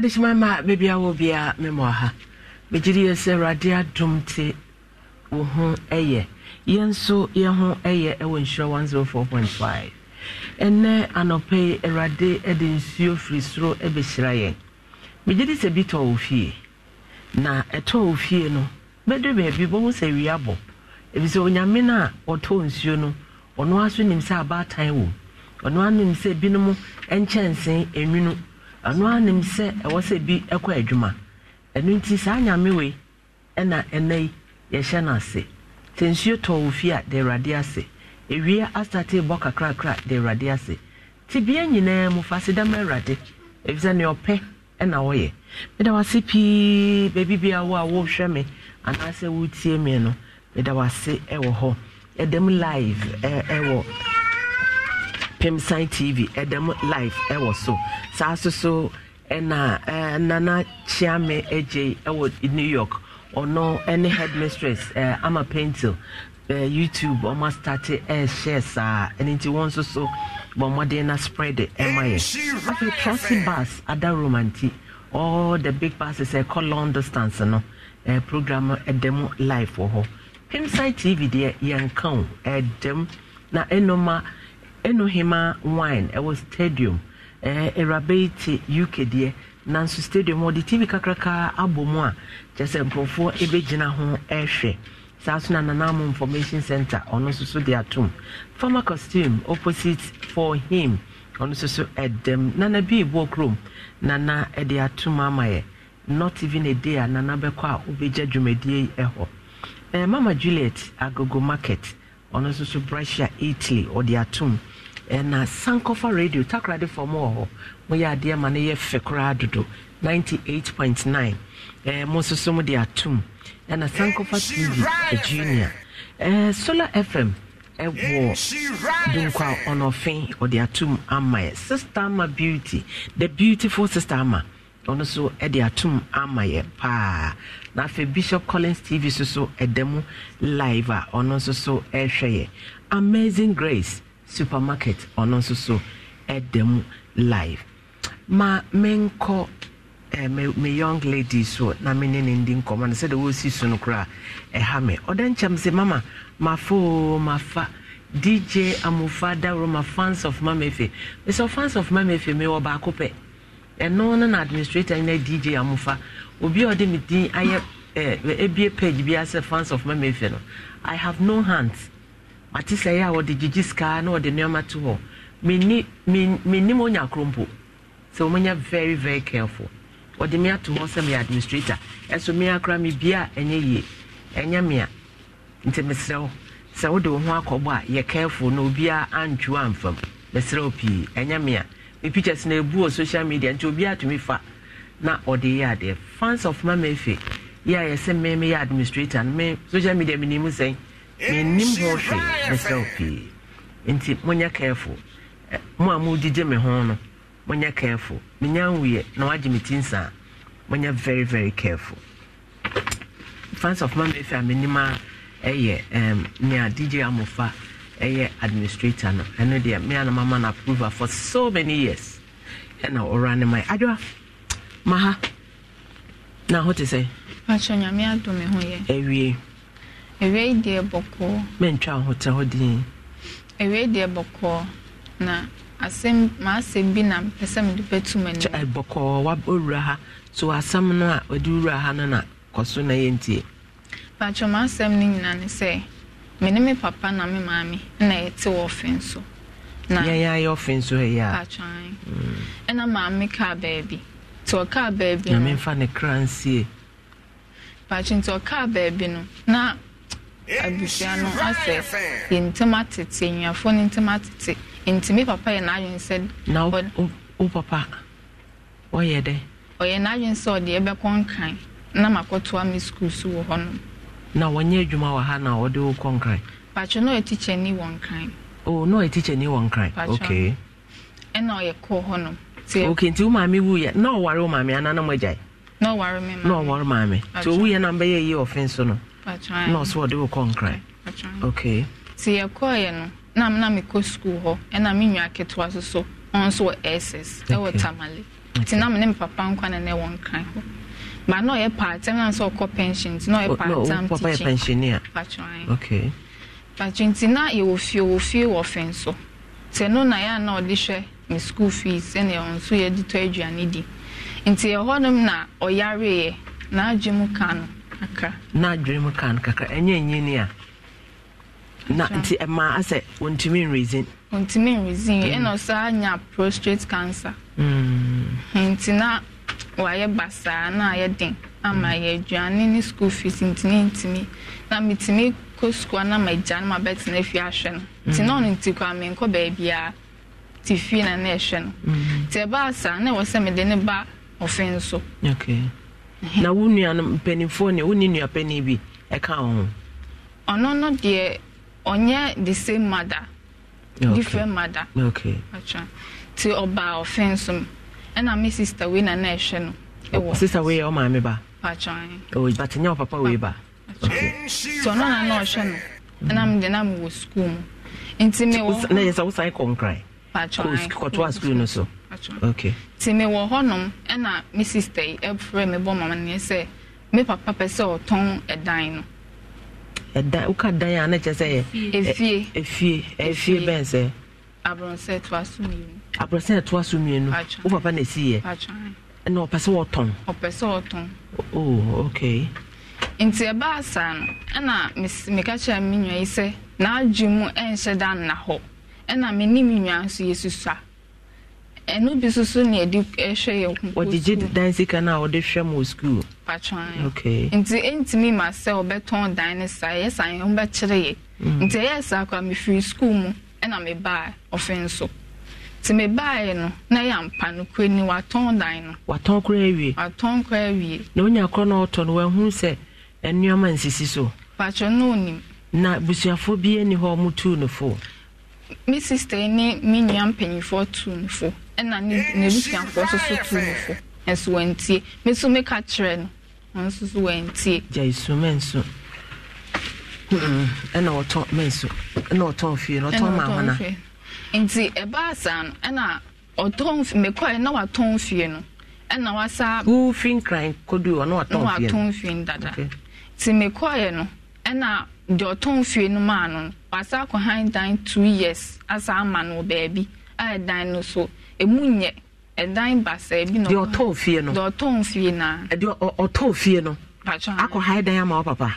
adehyema ma baabi a wɔ biara mema wɔ ha megyere yɛ sɛ awurade adom te wo ho yɛ yɛn nso yɛn ho yɛ wɔ nhyira 104.5 ɛnɛ anɔpɛ yi awurade de nsuo firi soro bɛhyira yɛn megye di sɛ bi tɔ wo na ɛtɔ wo no bɛduru baabi bɔhu sɛ wie abɔ ɛfisɛ onyame no a ɔtɔ nsuo no ɔno ara so nim sɛ abaatan wɔ mu ɔno ara sɛ binom nkyɛnsee nwunu ɔno anim sɛ ɛwɔ sɛ bi ɛkɔ adwuma ɛno nti saa nyame wei ɛna ɛnɛ yi yɛhyɛ no ase sɛ nsuo tɔɔ wɔ fie a de awurade ase ewia asate bɔ kakrakra de awurade ase tibea nyinaa mu fa se dama awurade efisɛ nea ɔpɛ ɛna ɔyɛ meda wase pii baabi bia wo a wohwɛ me anaasɛ wotie me no meda wase ɛwɔ hɔ ɛdɛm live ɛwɔ pemsan tv ɛdɛm live ɛwɔ so saa so so ɛna ɛɛ nana chiame agye ɛwɔ new york ɔno ɛne headmistress ɛɛ ama pentil youtube ɔmo asitati ɛɛhyɛ saa ɛne nti wɔn nso so bɔ mmɔden na spread ɛma yɛ afei trasi bus ada romanti all the big buses ɛkɔ long distance no program ɛdɛm live wɔ hɔ pemsan tv deɛ yɛn kan ɛdɛm na ɛnoma. E ɛnohema wine ɛwɔ stadium ɛwuraba eh, yi te uk deɛ nanso stadium wɔde tv kakraka abɔ mu a kyɛ sɛ nkurɔfoɔ ɛbɛgyina ho ɛrehwɛ saa so na nanamo information center ɔno nso so de atom farmer costume opposite for him ɔno nso ɛdɛm nana bi ebo kurom nana ɛde atom ama yɛ not even a day a nana bɛkɔ a wobɛgya dwumadie ɛhɔ ɛɛ eh, mama juliet agogo market ɔno nso so italy ɔde atom na sankofa radio takoradefoɔ mu wɔ hɔ moyɛ adeɛ ma no yɛ fɛ koraa dodo 98.9 eh, mo nso so mo de atom ɛna sankofa tv junior eh, solar fm ɛwɔ dunkwa ɔnɔfen ɔde atom ama yɛ sister ama beauty the beautiful sister ama ɔno nso ɛde eh, atom ama yɛ eh, paa na afei bishop collins tv nso so eh, live a ah. ɔno nso so yɛ amazing grace supermarket ɔno nso so ɛda mu live ma menkɔ eh, me, me young lady so na me ne ne ndi nkɔmɔ no sɛdeɛ wɔresi so no koraa ɛha me ɔda nkyɛm sɛ mama mafoo mafa dj amufa daroma fans of mama efe mesɛ fans of mama efe mewɔ baako pɛ ɛno no na administrator no dj amufa obi a ɔde me din ayɛ eh, ebie page bi asɛ fans of mama efe no i have no hands mate sɛ a wɔde gyegye sika na wɔde nneɛma to hɔ mennim onya koro mpo sɛ wɔmanya very very careful wɔde me ato hɔ sɛ meyɛ administrator ɛso me akora me bia a ɛnyɛ yie ɛnyɛ mea nti mesrɛ wo sɛ wode wo ho akɔbɔ a yɛ careful na obiaa antwo amfam mesrɛ wo pii ɛnyɛ mea me pictures na ɛbu wɔ social media nti obiaa tumi fa na ɔde yɛ adeɛ fans of mama efe yɛ a yɛsɛ me meyɛ administrator no me social media menim sɛn yɛnnim hɔ hwee ne sɛw pii nti monyɛ careful mo a mogyegye me ho no monyɛ careful menya nwuyɛ na wagye me ti nsaa monyɛ very very careful fans of mama efi a menim a ɛyɛ nea dj amofa ɛyɛ administrator no ɛno deɛ me ana mama no approver for so many years ɛna ɔwura ne mae adwoa ma ha na ho te sɛ akyɛ nyame adome ho yɛ awie ewia deɛ bɔkɔɔ mentwa ahotɛ hɔ din ewia deɛ bɔkɔɔ na asɛm maasɛm bi na mpɛ de mede bɛtum ani kyɛ wa owura ha so asɛm no a wɔde wura ha no na kɔ so na yɛntie baatwɛ maasɛm no nyina ne sɛ me ne me papa na me maame na yɛte wɔ ɔfe nso yɛyɛ ayɛ ɔfe nso ɛyɛ a ɛna maame kaa baabi nti ɔkaa beebi no nyame nfa ne kra nsie baatwɛ nti ɔkaa beebi no na abusua no asɛ yɛ ntɛm atete nyafoɔ no ntɛm atete papa yɛ na o papa ɔyɛ dɛ. ɔyɛ sɛ ɔde ɛbɛkɔ nkran na makɔtoa mi sukuu so wɔ hɔnom. na wɔnyɛ adwuma wɔ ha na ɔde patro na ɔyɛ tikya ni wɔ nkran. o na ɔyɛ tikya ni wɔ ɛna ɔyɛ kɔɔ hɔnom. nti wo maame wu yɛ na ɔware wo maame ananam agyae. na ɔware mi maame na na ɔso ɔde wo kɔ nkran ok sɛ ya no na na mekɔ sukuu hɔ ɛna me nwa ketewa so so ɔn nso wɔ ss ɛwɔ tamale nti na mene mpapa nkwa e na na ɛwɔ nkran hɔ ba na ɔyɛ part time na nso ɔkɔ pension nti na ɔyɛ e oh, part time oh, e teaching patran patran nti na yɛwɔ fie wɔ fie wɔ fe nso sɛ no na yɛ na ɔde hwɛ me school fees ɛna ɛwɔ nso yɛde tɔ aduane di nti ɛhɔ nom na ɔyareeɛ na agye ka no na adwene mu ka no kakra ɛnyɛ nyini a na nti ɛma asɛ wɔntumi nreason wɔntumi nreason mm. ɛna ɔsaa anya prostrate cancer mm. nti na wayɛ basaa na ayɛ den ama mm. yɛ aduane ne school fees ntini ntumi na metumi kɔ sukuu na ma gya no ma bɛtena afie ahwɛ no nti na ɔno nti kɔ amenkɔ baabiara ti fi na na ɛhwɛ no nti ɛbaa na ɛwɔ sɛ mede ne ba ɔfe nso na wo nua no mpanimfoɔ ne wo ne nua bi ɛka wo ho ɔno no deɛ ɔnyɛ the same mother okay. different mother okay. nti ɔbaa ɔfɛn so mu ɛna me sister wei na na ɛhwɛ no ɛwɔ sister wei yɛ ɔmaame ba but nyɛ ɔpapa wei ba sɛ ɔno na na ɔhwɛ no ɛna mede na mewɔ sukuu mu nti mewɔ na yɛ sɛ wosan kɔ nkran kɔtoa sukuu no so okay ti mi wɔ hɔnom ɛna mi sista yi ɛfrɛ mi bɔ mama ne sɛ me papa pɛ sɛ ɔtɔn ɛdan no. ɛdan woka dan a ne kyɛ sɛ yɛ. efie efie efie bɛn sɛ. abrɔnsɛ toa so mmienu. wo papa na esi yɛ. ɛna ɔpɛ sɛ ɔtɔn. ɔpɛ oh okay. nti ɛbaa asa no ɛna meka kyerɛ mi nua yi sɛ n'adwi mu ɛnhyɛ dan na hɔ ɛna mi ne mi nua nso yɛ susua. ɛno bi soso ne ɛde hwɛ yɛ ɔde gye dan sika no a wɔde hwɛ ma skuul nti ɛntumi ma sɛ wɔbɛtɔn dan ne saa ɛyɛ saa yɛ wobɛkyerɛ yɛ mm. nti ɛyɛ saa koraa mefiri skuul mu ɛna mebaa ɔfe nso nti mebaeɛ no na yɛ ampa no kura ni watɔn dan no watɔn koraa awie watɔn koraa ewie. na wonya korɔ na ɔtɔ no wahunu sɛ nneɛma nsisi so patwɛ no onim na busuafo bi ani hɔ ɔmo tuu no fo me sister ne me nua mpanyinfoɔ tuu no fo ɛna ne busua nkɔ soso tu mu fo ɛso wɔntie me nso meka kyerɛ no ɔno nso so wɔntie. gya esu mɛ nso ɛna ɔtɔn mɛ nso ɛna ɔtɔn fie na ɔtɔn maa hona. nti ɛbaa saa no ɛna ɔtɔn mekɔɛ na watɔn fie no ɛna wasa. wufin kran kodu wɔ watɔn fie no na watɔn fie dada nti mekɔɛ no ɛna deɛ ɔtɔn fie no maa no wasa akɔ han dan two years asa ama no baabi a ɛdan no so. emu nye. ɛdan basa ebi na deɛ ɔtɔn ofie no deɛ ɔtɔn fie na deɛ ɔtɔn fie no akɔ ha dan ama wɔ papa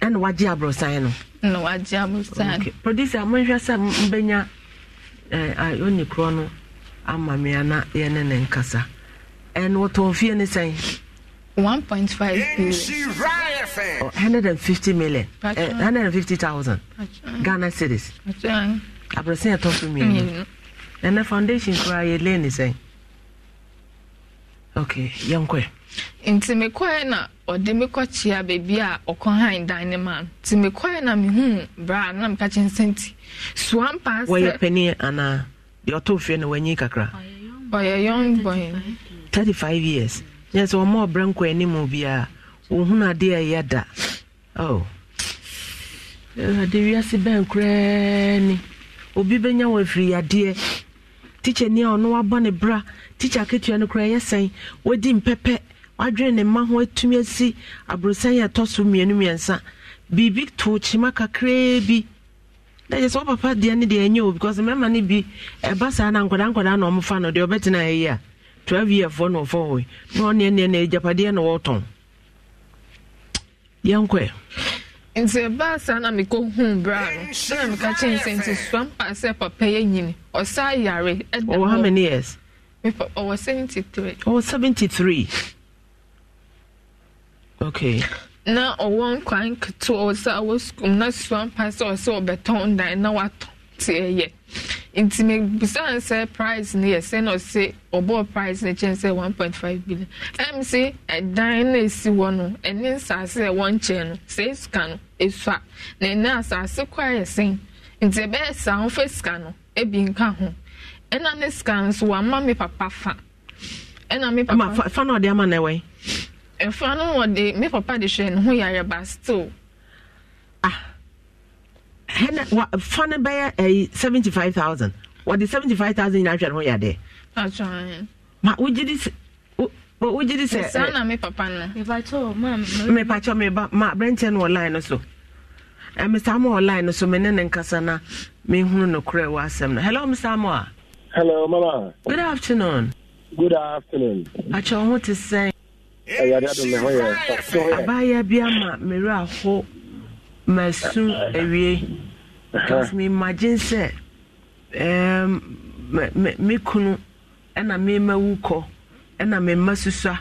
ɛna wagye aborosan no na wagye aborosan producer monhwɛ sɛ mbɛnya ɛɛ ɔni korɔ no ama mi ana yɛne ne nkasa ɛna ɔtɔn ofie ne sɛn. 1.5 billion. Oh, 150 million. Uh, 150,000 Ghana cities. abrɛsɛn ɛtɔ so mmienu ɛnɛ mhm. foundation koraa yɛle ne sɛn ok yɛnkɔɛ nti mekɔɛ na ɔde me baabi a ɔkɔhan dan ne ma nti mekɔɛ na mehu bra na meka kye nsɛ nti soa mpaa sɛ wɔyɛ pani anaa deɛ ɔtɔ fie no wanyi kakra ɔyɛ young boy 35 years nyɛ sɛ ɔma ɔbrɛ nkɔ anim a wɔhunu adeɛ a ɛyɛ da oh wiase bɛn koraa ni obi bɛnya wɔ afiri yadeɛ tikya ni a ɔno wabɔ ne bra tikya ketewa no koraa ɛyɛ sɛn wadi mpɛpɛ wadwene ne mma ho atumi asi aborɔsan yɛ ɛtɔ so mmienu mmiɛnsa biribi to kyima kakraa bi na kyɛ sɛ wopapa deɛ ne deɛ ɛnyɛ o because mmarima ne bi ɛba saa na nkwadaa nkwadaa na ɔmofa no deɛ ɔbɛtena ɛyi a twelve yearfoɔ na ɔfɔ hɔ na ɔneɛ neɛ na agyapadeɛ na wɔtɔn yɛnkɔɛ nti ɛbaa saa na mekɔ hu bra no ɛna meka kye nsɛ nti sua sɛ papa yɛ nyini ɔsaa yare ɛwɔ how many years ɔwɔ 73 ɔwɔ 73 okay na ɔwɔ nkwan ketewa ɔwɔ sɛ awɔ sukuu na sua mpa sɛ ɔsɛ ɔbɛtɔn dan na watɔn tiɛ yɛ nti mebisa n sɛ price no yɛ sɛ na ɔsɛ ɔbɔɔ price no kyɛn sɛ one point five billion ɛm sɛ ɛdan na esi hɔ no ɛne nsaase a ɛwɔ nkyɛn no sɛ sika no esua na ɛne asaase kɔ ayɛ sɛn nti ɛbɛyɛ saa ɔfɛ sika no ebi nka ho ɛna ne sika nso wama me papa fa ɛna me papa fa fa na ɔde ama na ɛwɔ yi ɛfa no wɔde me papa de hwɛ ne ho yare ba still ah hɛnɛ fa no bɛyɛ ɛyi eh, seventy five thousand wɔde seventy five thousand nyinaa hwɛ no ho yɛ adeɛ. ma wogye di sɛ wogye di sɛ. saa na me papa no. mepatɔ ma. mepatɔ meba ma aberanteɛ no wɔ line no so ɛmi eh, samu wɔ line no so mi ne ne nkasa na mi hunu no kura ɛwɔ asɛm no hello Mr. samu a. hello mama. good afternoon. good afternoon. atwa ho te sɛn. ɛyɛ eh, adi adum ne ho yɛ. abaayɛ bi ama mmerɛ aho masu awie meimagyen sɛ me kunu ɛna memawu kɔ ɛna memma susua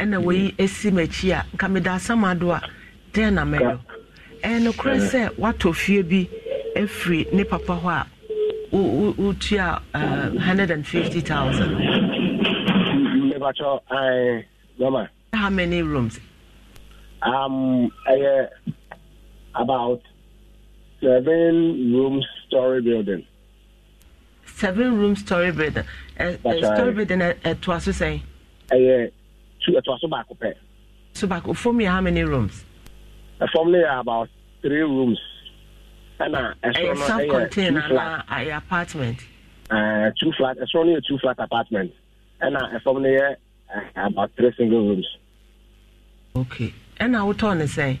ɛna mm-hmm. wayi asi m'akyi a nka meda asam ado a dɛn na mɛyɛ ɛyɛ nokorɛ sɛ woatɔ fie bi afiri ne papa hɔ a wotua 150000 uh, mm-hmm. eh, How many rooms? Um, I, uh, eh, about seven room story building. Seven room story building. A uh, story building at uh, Twasu say? Uh, two at Twasu Bako Pe. So Bako, for me, how many rooms? Uh, from about three rooms. And uh, a self contained uh, uh, apartment. Uh, two flat, it's only a two flat apartment. And uh, from there, about three single rooms. Okay. And I would turn and say?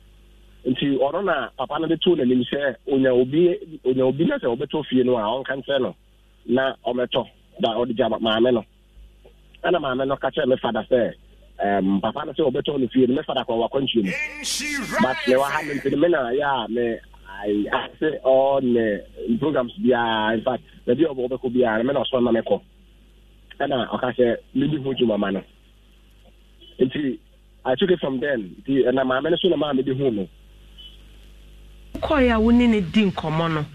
nti ɔno na papa no de too n'anim sɛ onya obi na sɛ ɔbɛtɔ fie no a ɔnka nkyerɛ no na ɔmɛtɔ da ɔde gya maame no ɛna maame no ka kyerɛ me fada sɛ papa no sɛ ɔbɛtɔ no fie no me fada kɔ wakɔntuo mu but mewɔ ha no mpene me na yɛ a me ase all ne programs biara infact fact baabi a ɔbɛkɔ biara no me na ɔsoro ma mekɔ ɛna ɔka sɛ medi ho dwu mama no nti I took it from then. nti ɛna maame no so na maa mede they no wokɔeɛ a wo ne ne di nkɔmmɔ no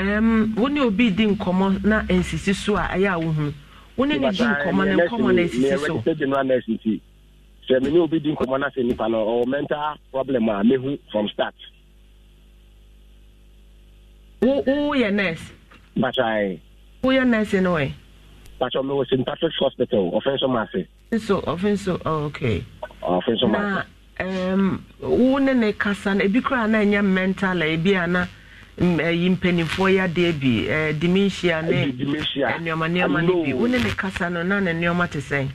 um, wo ne obi di nkɔmmɔ na nsisi so a ɛyɛ a wohunu wo ne ne di nkɔmmɔ no uh, nkɔmmɔ na ɛsisi so sɛ mene obi di nkɔmmɔ no sɛ nipa no ɔwɔ mental problem a mehu from start woyɛ nurse batrae uh, woyɛ nurse no ɛ batra mewɔ st patrick's hospital ɔfenso maase nso ɔfenso oh, okay ɔfenso maase wo ne ne kasa no ebi koraa na ɛnyɛ mental a ebi ana na mm, yi mpanimfoɔ yɛ adeɛ bi eh, dementia ne eh, nneɛma nneɛma no bi wo ne ne kasa no na ne nneɛma te sɛn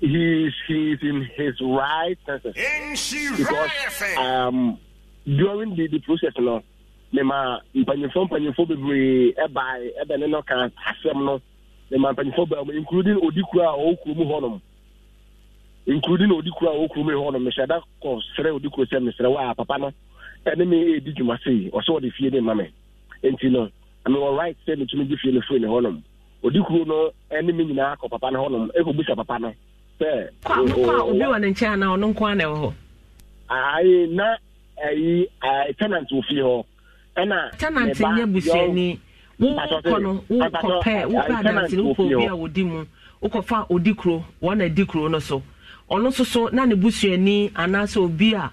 he is he is in his right senses because um, during the the process no mema mpanyinfoɔ mpanyinfoɔ bebree ɛbaa ɛbɛn ne no ka asɛm no mema mpanyinfoɔ baa mu including odi kura a ɔwɔ kurom hɔnom. nkudi na odi kuro a mee mu hɔ no mehyɛ da kɔ srɛ odi kuro sɛ mesrɛ a papa no ɛne me edi dwuma sei ɔsɛ ɔde fie ne ma me nti no ame wɔ right sɛ metumi gye fie no ne hɔ nom odi no ɛne me nyinaa kɔ papa no hɔ nom busa papa no sɛ oh, oh, oh. obi wɔ ne nkyɛn na ɔno nko ana ɛwɔ hɔ na ayi tenant wɔ fie hɔ ɛna tenant nyɛ busuani wokɔ no wokɔ pɛ wokɔ ɔno nso so na ne busuani anaasɛ obi a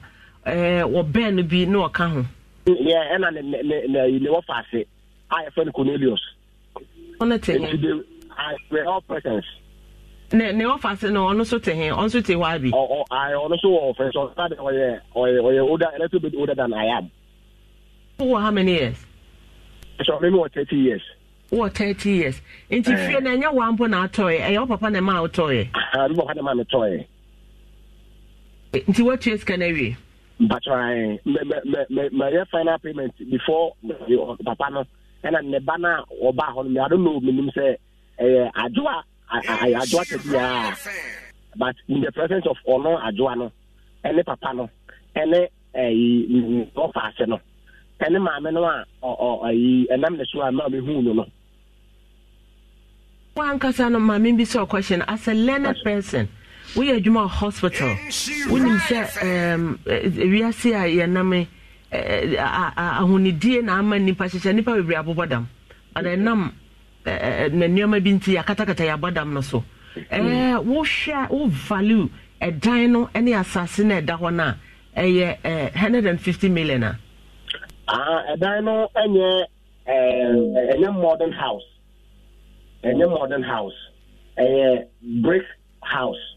wɔbɛn no bi na ɔka ho. yɛ ɛna ne ne ne ne ne wɔfa ase a yɛfɛ no cornelius. ɔno te hɛn. we all presence. ne ne wɔfa ase no ɔno nso te hɛn ɔno nso te hɔ abi. ɔ ɔ ayi ɔno nso wɔ ɔfɛ so ɔsan de ɔyɛ ɔyɛ ɔyɛ older a little bit older than I am. wɔ how many years. ɛsɛ ɔmo mi wɔ thirty years. wɔ thirty years nti fie na ɛnyɛ wɔn ampo na atɔ yɛ ɛyɛ wɔ papa na ɛma atɔ yɛ. ɛɛ ne papa na ɛma mi tɔ yɛ nti woatua sika no awie mpakyerɛ eh, mɛyɛ final payment before papa no ɛna ne ba no a ɔbaa hɔ no meado no menim sɛ ɛyɛ adwoa adwoa tabiaa but in the presence of ɔno adwoa no ɛne papa no ɛne ɛyi ɔfa ase no ɛne maame no a ɔyi ɛnam ne so a maa mi hu no no. wankasa no maame bi sɛ ɔkɔhyɛ no as a learned person woyɛ adwuma wɔ hospital wonim sɛ e, e, wiase a yɛnam e, ahonedie na ama nnipa hyehyɛ nnipa bebree abobɔ dam ana ɛnam na nneɛma bi nti yɛakatakata yɛabɔ dam no so wohwɛ wo value ɛdan no ne asase no ɛda hɔ no a ɛyɛ 150 million a ah, ɛdan no ɛnyɛ ɛnyɛ modern house ɛnyɛ modern house ɛyɛ brick house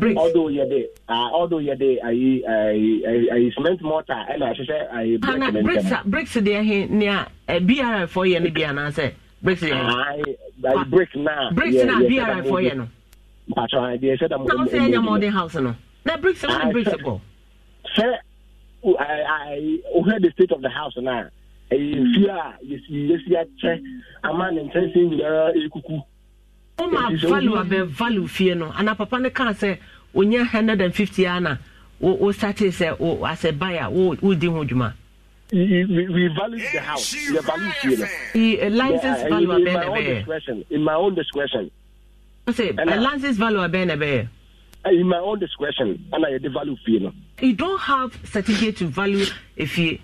brick. although yɛ de uh, although yɛ de ayi ayi ayi cement mortar ɛna ahyehyɛ ayi brick ne ntɛm. bricks ah, bricks deɛ he nea brf fɔ yɛ ne deɛ anaasɛ bricks deɛ. ayi ayi brick na. bricks na brf fɔ yɛ no. pàtó ayi deɛ ɛhyɛ dɛm. n'aw sɛ ɛnyɛ mɔden house no na bricks na ne ah, bricks kɔ. sɛ ayi ohun the state of the house na ɛyɛ eh, hmm. fi a yɛsi yɛsi akyɛ ama ne ntɛnse nyinaa ekuku woma value abɛvalue fie no anaa papa no kaa sɛ onyɛ 150 a na wosate sɛ asɛ buyer wodi ho dwuma We, we value the house. We value fee. The license value in my own discretion. In my own discretion. I say, and license value abɛn eh, In my own discretion, and I value fee no. You don't have certificate to value a fee.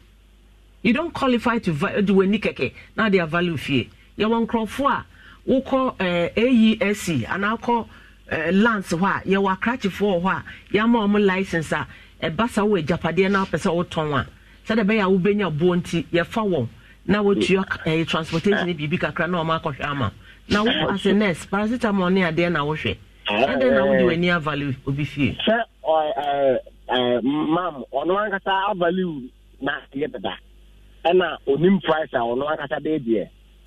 You don't qualify to value when keke. Now they are value fee. You want crop for. wokɔ eh, aesc e anaa lans eh, lance hɔ a yɛwɔ akrakyefoɔ wɔ hɔ a yɛama ɔmo license a ɛba sa wɔ agyapadeɛ na wopɛ sɛ wotɔn a sɛdeɛ ɛbɛyɛ a wobɛnya boɔ nti yɛfa na eh, transportation biribi kakra na ɔmo akɔhwɛ ama na wo as a nurse paracetamol ne adeɛ na wohwɛ na wode w'ani obi fie mam ɔno ankasa na yɛ dada ɛna onim price a ɔno ankasa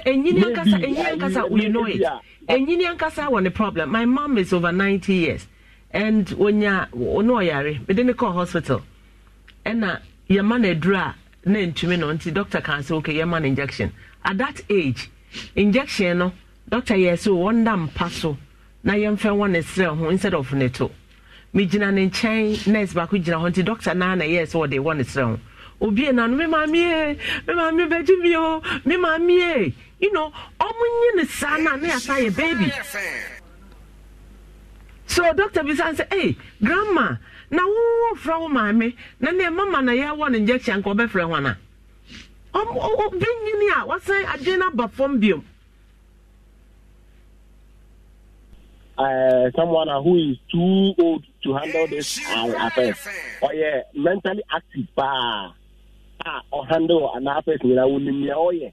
Enyini ankasa, enyini ankasa, we know it. Enyini ankasa wɔ ne problem. My mom is over ninety years. And wonya, ono ɔyare, mede ne kɔ hospital. Ɛna yɛma no aduru a na ntumi no nti doctor kan sɛ okay yɛma no injection. At that age, injection no, doctor yɛ sɛ wɔnda mpa so na yɛmfɛ wɔ ne serɛ ho instead of ne to. Megyina ne nkyɛn, nurse baako gyina hɔ nti doctor naa na yɛɛ sɛ wɔde wɔ ne serɛ ho. Obie na no, me maame ye, me maame bɛgye mi o, me maame ye. you know ọmụnye na saa na anaghị asa ya beebi so doctor bi san sị ee grandma na wụwụ fura wụ maame na na mama na ya awọ na injection ka ọ nwana ọmụ na obi nyini a wasan adị n'aba fam biom. Uh, someone who is too old to handle this uh, affair. Or oh, yeah, mentally active pa. Ah, or handle an affair in our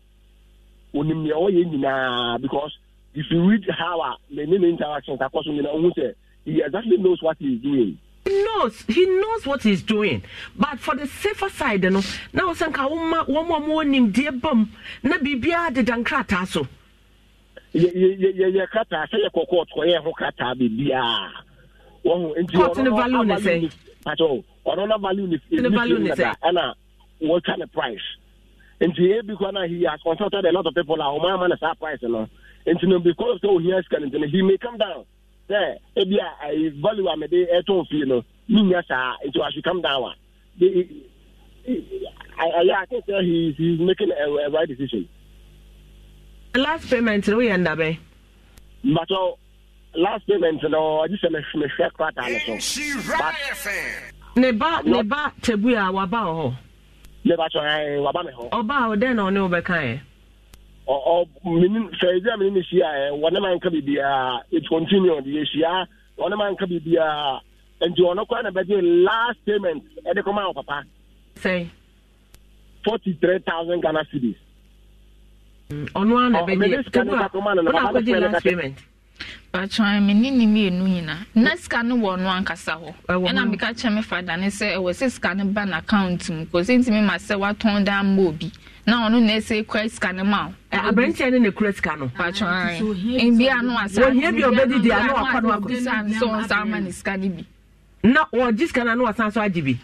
onim nea ɔyɛ nyinaa because if you read how a ne ne ne interactions akɔ so nyinaa ohun sɛ he exactly knows what he is doing. He knows he knows what he's doing but for the safer side you know, now nka wɔn wɔn a wɔn nim deɛ bam na biribiara deda nkrataa so. yɛ yɛ yɛ yɛ krataa sɛ yɛ kɔkɔɔ tɔ yɛ ho krataa biribiara wɔn nti ɔno no value is. sɛ ɔno no value ne sɛ ɛna wɔtwa ne price nti ebi kɔ na he has consulted a lot of people a ɔmo ama ne saa price no nti no because sɛ ohia sika no he may come down sɛ ebi a ayi value a mede ɛtɔn fie no mi nya saa nti wa should come down wa de ayi I think sɛ he he is making a, a right decision. last payment no yɛ ndabɛ. mbatɔ last payment no ɔdi sɛ mehwɛ krataa no so. ne ba ne ba tebu a waba wɔ lebatɔ ɛɛ eh, waba mi hɔ. ɔbaa o den na ɔne o bɛ kan yɛ. ɔ ɔ mini fɛɛdze a mini ni si a ɛ e, wɔne man ka bibiara it continue de ehyia wɔne man ka bibiara nti ɔno kora na bɛgye last payment ɛde e kɔma awo papa. sɛn. forty three thousand ghana cedis. ɔno mm, a oh, e. na bɛgye tupu a ɔna akɔgye last payment patran me ne ne mmienu nyinaa na sika no wɔ no ankasa hɔ ɛna meka kyerɛ me fada ne sɛ ɛwɔ sɛ sika no ba n'account mu kɔ sɛ ntumi ma sɛ watɔn dan ma obi na ɔno na ɛsɛ kura sika no ma wo aberanteɛ na kura sika no patran ebia no asa wɔhia bi ɔbɛdidi ano akɔ akɔ sɛ ɔnsa ama ne sika no bi na wɔgye sika no na wɔsan so agye bi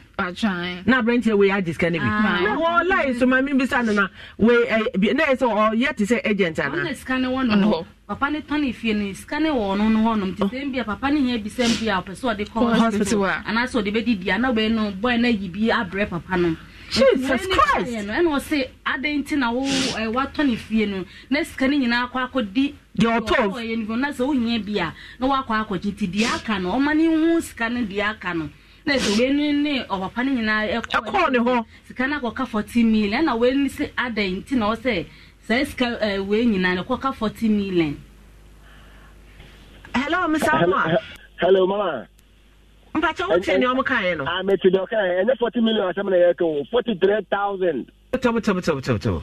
na aberanteɛ wei agye sika no bi ah. na wɔlae so ma membisa no na wei eh, na ɛyɛ sɛ ɔyɛ te sɛ agent anaa papa ne tɔne fie no sika ne wɔ ɔno no hɔnom nti oh. sɛm bi a papa ne hia bisɛm bi a ɔpɛ sɛ ɔde kɔ hospital anaasɛ ɔde bɛdi bia na wobɛyɛ no bɔe no ayi bi abrɛ papa no jesus christ ɛna ɔse adɛn nti na wo eh, watɔ ne fie no na sika no nyinaa kɔ akɔdi di ɔtɔ ɔyɛ nifɔ na bi a na wakɔ akɔgye ti di aka nọ ɔma ne ho sika no di aka nọ. na sɛ wenu ne ɔpapa no nyinaa ɛkɔɔ ne hɔ sika ka fọti forty million ɛna wenu sɛ ada nti na ɔsɛ saa sika wee nyinaa k'ọ ka fọti hello mr hello mama. o ni kan nọ. a o forty three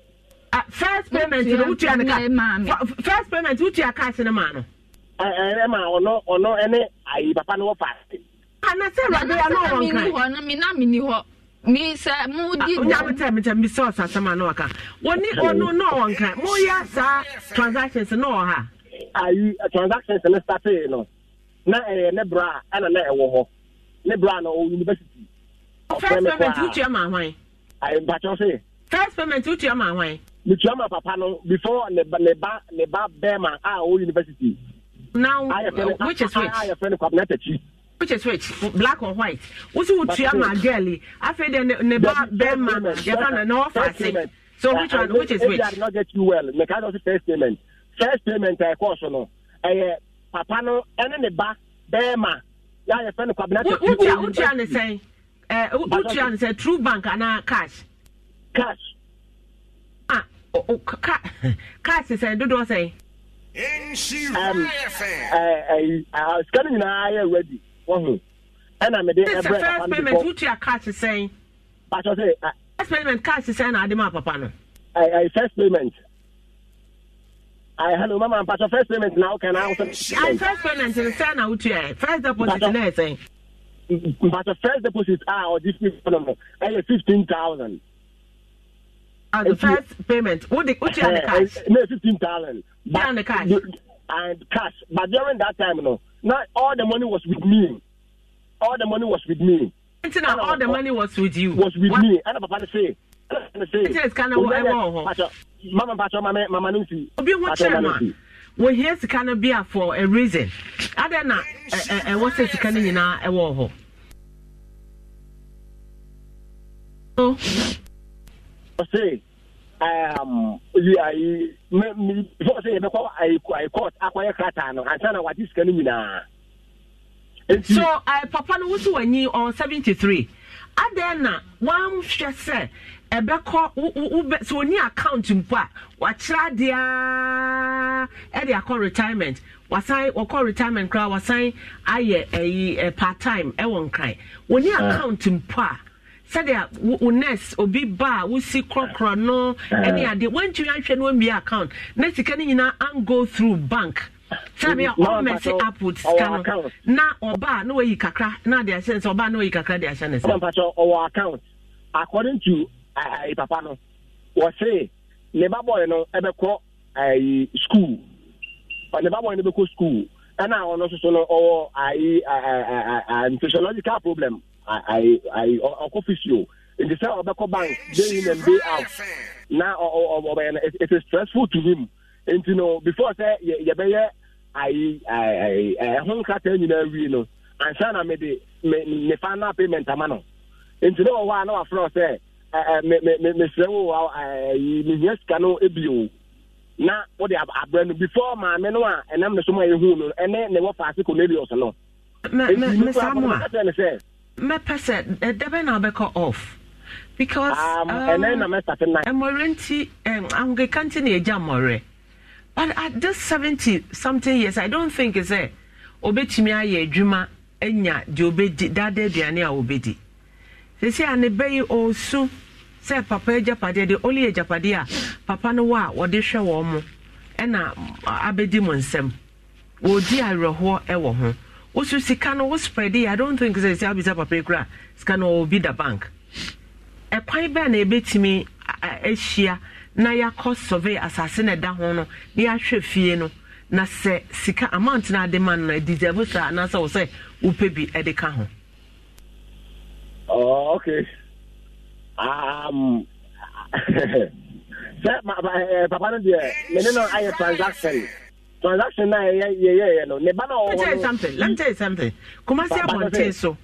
Ah, first payment no wotua ne ka first payment wotua cash ne maa no. ɛnɛ ma ɔno ɔno ɛne ayi papa ne wɔ paase. anase awurade ya n'ɔwɔ nkan. mi ni hɔ no mi ah, na mi ni hɔ mi sɛ mu di. ɔnya mi tɛ mi tɛ mi sɛ ɔsasa ma n'ɔwɔ kan wɔni ɔno n'ɔwɔ nkan mo yɛ saa transactions n'ɔwɔ ha. ayi transactions ne start yi no na ɛyɛ ne bra ɛna na ɛwɔ hɔ ne bra na ɔ university. first payment wotua maa hwan. ayi mpatsɔ se. first payment wotua maa hwan metua ma papa no before ne ba ne a o university. now which is which ayɛ fɛn kwabena tɛkyi. which is which black or white wosi wo tua ma girl yi afei de ne ne ba bɛrima yɛka na na so which one which is which. if i no get well me kind of first payment first payment ɛ kɔɔso no ɛyɛ papa no ɛne ne ba bɛrima yɛayɛ fɛn kwabena tɛkyi. wotia wotia ne sɛn ɛ uh, wotia ne sɛn true bank ana cash. cash. cars sɛ dodoɔ sɛ um, eh, eh, ah, sika no nyinaa yɛ ready wɔho ɛna mede ɛbrɛ payment wotua cars ah, first payment cars sɛn na ade ma papa no eh, first payment I ah, hello mama mpatsɔ first payment na okay na awosɔ. first payment n sɛ na utu yɛ first deposit na yɛ sɛ. mpatsɔ mm, mm, first deposit a fifteen thousand. as the first payment. What the what eh, eh, you had the cash? No, fifteen thousand. And the cash. And cash. But during that time, you know, not all the money was with me. All the money was with me. Until now, all the money was with you. Was with what? me. And Papa say. what I want. Mama, Pacho, Mama, Mama, Nancy. Obi, what's for a reason. I don't know. And eh, what's the kind of, you know, a war. Oh. say um yi ayi me me before say yɛbɛkɔ i ayi court akɔyɛ krataa no ansa na wate sika no nyinaa. so uh, papa no wosi w'anyi on seventy three adan na wahwɛ sɛ ɛbɛkɔ e wobɛ sɛ oni account mpo a wakyerɛ adeɛ ɛde akɔ retirement wasan wɔkɔ retirement koraa wasan ayɛ ɛyi e ɛ e part time ɛwɔ nkran oni ah. account mpo a. sɛdeɛ wo nurse obi ba a wosi korɔkorɔ no ɛne adeɛ woantumi anhwɛ no wammie account na sika no nyinaa ango through bank sɛbia ɔmmɛse app with sika no na ɔba a na wayi kakra na de ahyɛ ne sɛ ɔba a na wayi kakra de ahyɛ ne sɛ ɔwɔ account according to ayi papa no wɔse ne ba bɔyɛ no ɛbɛkɔ school ne ba bɔyɛ no bɛkɔ school ɛna ɔno nso so no ɔwɔ ayi ayi ayi physiological problem. ɔkɔ fisio nti sɛ ɔbɛkɔ bank day in and day out na ɔbɛyɛ no it is stressful to him nti no before sɛ yɛbɛyɛ ɛho nkrataa nyinaa wie no ansa na mede me final payment ama oh, no nti ne wɔ hɔ a na wafrɛ sɛ mesrɛ wo mehia sika no o na o de abrɛ no before maame no a ɛnam ne so ma yɛhuu no ɛne ne wɔ faase cornelius no ɛnti nipa sɛ ne sɛ mɛpɛ sɛ ɛdɛbɛ na ɔbɛkɔ off because um, um, mmɔwerɛ nti ahokeka nti na yɛgya mmɔwerɛ but at this 70 something years i don't think sɛ obɛtumi ayɛ adwuma anya deɛ obɛdi dada aduane a obɛdi sɛsi a ne bɛyi ɔsu sɛ papa agyapadeɛ deɛ ɔli agyapadeɛ a papa no wɔ a wɔde hwɛ wɔn mo ɛna abɛdi mo nsam wɔredi awerɛhoɔ wɔ ho woso sika no wo spread i don't think sɛ sɛ abisa papa kura sika no ɔwɔ bi da bank ɛkwan bɛɛ na ebetumi ahyia na yɛakɔ survey asase na ɛda ho no na yɛahwɛ fie no na sɛ sika amount na ade ma no na deserve saa anaasɛ wɔ sɛ wopɛ bi ɛde ka ho. Oh, ok um, eh, papa no deɛ mene no ayɛ transaction transaction na yɛyɛ yɛyɛ no ne ba na ɔwɔ no. let me tell you something let kumasi abɔnten so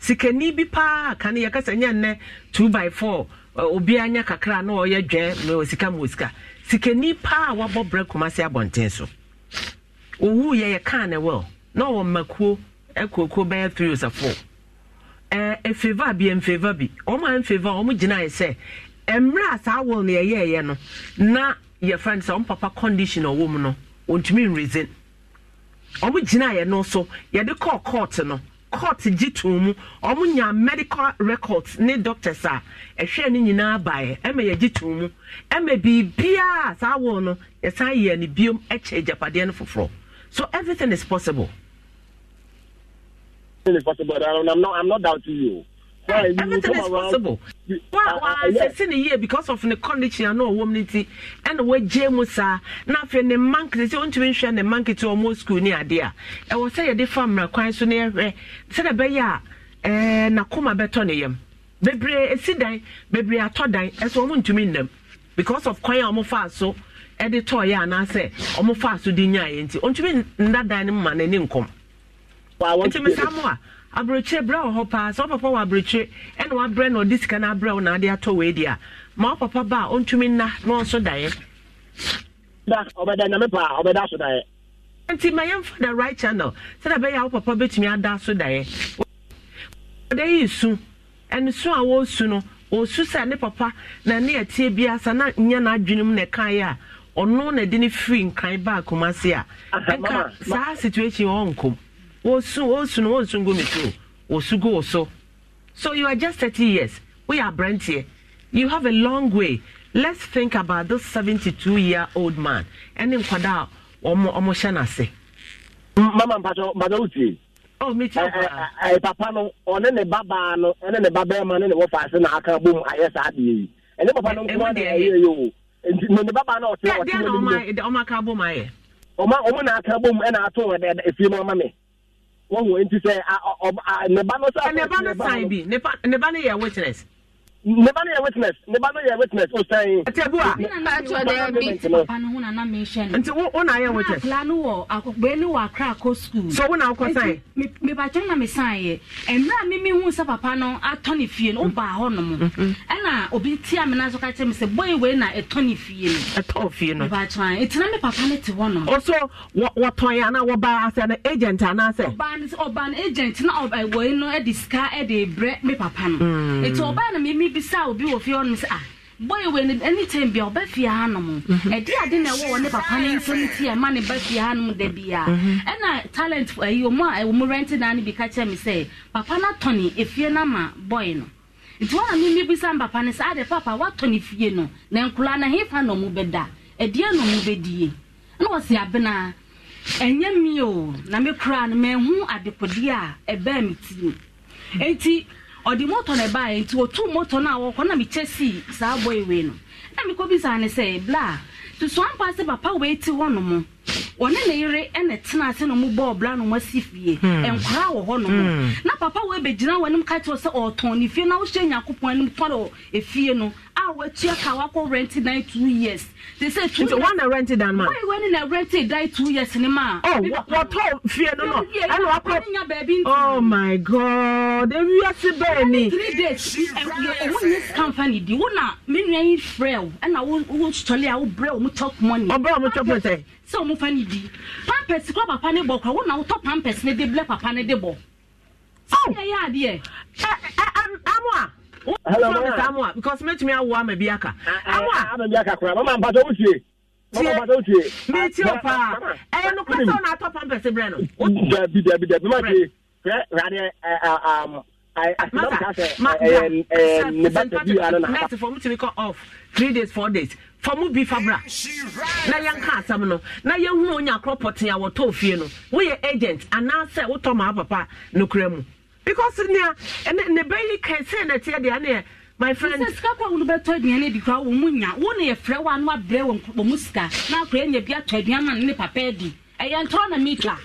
sikani bi paa kane yɛkasa nyɛ nnɛ two by four eh, obiara nya kakra na ɔyɛ dwɛ na osika ma osika sikani paa wabɔ brɛ kumasi abɔnten so owu yɛ yɛ kaa na ɛwɔ na ɔwɔ mmakuo ɛkuokuo eh, bɛyɛ three or four ɛɛ eh, efeva bi mfeva bi wɔn a mfeva wɔn gyina yɛ sɛ mmerɛ a saa wɔn no yɛyɛ yɛ no na yɛfrɛ no sɛ wɔn papa condition a ɔwɔ mu no. ontumi nreason ɔmo gyinaeɛ no so yɛde kɔɔ court no court gye too mu ɔmo nya medical records ne doctors a ɛhwɛ no nyinaa baeɛ ɛma yɛgye too mu ɛma biribiaa saa wɔ no yɛsan yɛ no biom kyɛ agyapadeɛ no foforɔ so everything is possible. Everything is possible. I'm not, I'm not doubting you. Everything is possible. Why? Uh, why? I uh, say here because of the condition I know woman it and where James are now for the monk they want to mention the monkey to almost school near there. I was say the farmer uh, kwan so near said a beya eh na koma beto ne yam. Bebree eh, esi dan bebree atọ dan ɛso ɔmo ntumi nnam because of kwan a ɔmo fa so ɛde tɔɔ yɛ anaasɛ ɔmo fa so di nyaa yɛ eh, nti ɔntumi nda dan no mu ma n'ani nkɔm. Nti mesa mo a aberɛkyerɛ berɛ wɔ hɔ paa sɛ wopapa wɔ aberɛkyerɛ ɛna wabrɛ na ɔde sika no abrɛ wo naade atɔ wei di a ma wopapa ba a ɔntumi nna na ɔnso daeɛ da ɔbɛda nyame paa ɔbɛda so daeɛ nti ma yɛmfa the right channel sɛda bɛyɛ a wo papa ada so daeɛ ɔda yi su ɛno su a wɔsu no ɔsu sɛ ne papa na ne yɛteɛ biara sa na nyɛ n'adwene mu na ɛkaeɛ a ɔno na de ne firi nkran baa akoma se a ɛka saa situation ɔnkom wosu wosu no wosu ngu mi so wosu gu woso so you are just thirty years we are abranteɛ you have a long way let's think about this seventy-two year old man ɛne nkwadaa ɔmo ɔmo hyɛ n'ase. mama mpatɔ mpatɔ uti. oh me too papa. Eh, ɛɛ eh, eh, papa no ɔne ne ba baa no ɛne ne ba bɛrima ne ne wɔfa ase na aka bom ayɛ saa adeɛ yi ɛne papa no nkuma na ɛyɛ yi o nti ne ne ba baa no ɔte ɔte ne mu. ɛdeɛ na ɔmo aka bom ayɛ. ɔmo ɔmo na aka bom ɛna ato ɛfie mu ama mi wọn wọ nti sɛ ne ba no sa ne ba no sign bi ne ba ne yɛ witness neba no yɛ witness neba no yɛ witness o sɛn. ɛtɛbua ɛtɛbua ɛtɛbua bi ti papa no ho na na mi hyɛ no. nti wo wo na ayɛ witness. na no wɔ akɔgbɛ no wɔ akra akɔ sukuu. so wo na akɔ ba mibakyɛn na mi sign yɛ ɛnura mi mi hun sɛ papa no atɔ ne fie no o baa hɔ nom ɛna obi ti a mi na so ka kyerɛ mi sɛ bɔyi wei na ɛtɔ ne fie no. ɛtɔ fie no. mibakyɛn etina mi papa no ti hɔ nom. o oh, so wɔ wɔtɔn yɛ ana wɔbaa asɛ no agent anaasɛ. ɔbaa no agent na wɔ bisa obi wɔ fie ɔnom sɛ ah bɔyɛ wɔ ni anytime bia ɔbɛ fie hanom mhm. ɛdi adi na ɛwɔ wɔ ne papa ne nsɛm ti ɛma ne ba fie hanom da bia mhm. ɛna talent ɛyi wɔn a wɔn rent dan ne bi ka mi sɛ papa na tɔ ne efie na ma bɔyɛ no nti wɔn a mi mi bisa papa ne sɛ adi papa watɔ ne fie no na nkula na hefa na ɔmo bɛ da ɛdiɛ na ɔmo bɛ die ɛna wɔsi abena ɛnyɛ mi o na mi kura no mɛ hu adekodeɛ a ɛbɛn eti. ɔde moto na ɛbaeɛ nti wɔtu moto no a wɔkɔ na mekyɛ sii saa bɔ ewei no na mekɔbisaa ne sɛ bla Tusu ampa sɛ papa wei te hɔ no mo ɔne ne yere ɛna tena ase na ɔmo bɔ ɔbla na ɔmo asi fie hmm. nkora wɔ hɔ nom hmm. na papa wo ebegyina wɔn anim kakyɛ sɛ ɔtɔn ne oh, fie na ɔhyɛ nyakopɔn anim tɔrɔ efie no a wɔatua ka wakɔ rent dan two years te sɛ two years wɔn na rent dan ma wɔn oh, wɔn na rent dan two years ne ma. ɔ wɔtɔ fie no no ɛna wakɔ oh my god ewiase bɛɛ ni. three days ɛwɔ eh, eh, ne company di wɔn na mi nua yi frɛ ɛna wɔn wɔn sɔle a wɔbrɛ wɔn chop money. ɔbrɛ wɔn chop money sɛ ɔmo fa ne bi pampers kura papa ne bɔ kura wo na wotɔ pampers ne de blɛ papa ne de bɔ. sɛ ɛyɛ adeɛ. ɛ ɛ amoa. hello mama amoa because mɛtumi awo ama bi aka. amoa ama bi aka kura mama mpata o tie. tie mi ti o paa ɛyɛ no kura sɛ ɔna atɔ pampers brɛ no. dabi dabi dabi ma ti fɛ rade ɛ masa ma ma representative net for me to be cut off three days four days fa mu bi fa bra na yɛnka asɛm no na yɛhunu onya korɔ pɔten a wɔtɔ fie no woyɛ agent anaasɛ wotɔ maa papa nokora mu because nea ɛne ne bɛyi kɛseɛ na ɛteɛ deɛ aneɛ my friend sika kɔ wolo bɛtɔ aduane di kora wɔ mu nya wo ne yɛfrɛ wo ano abrɛ wɔ wɔ mu sika na akora nya bi atɔ aduane ma ne papa adi ɛyɛ ntɔrɔ na mitwa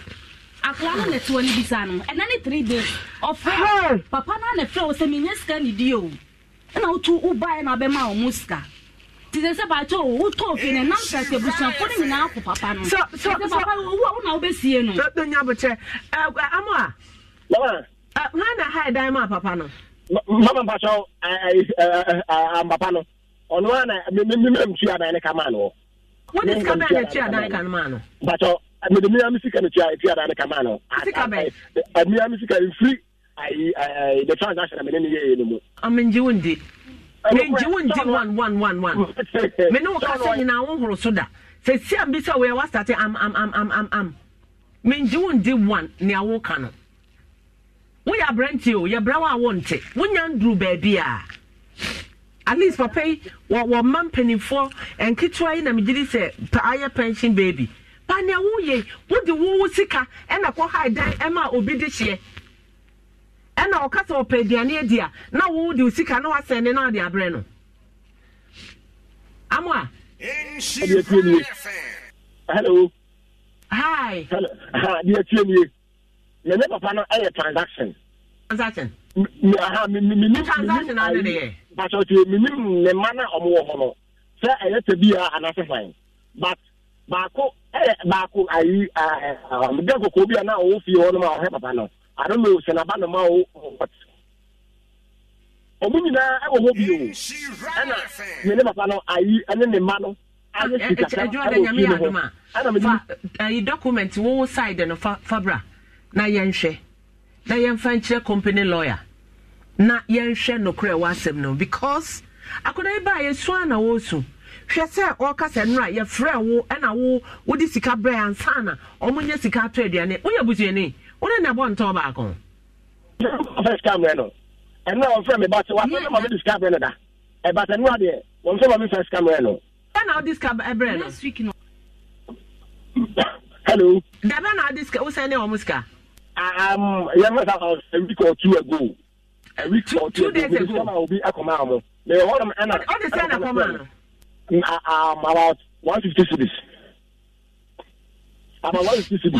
akora no na ɛte wɔ ne bisa no ɛna ne three days ɔfrɛ papa no na ɛfrɛ wo sɛ menya sika ne di o ɛna wotu wobaeɛ na wobɛma wɔ mu sika ti sɛ sɛ baatɔ o wo tɔ fi ne nam sɛ sɛ busuafo ne nyinaa kɔ papa no sɛ sɛ papa owu a wo na wobɛsie no sɛ nya botɛ amoa ha na ha dan ma papa no mama mpatɔ ampapa no ɔno a na memam tua dan ne ka maa no wode sika bɛɛ ne tua dan ka no maa no mpatɔ mede mia me sika ne tua dan ne ka maa no sika bɛɛ mia me sika mfiri the transaction a mene ne yɛyɛ no mu ɔmengye wo ndi mɛngye wo nti one one one one me ne wo ka sɛ nyinaa wohoro so da sɛ si a bi sɛ woyɛ woastate am am am am am am mɛngye wo nti one nea woka no woyɛ aberantie o yɛbrɛ wo a wonte wonya nduru baabi a at least papa yi wɔma mpanimfoɔ nketewa yi na megye di sɛ ayɛ pension baabi pa nea woyɛ wode wo wo sika ɛna kɔ ha dan ɛma obi de hyeɛ ɛna ɔka ɔpɛ aduane adi a na wo de osika na na abrɛ no amo a mene papa no ɛyɛ transaction transaction menim ne ma na ɔmowɔ hɔ no sɛ ɛyɛ sɛ bia fan but baako ɛyɛ baako ayi kɔkɔɔ bi a na ɔwɔ fie hɔ no ma ɔhɛ papa I don't know, Senaba no more, nyinaa ɛwɔ hɔ bio ɛna mene papa no ayi ɛne ne mma no ayɛ sikasa ɛwɔ fie no ho ɛna mede ayi document wo side no fa na yɛnhwɛ na yɛmfa company lawyer na yɛnhwɛ nokorɛ wɔ asɛm no because yi na hwɛ sɛ wo ɛna wo e, sika brɛ ansana ɔmo sika ato aduane busuani wone na bɔntɔn baako ɔfɛ sika mmerɛ no ɛno a ɔmfrɛ me bate wasɛ na mame de sika berɛ no da ɛbata no adeɛ wɔmfɛ mame fa sika mmerɛ no ɛna wode sika berɛ no hello dabɛ na wode sika wosɛne wɔ mo sika um yɛmɛ sa a week or two ago a week or two, two days ago ma obi akɔma a mo mewɔ hɔ nom ɛna ɔde sɛ na kɔma no about one fifty cities ama wɔn sisi mu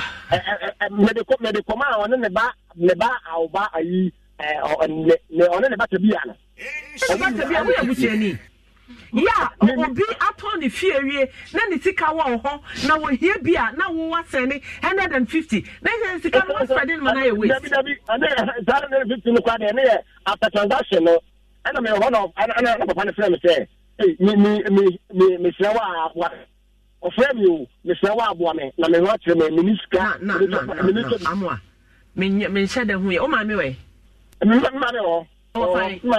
mɛde kɔ mɛde kɔma a ɔne ne ba ne ba awoba ayi ɛɛ ne ɔne ne ba tabi ya no. ɔba tabi ya woyɛ busuani yà obi atɔ ne fie wie na ne sika wɔ hɔ na wɔhie bi a na wɔn asɛn ne hundred and fifty na yɛ sika no wɔn sɛde ma na yɛ waste. dabi dabi ɛne saa hundred and fifty no kora deɛ ɛne yɛ after transaction no ɛna mɛ hɔ na ɛna papa ne fɛn mi sɛ ee mi mi mi mi mi sɛ wa wa. ɔfrɛ mi o mesrɛ wɔ aboa me na mehwɛ akyerɛ na na na na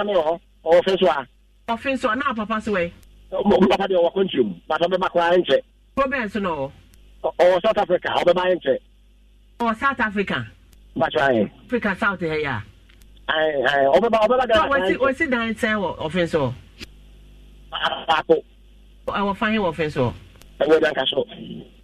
na so a ɔfe so na papa so wɛ papa deɛ ɔwɔ kɔntiri mu but ɔbɛba koraa nkyɛ problem so na ɔwɔ ɔwɔ south africa ɔbɛba nkyɛ ɔwɔ south africa bakyɛ africa south hɛ yɛ a ɔbɛba dan sɛn wɔ ɔfe so ɔwɔ fa he wɔ ɔfe so ɛwɔ da nka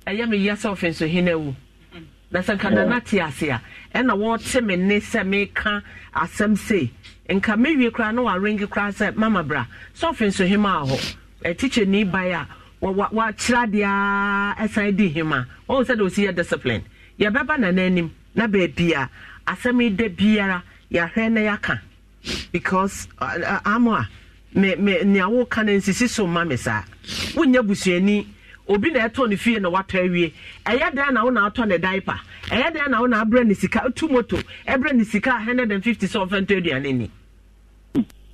ɛyɛ mi yasa ɔfin so hin na sɛ nka nana te ase a ɛna wɔte mi ne sɛ mi ka asɛm se nka mi wie koraa na wa ringi koraa sɛ mama bra sɛ ɔfin so hin hɔ ɛtikye ni ba yi a wakyerɛ adeɛ a ɛsan di hin ma ɔwɔ sɛ de osi yɛ discipline yɛbɛba nana anim na beebi a asɛm yi de biara yɛahwɛ na yɛaka because uh, uh, amoa me me nea woka no nsisi so ma me saa wonyɛ busuani obi na ɛtɔ ne fie na watɔ awie ɛyɛ dɛn na wona atɔ ne diaper ɛyɛ dɛn na wona abrɛ ne sika tu moto ɛbrɛ ne sika hundred and fifty sɛ ɔfɛn tɔ aduane ni.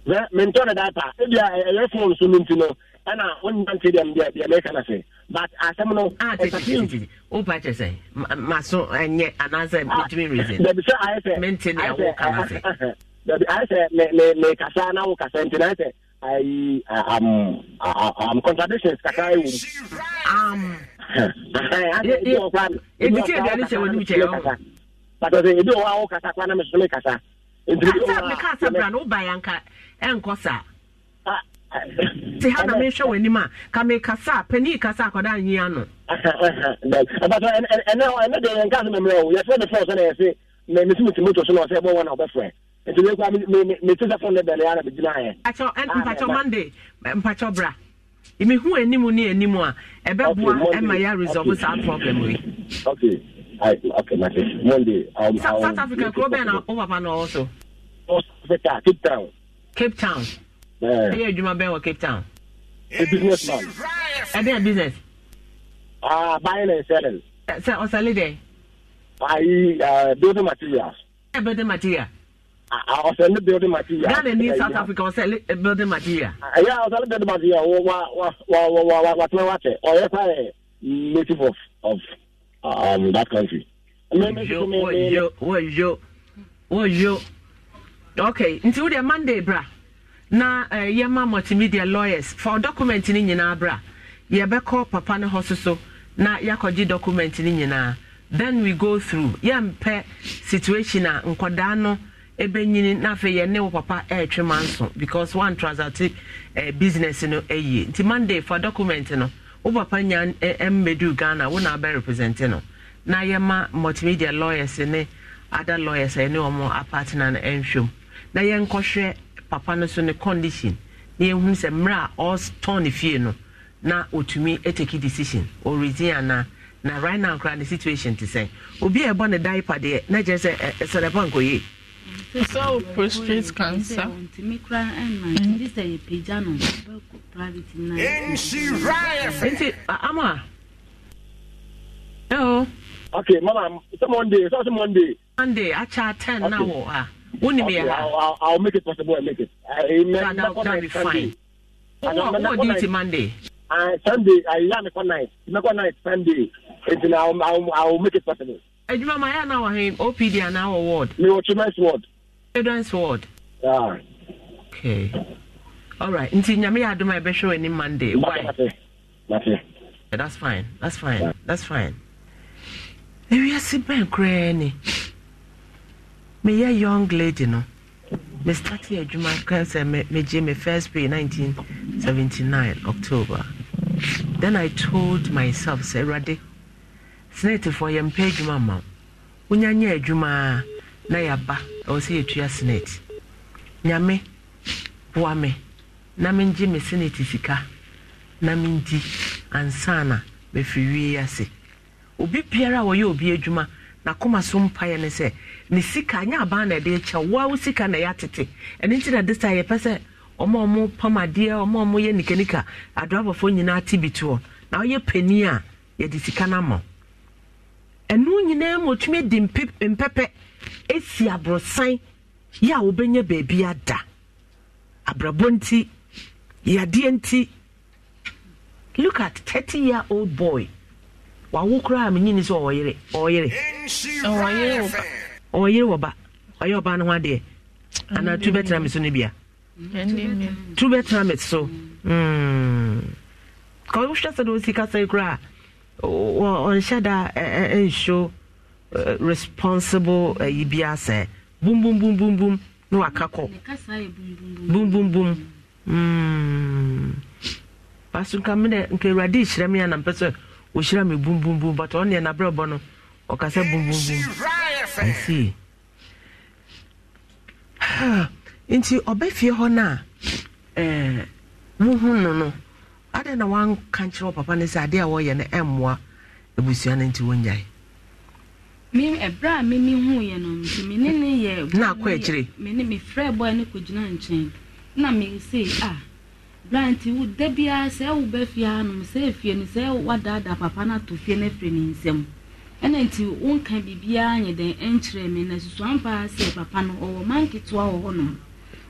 sɛ mentɔ ne diaper ebi a ɛyɛ phone so no nti no ɛna wonnya nti deɛ deɛ deɛ mɛka na sɛ but asɛm no ah, ɛsɛti wopa kyɛ sɛ maso ɛnyɛ anaasɛ metumi ah, reason dabi sɛ ayɛ sɛ mente ne ɛwo ka na sɛ dabi ayɛ sɛ mekasa na wo kasa nti na ayɛ sɛ I am um, contradictions kakai um but o se ebi o wa o kasa kwa na me so me kasa ntiri o wa me kasa bra no ba yanka enko sa ti ah, ah. ha na me hwe wani ma but ene eh, eh, know eh, ene de nka so me me o ye so I force mɛ mɛ simi tìmɛ tɔso ɔsɛ ɛbɔ wɔn na ɔbɛfrɛ nti e mɛ kura mɛ mɛ tisa fɛn de bɛlɛ yara mɛ gyina yɛ. mpatsɔ mpatsɔ mande mpatsɔ bra imi hu anim ni anim a ɛbɛ e bua ɛma e ya resolve saa problem wi. okay okay mate monday. south, africa kuro bɛn na o papa na ɔwɔ so. south africa cape town. cape town. ɛyɛ eh. yeah. adwuma bɛn wɔ cape town. a business man. ɛdɛn business. ah buying and selling. sɛ ɔsɛli dɛ ayi uh, building materials. ẹ eh, building material. ọsẹ ah, ah, ní building material. ghana ní south africa ọsẹ eh, building material. ẹyà ọsẹ ní building material wọ wa wa wa wa wa wa tẹ́lẹ̀ wa tẹ ọ yẹ fà ẹ native of of um, that country. wọ́n yọ wọ́n yọ wọ́n yọ okay nti wúdiẹ monday bra na uh, eh, yẹ ma multimedia lawyers for document ni nyinaa bra yẹ bẹ kọ papa ne hɔ soso na yẹ akɔgye document ni nyinaa then we go through yɛmpɛ situation a nkɔdaa no ɛbɛnyini na afei yɛne wo papa ɛretwe ma nso because one transacte uh, eh, business no ayie nti monday for document no wo papa nya eh, mmɛduu ghana wo na abɛrepresente no na yɛma multimedia lawyers ne other lawyers a ɛne wɔn apartner no nhwɛm na yɛnkɔhwɛ papa no so ne condition na yɛhunu sɛ mmerɛ a ɔtɔn ne fie no na otumi take decision ɔredi anaa na right now koraa ne situation te sɛ obi a ɛbɔ ne diaper deɛ na kyerɛ sɛ ɛsɛrɛpɔ nkɔyie so oh, prostate cancer. private nti uh, ama. hello. okay mama it's a monday it's a monday. monday acha ten okay. na wɔ ha wóni mi yɛ ha. I'll, I'll make it possible I make it. Uh, that will be fine. wọ́n wọ́n di ti monday. Uh, sunday ayi yá mi kọ́ night mi kọ́ night sunday nti na awo make it possible. adwuma ma yà náà wà hẹ́n opd and now ward. mi wọ children's ward. children's ward. Yeah. okay All right. nti nyame yà adum a ẹbẹ hwẹ ni monday why. Yeah, that's fine that's fine yeah. that's fine. ewiase bẹẹ koraa ni meyɛ young lady no mestarte adwuma kan sɛ megye me first pay nine october then i told myself say ready. snatefoɔ yɛmpɛ adwuma ma wo wonya nyɛ adwuma na yɛaba ɛwɔ sɛ yɛtua snate nyame boa me na mengye me senate sika na mendi ansa na mɛfiri wie ase obi biara a wɔyɛ obi adwuma nakoma so mpaeɛ ne sɛ ne sika nyɛ aban na ɛde kyɛ woa wo sika na yɛatete ɛno nti na desta yɛpɛ sɛ ɔma ɔmo pam adeɛ ɔma ɔmo yɛ nikanika adoabɔfoɔ nyinaa te bi na ɔyɛ pani a yɛde sika no ama wo ɛno nyinaa ma ɔtumi de mpɛpɛ ɛsi aborɔsan yɛ a wobɛnya baabi ada abrabɔ nti yadeɛ nti look at thirty year old boy wawo koraa menyini sɛ ɔyere ɔyere ɔyere wɔba ɔyɛ ɔbaa no ho adeɛ anaa tu bɛtena me so no bia tu bɛtena me so hmm. ka wohwɛ sɛ de ɔsika sɛe koraa ɔnhyɛ nso responsible ayi bia sɛ bumbumbumbumbum na waka kɔ bumbumbum baso hmm. nka me nka awurade hyerɛ me a na mpɛ sɛ ɔhyira me bumbumbum but ɔneɛ naberɛbɔ no ɔka sɛ bumbumbum nti ɔbɛfie hɔ no a wohu no no adɛn na wanka kyerɛ wɔ papa no sɛ adeɛ a wɔyɛ no ɛmmoa abusua no nti wɔnyae mi ɛbrɛ a mimi hu yɛ no nti mi ne yɛ na akɔ akyire mi ne mi frɛ bɔɛ nkyɛn na mi se a ah, brɛ nti wo da biara sɛ ɛwo bɛ fie anom sɛ efie no sɛ wadaadaa papa no ato fie no afiri ne nsam ɛna nti wonka biribiara nyɛ dɛn ɛnkyerɛ mi na susu ampa sɛ papa no ɔwɔ man ketewa wɔ hɔnom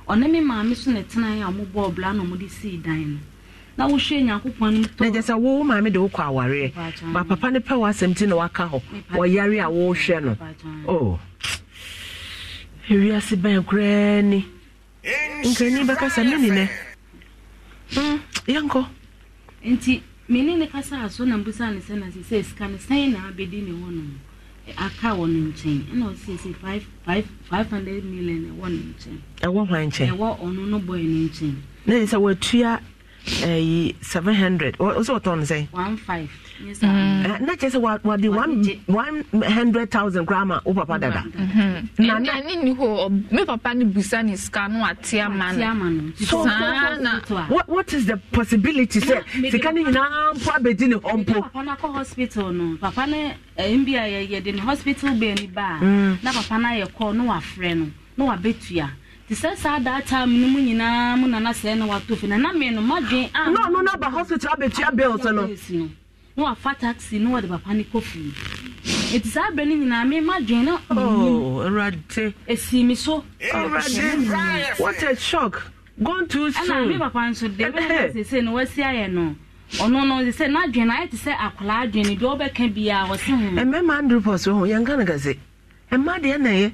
ɔne me maame so na ɛtenae a wɔbɔɔ bla na wɔde sii dan no na wohwɛ nyankopɔn nogye sɛ wo maame de wokɔ awareɛ ma papa no pɛ w'asɛm ti na waka hɔ wɔyare a wohwɛ no o oh. ewiase bɛn koraa ni nkani bɛka sɛ hmm, me ne nɛ yɛnkɔ nti mene ne kasa so na mbusa ne sɛ na sɛ sika no sɛn na abɛdi ne hɔ nom e, aka wɔ no nkyɛn ɛna ɔsɛ sɛ five hundred million ɛwɔ no nkyɛn ɛwɔ hwan nkyɛn ɛwɔ ɔno no nkyɛn na yɛ sɛ watua ɛyi eh, seven hundred ɔsɛ ɔtɔn no sɛ. one five. na kyerɛ sɛ wade one one hundred thousand koraa ma wo oh, papa dada. na na ne ni hɔ me papa ni busa ne sika no ate ama no. so what what is the possibility sɛ sika ne nyinaa mpo abɛdi ne hɔ mpo. papa no akɔ hospital no papa ne mbi eh, a yɛde ne hospital bɛɛ ni ba a mm. na papa no ayɛ kɔ no wafrɛ no na wabɛtua. te sɛ saa daa time no mu nyinaa mu nana sɛ na watofi na na mmienu madwen a na ɔno no aba hospital abɛtua bills no na fa taxi na de papa ne kɔ fie ɛti saa berɛ no nyinaa me na oh, awurade ɛsii me so awurade what a shock gone too soon ɛna me papa nso de eh, bɛsesei eh. no wasi ayɛ no ɔno no sɛ n'adwen no ayɛ te sɛ akwaraa adwen no deɛ wɔbɛka biaa wɔse ho ɛmɛma andropɔ so ho yɛnka no deɛ na ɛyɛ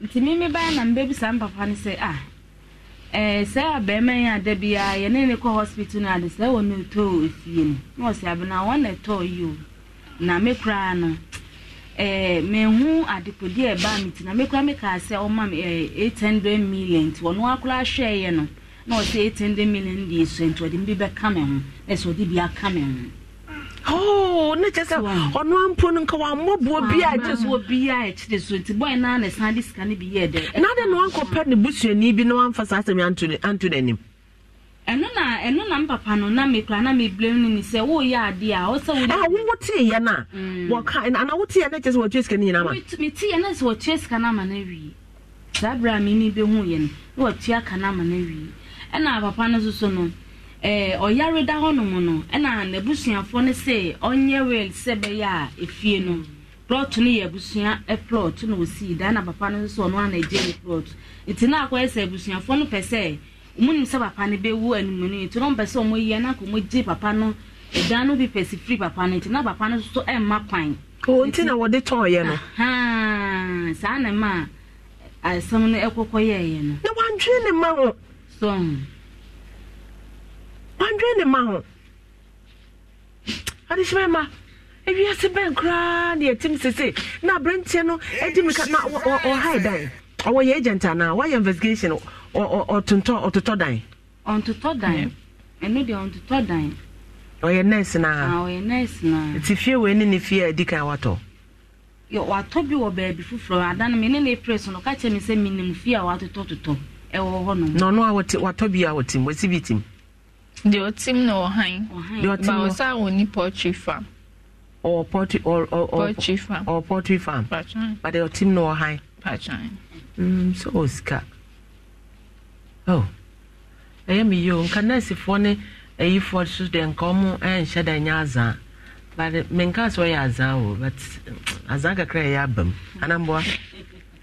nti mimi baa na mbebisa mpapa no sɛ ah ɛɛ eh, sɛ abɛɛma yɛn ada biara yɛne ne kɔ hospital no ade sɛ wɔn na efie no na ɔsi abena wɔn na ɛtɔɔ yi o na me koraa no ɛɛ eh, mehu a ɛbaa mi ti na me koraa me kaa sɛ ɔma mi ɛɛ eh, eight hundred million wɔn akora ahwɛ yɛ no na ɔsi eight hundred million o ne kyɛ sɛ ɔno ampo no nka wammɔboɔ a de na na wankɔpɛ ne busuani na wamfa saa asɛm anto n'anim ɛno na ɛno na mpapa no na mekura na meblem no ni sɛ woyɛ a ɔsɛ ah, no a mm. wɔka ana woteeɛ no kyɛ sɛ sika no ma meteeɛ no sɛ sika no ama no awie saa berɛ a na aka no ama ɔyare eh, da hɔnom no na efie eh, na osii da na papa no nso ɔno ana na eje plɔt nti na akɔyɛ sɛ abusuafoɔ no pese papa na wɔn papa no bi si firi papa na papa no nso ịma kwan. o ntị na wɔde tɔn ya. no. saa na ma asɛm no ɛkɔkɔ ya ya na ne wadwene ne ma ho adehyɛ ma ewiase bɛn koraa ne yɛtim sese na aberanteɛ no adi mi ka na ɔhae dan ɔwɔ yɛ agent anaa wayɛ investigation ɔtontɔ ɔtotɔ dan. ɔntotɔ dan hmm. ɛno deɛ ɔntotɔ dan. ɔyɛ nurse naa ah, ɔyɛ nurse naa ti fie wei ne ne fie a edi kan watɔ. watɔ bi wɔ baabi foforɔ adan mi ne ne pere so no ka kyerɛ mi sɛ mi nim fie a watotɔ totɔ ɛwɔ hɔ nom. na ɔno a watɔ bi a wɔtim wɔsi bi tim deɛ ɔtim na ɔhan ba ɔsa wɔ ni poultry farm. ɔwɔ poultry ɔwɔ poultry farm ɔwɔ poultry farm ba deɛ ɔtim na ɔhan. Mm, so ɔsika oh ɛyɛ mi yie o nka nɛɛsifoɔ ne ɛyifoɔ so deɛ nka ɔmo ɛnhyɛ dɛ nyɛ azaa but menka sɛ ɔyɛ azaa o but azaa kakra ɛyɛ aba anamboa.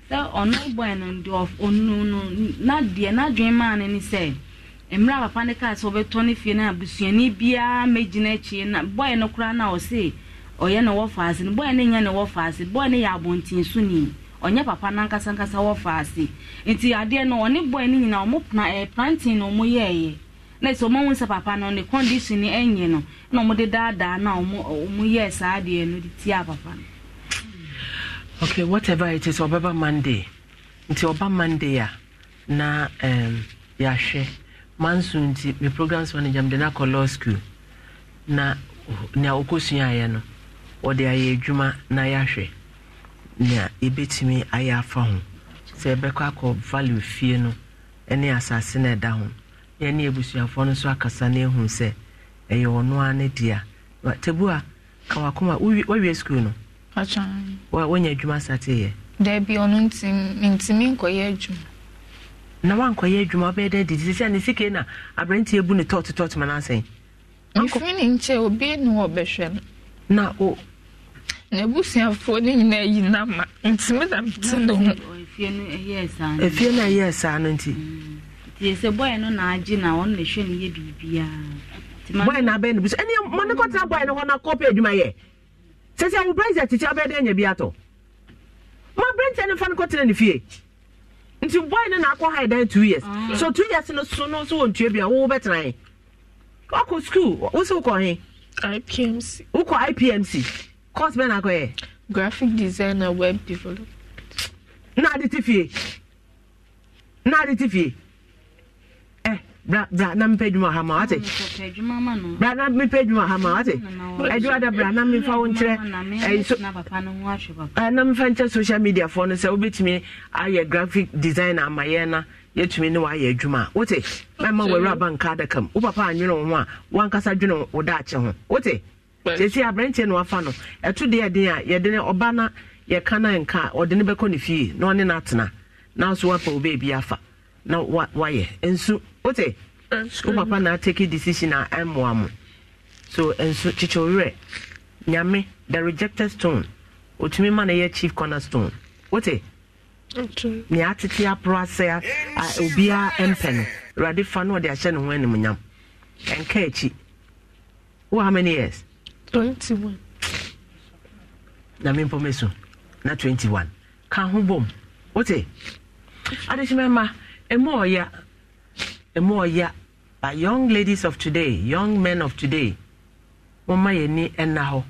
sɛ ɔno bɔ ɛno deɛ ɔno no na deɛ n'adwene maa no ne sɛ mmerɛ papa ne kaa sɛ wɔbɛtɔ ne fie no abusuani biara mɛgyina akyi na bɔɛ no koraa no a ɔse ɔyɛ ne wɔfa ase no bɔɛ no nyɛ ne wɔfa ase bɔɛ no yɛ abɔnten so ni ɔnyɛ papa no ankasankasa wɔfa ase nti adeɛ no ɔne bɔɛ no nyinaa ɔmo pra ɛɛ planting na ɔmo yɛɛyɛ na sɛ ɔmo ahu sɛ papa no ne condition no ɛnyɛ no na ɔmo de daadaa na ɔmo ɔmo yɛɛ saa adeɛ no de tia papa no. okay whatever it is ɔbɛba monday nti ɔba monday a na um, yɛahwɛ. manso nti me programs manager mede no akɔ law school na nea wɔkɔsuaeɛ no wɔde ayɛ adwuma na yɛahwɛ nea yɛbɛtumi ayɛ afa ho sɛ ɛbɛkɔ akɔ value fie no ne asase no ɛda ho yɛne abusuafoɔ no nso akasa no ahu sɛ ɛyɛ ɔno a ne dea tabu a ka wakoma wawie school no woanya adwuma sateeɛ daabi ɔno ntimi nkɔyɛ adwuma na wankɔyɛ adwuma wobɛyɛ dɛ didi sɛ ne sike na aberanteɛ bu ne tɔtotɔt ma no asɛn mfiri ne nkyɛ obi ne wɔbɛhwɛ no na o n'abusuafoɔ no nyinaa yi na ma ntimi da mete ne ho ɛfie oh, no ɛyɛɛ eh, saa no nti mm. sɛ bɔɛ no naagye na ɔno ne hwɛ no yɛ biribiaa bɔɛ no abɛɛ no bi so ɛne ne kɔtena bɔɛ no hɔ na kɔpɛ adwuma yɛ sɛ sɛ wo brɛsɛ tete abɛɛ dɛ anya bi atɔ ma brɛntiɛ no fa no kɔtena ne fie nti boy no naakɔ high dan two years mm. so two years no so no nso wɔ ntua bi a wɔwɔ bɛtena yɛn ɔkɔ school wosɛ wokɔ he ipmc wokɔ ipmc course bɛn naakɔ yɛ graphic designer web developer. na ade te fie na ade te fie bra bra na mepɛ adwuma ha ma wate bra na mepɛ adwuma ha ma wate adwuma da bra na mefa wo nkyerɛ na mefa eh, eh, nkyerɛ social media foɔ no sɛ wobɛtumi ayɛ graphic design ama yɛn na yɛtumi ne wayɛ adwuma a wote mɛma wawura ba nka adaka mu wo papa anwene wo ho a wankasa dwene wo daakye ho wote sɛsi aberanteɛ na wafa no ɛto deɛ ɛden a yɛde ne ɔba na yɛka na nka ɔde ne bɛkɔ ne fie na ɔne no atena nanso woapa wo baabi afa na wayɛ nso wote wo mm, mm. papa na take decision a ɛmmoa mo so nso kyekyɛwerɛ nyame the rejected stone ɔtumi ma no yɛ chief corner stone wote nea atete aporo asɛ a obiara mpɛ no awurade fa no ɔde ahyɛ ne ho animonyam ɛnka akyi wo how many years 21 na me mpɔmɛ so na 21 ka ho bom wote adehyemɛ ma ɛmu ɔya ɛmu ɔya but young ladies of today young men of today moma yɛ ni ɛna hɔ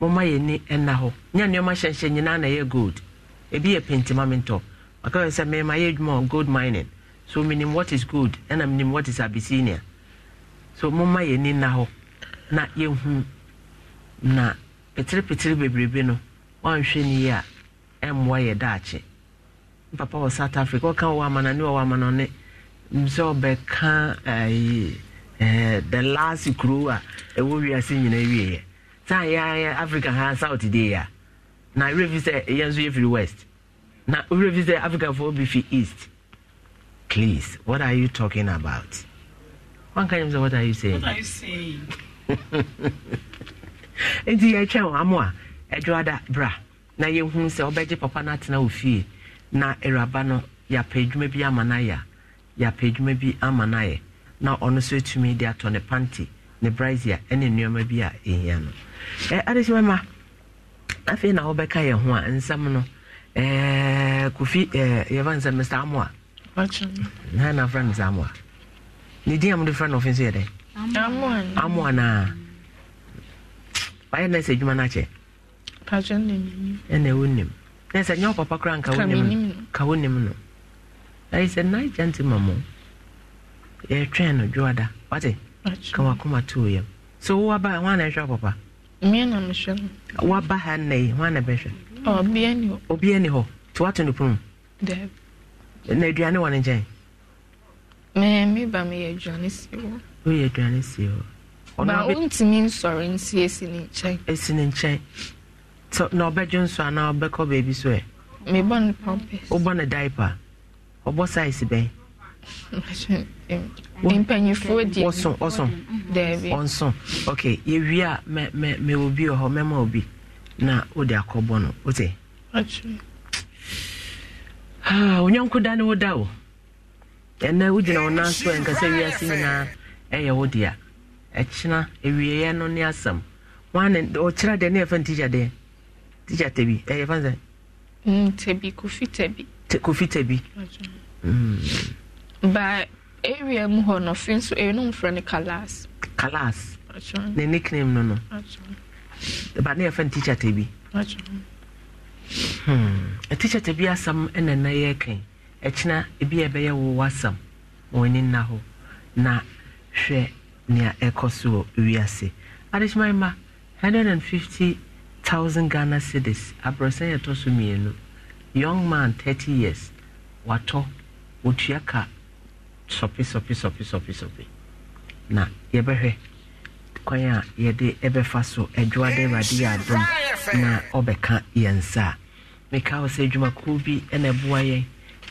moma yɛ ni ɛna hɔ nyɛ nneɛma hyɛnhyɛ nyinaa na ɛyɛ gold ebi yɛ pentimamintɔ aka yɛ sɛ mɛma yɛ adwuma gold mining so minim what is gold ɛna minim what is abyssinia so moma yɛ ni na hɔ na yɛhu na petiri petiri bebrebe no wɔnhwɛ ni yɛ a ɛmmoa yɛ daakye. papa wɔ south africa ɔka wɔ amanane wɔ amanane sɛ ɔbɛka ayi ɛɛ the last kuro a ɛwɔ wiase nyinaa wieɛ saa yɛ africa ha south deɛ yɛ na wura fi sɛ yɛn nso yɛ firi west na wura fi sɛ africa fo bi fi east please what are you talking about wọn kan yɛn sɛ what are you saying. what are you saying. nti yɛtwɛn wɔn amu a ɛdwa da bra na yɛn hun sɛ ɔbɛgye papa n'atena ofie. na awuraba no yɛapɛ adwuma bi ama no ayɛ yɛapɛ adwuma bi ama no ayɛ na ɔno nso atumi de atɔ ne panty ne brisia ne nneɛma bi a ɛhia no eh, ma afei na wobɛka yɛ ho a nsɛm no eh, kofi eh, yɛfa nsɛm mr amoa na na frɛ no sɛ amoa ne din a mode frɛ no ɔfe nso yɛ dɛn amoa naa wayɛ nɛ sɛ adwuma no akyɛ ɛnɛ wonim na sɛ nyɛ papa kora nka wonim no ɛyɛ sɛ nai gyantima mɔ yɛtwɛn no dwoada wate ka wakoma too yam so wowaba hwana ɛhwɛ papa waba ha nnɛyi hwana bɛhwɛ obia ni hɔ nti wato no ponu na aduane wɔ ne nkyɛn meba meyɛ aduane sie hɔ woyɛ aduane sie hɔ ɔnontumi nsɔre nsi ɛsi ne nkyɛn ɛsi ne nkyɛn na ɔbɛdwo nso anaa ɔbɛkɔ baabi so ɛ mebɔ no pampers wobɔ no diaper ɔbɔ size bɛn mpanyinfoɔ di ɔso ɔso dɛbi ɔnso ok yɛwie a mɛ mɛ mɛ obi ọhọ hɔ mɛma obi na wode akɔbɔ no wote ah, onyɔnko da ne wo da o o ɛnɛ wogyina wo nan so ɛnkasɛ wiase nyinaa ɛyɛ wo dea ɛkyena awieɛ no asam. asɛm wane ɔkyerɛ deɛ ne yɛfa ntigya deɛ tikya tabi ɛyɛ fan sɛ. tabi kofi tabi. kofi tabi. Mm. ba area mu hɔ no fi nso ɛyɛ no nfrɛ no kalas. kalas ne nickname no no ba ne yɛ fɛn tikya tabi. tikya tabi asam ɛna nna yɛ kan ɛkyina ebi a ɛbɛyɛ wo wasam wɔn ani nna hɔ na hwɛ nea ɛkɔ so wɔ wiase adekyema ma 150 thousand Ghana cedis abrɔsan yɛtɔ so young man thirty years watɔ otua ka sɔpi sɔpi sɔpi sɔpi na yɛbɛhwɛ kwan a yɛde ɛbɛfa so adwoa na ɔbɛka yɛn nsa a meka wo sɛ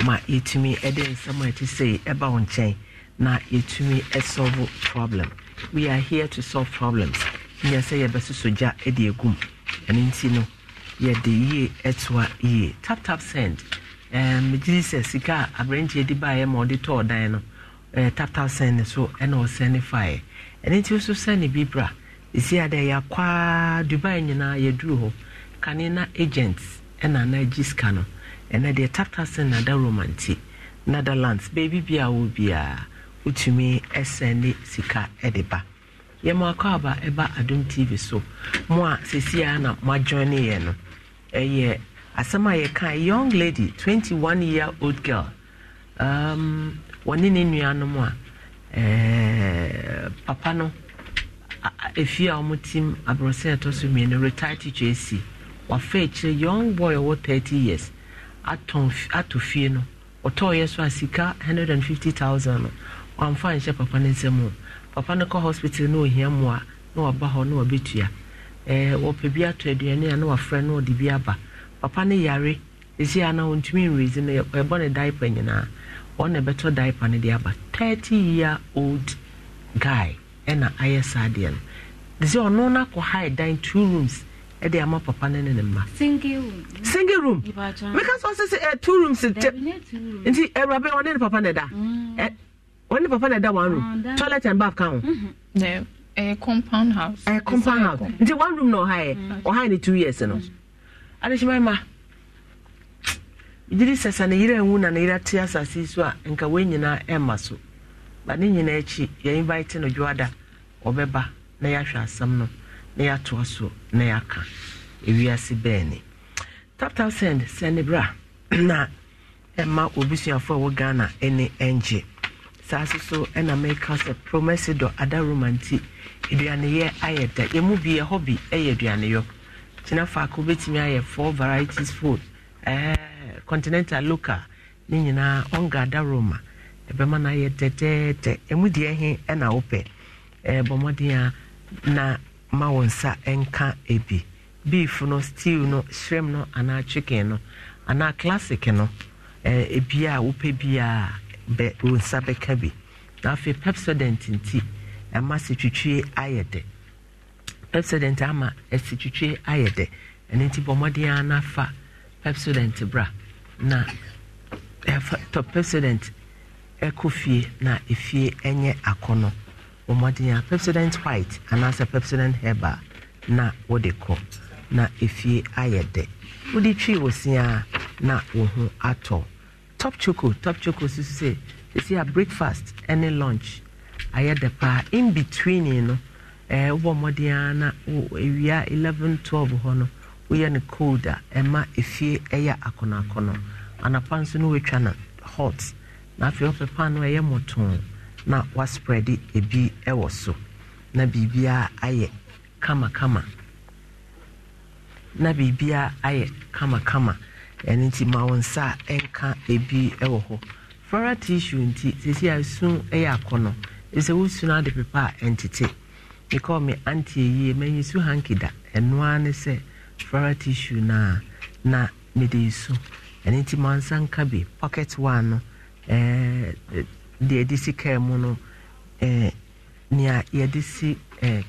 ma yɛtumi de nsɛm a sei ɛba wo na yɛtumi solve problem we are here to solve problems nyɛ sɛ yɛbɛsoso gya de ɛno nti no yɛde yie ɛtoa yie tap tap send megye sɛ sika a aberanteɛ de baeɛ ma ɔde tɔɔ dan no tap tap send so ɛna ɔsɛne faeɛ ɛno nti nso sɛne bi bra ɛsi a yɛakwaa dubai nyinaa yɛduru hɔ kane na agents ɛna na agye sika no ɛna deɛ tap tap send nada roma nti netherlands baabi bia wɔ biara wotumi ɛsɛne sika ɛde ba yɛma akɔ aba ɛba adom tv so mo a sesia na moajoine yɛ no ɛyɛ asɛm a yɛka young lady twenty one year old girl um, wɔne ne nuanom a eh, papa no ɛfie a ɔmo tim aborɔsɛ ɛtɔ so mmienu retire teacher asi wafa akyire young boy ɔwɔ thirty years atɔ fie no ɔtɔɔyɛ so a sika thousand, no wamfa nhyɛ papa no nsɛm o Papa no kɔ hospital na ohia mmoa na waba hɔ na wabɛtua ɛɛ eh, wɔpɛ bi ato aduane a na wafrɛ na ɔde bi aba papa no yare esi a na ɔntumi nrezi no ɛbɔ ne diaper nyinaa wɔn na ɛbɛtɔ diaper no de aba thirty year old guy ɛna ayɛ saa deɛ no de ɔno na kɔ high dan two rooms ɛde ama papa no ne ne mma single room single room meka sɛ ɔsɛ sɛ two rooms nti awurade ɔne ne papa ne da mm wɔn ne papa na ɛda one room uh, toilet and bath ka ho. ɛyɛ yeah, compound house. ɛyɛ compound house nti one room na ɔha yɛ ɔha yɛ ne two years no mm-hmm. adehyemma ma gyiri sɛsɛ ne yere nwu na ne yere ate asase yi so a nka wɔn nyinaa ɛmma e so ba ne nyinaa akyi e yɛ invite no dwoada ɔbɛba na yɛahwɛ asɛm no na yɛatoa so na yɛaka ewiase bɛɛ ni taptap send send bra na ɛma e obi suafoɔ a wɔ ghana ɛne ɛngye saa so so ɛna meka sɛ promesido adaroma nti aduaneyɛ ayɛ da yɛmu bi yɛhɔ bi yɛ aduaneyɔ kyena faako wobɛtumi ayɛ four varieties food eh, continental local ne nyinaa ɔnga adaroma ɛbɛma no ayɛ dɛdɛɛdɛ ɛmu deɛ he ɛna wopɛ eh, a na ma wo nsa nka ebi beef bɛ wo nsa bɛka bi na afei pepsodent nti ɛma asitwitwie ayɛ dɛ pepsodent ama asitwitwie ayɛ dɛ ɛno nti bɔ mmɔden pepsodent bra na ɛfa tɔ pepsodent ɛkɔ fie na efie ɛnyɛ akɔnɔ bɔ mmɔden a pepsodent white anaasɛ pepsodent herbal na wɔde kɔ na efie ayɛ dɛ wode twi wɔ sia na wo ho atɔ top choco top choco say. sɛ sisi a breakfast ɛne lunch ayɛ dɛ pa. in between you know, eh, wobɔ mmɔden a na ewia eleven twelve hɔ no woyɛ no cold a ɛma efie akono. Ana anapa nso no woatwa no hot na afei wɔpɛ pan no ɛyɛ mmɔtɔn na wasprɛde ebi ɛwɔ so na aye kama kama. na bibia aye kama Kama ɛno nti ma wo nsa nka ebi wɔ hɔ flora tissue nti sisi a sun yɛ akɔnɔ sɛ wosuno ade pepa a ɛntete mekɔɔ me ante yie manyi su hanki da ɛnoa ne sɛ flora tissue no a na mede su ɛno nti ma nsa nka bi pocket one no eh, deɛ ɛde si kaa mu no nea yɛde si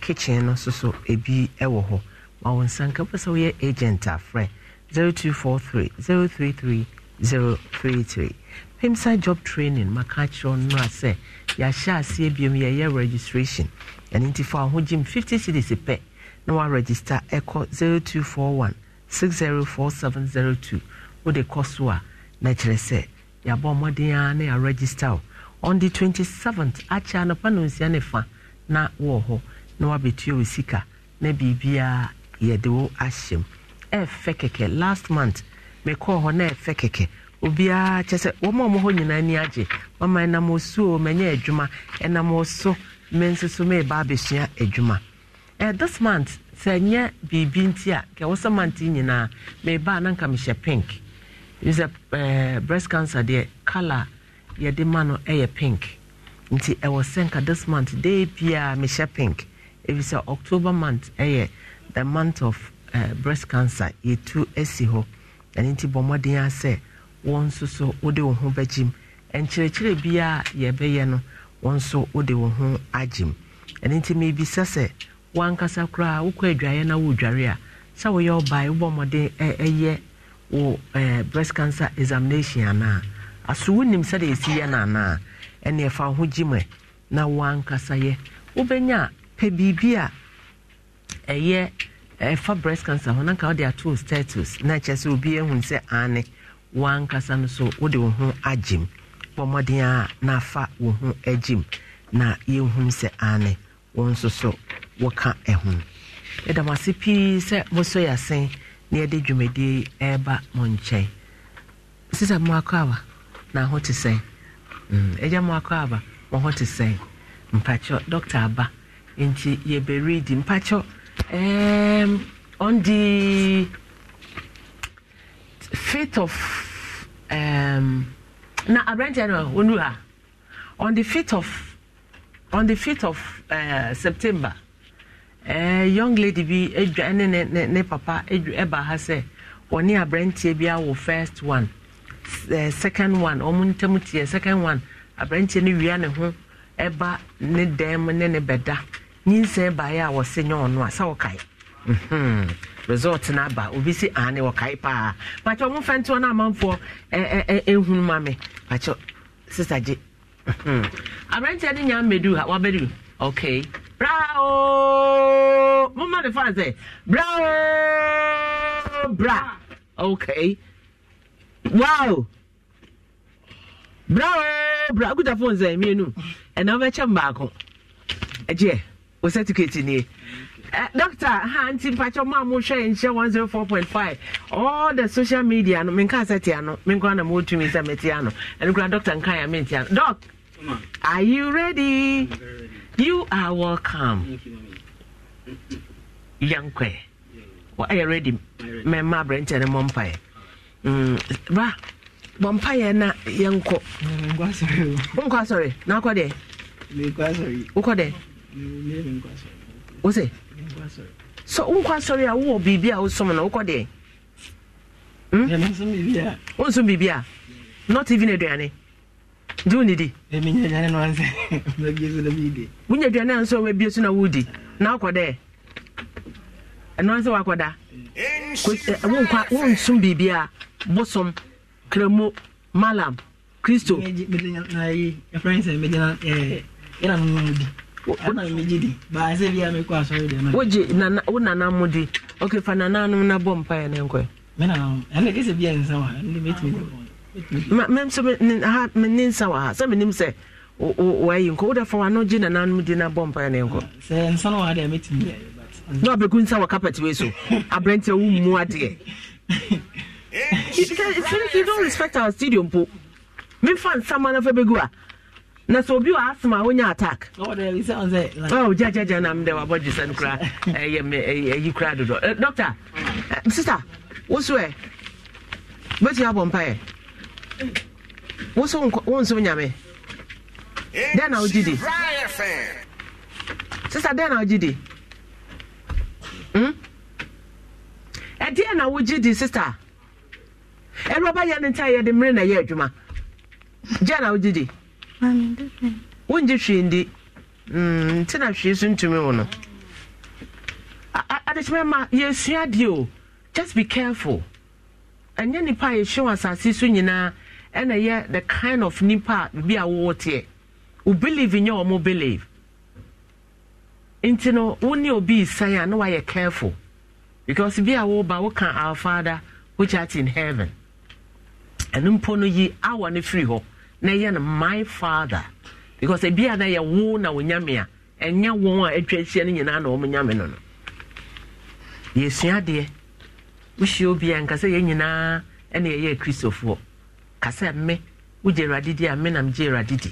kitchen no soso ebi wɔ hɔ ma wo nsa nka pɛ sɛ woyɛ agent a 0244 0243 033 033 PIMSA job training maka kyerɛ no a sɛ yɛahyɛ aseɛ biom yɛyɛ registration ɛno nti fa ho gyim 50 cities pɛ na waregister ɛkɔ 0241 604702 wode kɔ so a na kyerɛ sɛ yɛabɔ mmɔden a na yɛaregister o on the 27th akyɛ anɔpa nonsia ne fa na wɔɔ hɔ na wabɛtua wɔ sika na biribiaa yɛde wo ahyɛ ɛfɛ kɛkɛ last month mekɔɔ hɔ na ɛfɛ kɛkɛ obiara kyɛ sɛ wɔn a wɔn hɔ nyinaa ani agye wɔn nam osuo mɛnyɛ adwuma ɛnam ɔso mɛ nso so mɛɛba abɛsua adwuma ɛɛ this month sɛ nyɛ biribi nti a kɛ wɔsɛ month nyinaa mɛɛba na nka mehyɛ pink sɛ ɛɛ breast cancer deɛ colour yɛde ma no ɛyɛ pink nti ɛwɔ sɛ this month day biara mehyɛ pink ebi sɛ october month ɛyɛ the month of Eh, breast cancer yɛtu asi hɔ ɛno nti bɔ mmɔden a sɛ wɔn nso so wode wo ho bɛgye m nkyerɛkyerɛ biara yɛbɛyɛ no wɔn nso wode wo ho agye m nti mebisa sɛ wankasa koraa wokɔ adwaeɛ na woredware a sɛ woyɛ ɔbae wobɔ mmɔden ɛyɛ wo breast cancer examination anaa aso wonim sɛde ɛsi yɛ no anaa ɛne ɛfa wo ho gye mɛ na woankasa yɛ wobɛnya pɛ biribi a ɛyɛ ɛfa eh, breast cancer hɔ nanka wode atoo status na kyerɛ sɛ obi ahu sɛ ane wankasa no so wode wo ho agye m bɔ mmɔden a na afa wo ho agye na yɛhum sɛ ane wo nso so woka ɛho ɛda ase pii sɛ mosɔ yɛ asen na yɛde dwumadie ɛreba mo nkyɛn sisa mo akɔ aba na ho te sɛn ɛgya mm, mo akɔ aba mo ho te sɛn mpakyɛ dɔkta aba nti yɛbɛredi mpakyɛ um, on the fifth of um, na aberanteɛ no ɔnu ha on the fifth of on the fifth of uh, september uh, young lady bi edwa ne ne ne, ne papa edwa ɛba ha sɛ wɔne aberanteɛ bi awo first one uh, second one wɔn ntam tie second one aberanteɛ no wia ne ho ɛba ne dan mu ne ne bɛda. nyinsɛn baeɛ a wɔse nyɛ ɔno a sɛ wɔkae mhm. result no aba obi si ane wɔkae paa pakyɛ ɔmo fɛ nteɔ no amanfoɔ ɛhunu ma me pakyɛ sista gye mhm. aberanteɛ no nya mmɛdu ha wabɛdu okay brao moma ne fa sɛ brao bra okay wow brao bra kuta phone sɛ mmienu ɛna wobɛkyɛ m baako agyeɛ o certificate nie eh, doctor ha nti mpatwa mu a mohwɛ nhyɛ 104.5 all the social media no menka sɛ tia no menkora na motumi sɛ metia no ɛno kora doctor nka a mentia no doc are you ready ready. you are welcome Thank you, mommy. Are you ready mɛma aberɛnkyɛ no mmɔ mpaeɛ bra mm, bɔ mpaeɛ na sorry. nkɔ asɔre na akɔ deɛ wokɔ deɛ wo sɛ wonkɔ asɔre a wowɔ biribi a wosom no wokɔ deɛ wonsom hmm? biribi a not even aduane nti wonidi wonya aduane anso wabie so na wodi na wokɔ dɛ ɛno sɛ woakɔda wonsom biribi a bosom kramo malam kristo wogye wo de ok fa nana na bɔ mpaeɛ ne nkɔɛ mem so mene nsa wɔ ha sɛ menim sɛ wayi nkɔ wodɛ fa wano gye nana de na bɔ mpaeɛ ne nkɔ na ɔbɛku nsa wɔ carpet wei so aberɛntiɛ wo mmu adeɛ you don't respect our stadium po memfa nsama no fa bɛgu a na sɛ obi wɔ asem a wonya attack oh, gyagyaga nam dɛ wabɔgye sɛ no kora ɛyɛ me kora dodɔ eh, doctor eh, sister wo so ɛ bɛtumi abɔ mpaeɛ wo so wo nsom nyame dɛn na wogye di sister dɛn na wogye di hmm? ɛdeɛ na wogye di sister ɛno ɔbɛyɛ ne nta yɛde mmere na ɛyɛ adwuma gyɛ na wogye di wongye hwee ndi mm, nti na hwee so ntumi wo no adekyemɛ ma yɛsua deɛ o just be careful ɛnyɛ nipa a yɛhyɛ wɔ asase so nyinaa ɛna yɛ the kind of nipa a bi a wɔwɔ teɛ o believe nyɛ wɔn believe nti no wo ne obi san a na wayɛ careful because bi a wɔba woka our father which art in heaven ɛno mpo no yi awɔ ne firi hɔ na ɛyɛ no my father because ebi a na yɛ wo na onyame a ɛnyɛ wɔn a atwa ahyia no nyinaa na wɔn nyame no no yɛsua adeɛ wohyia obi a nkasa yɛn nyinaa ɛna yɛyɛ kristofoɔ kasa me wogye awurade di a me nam gye awurade di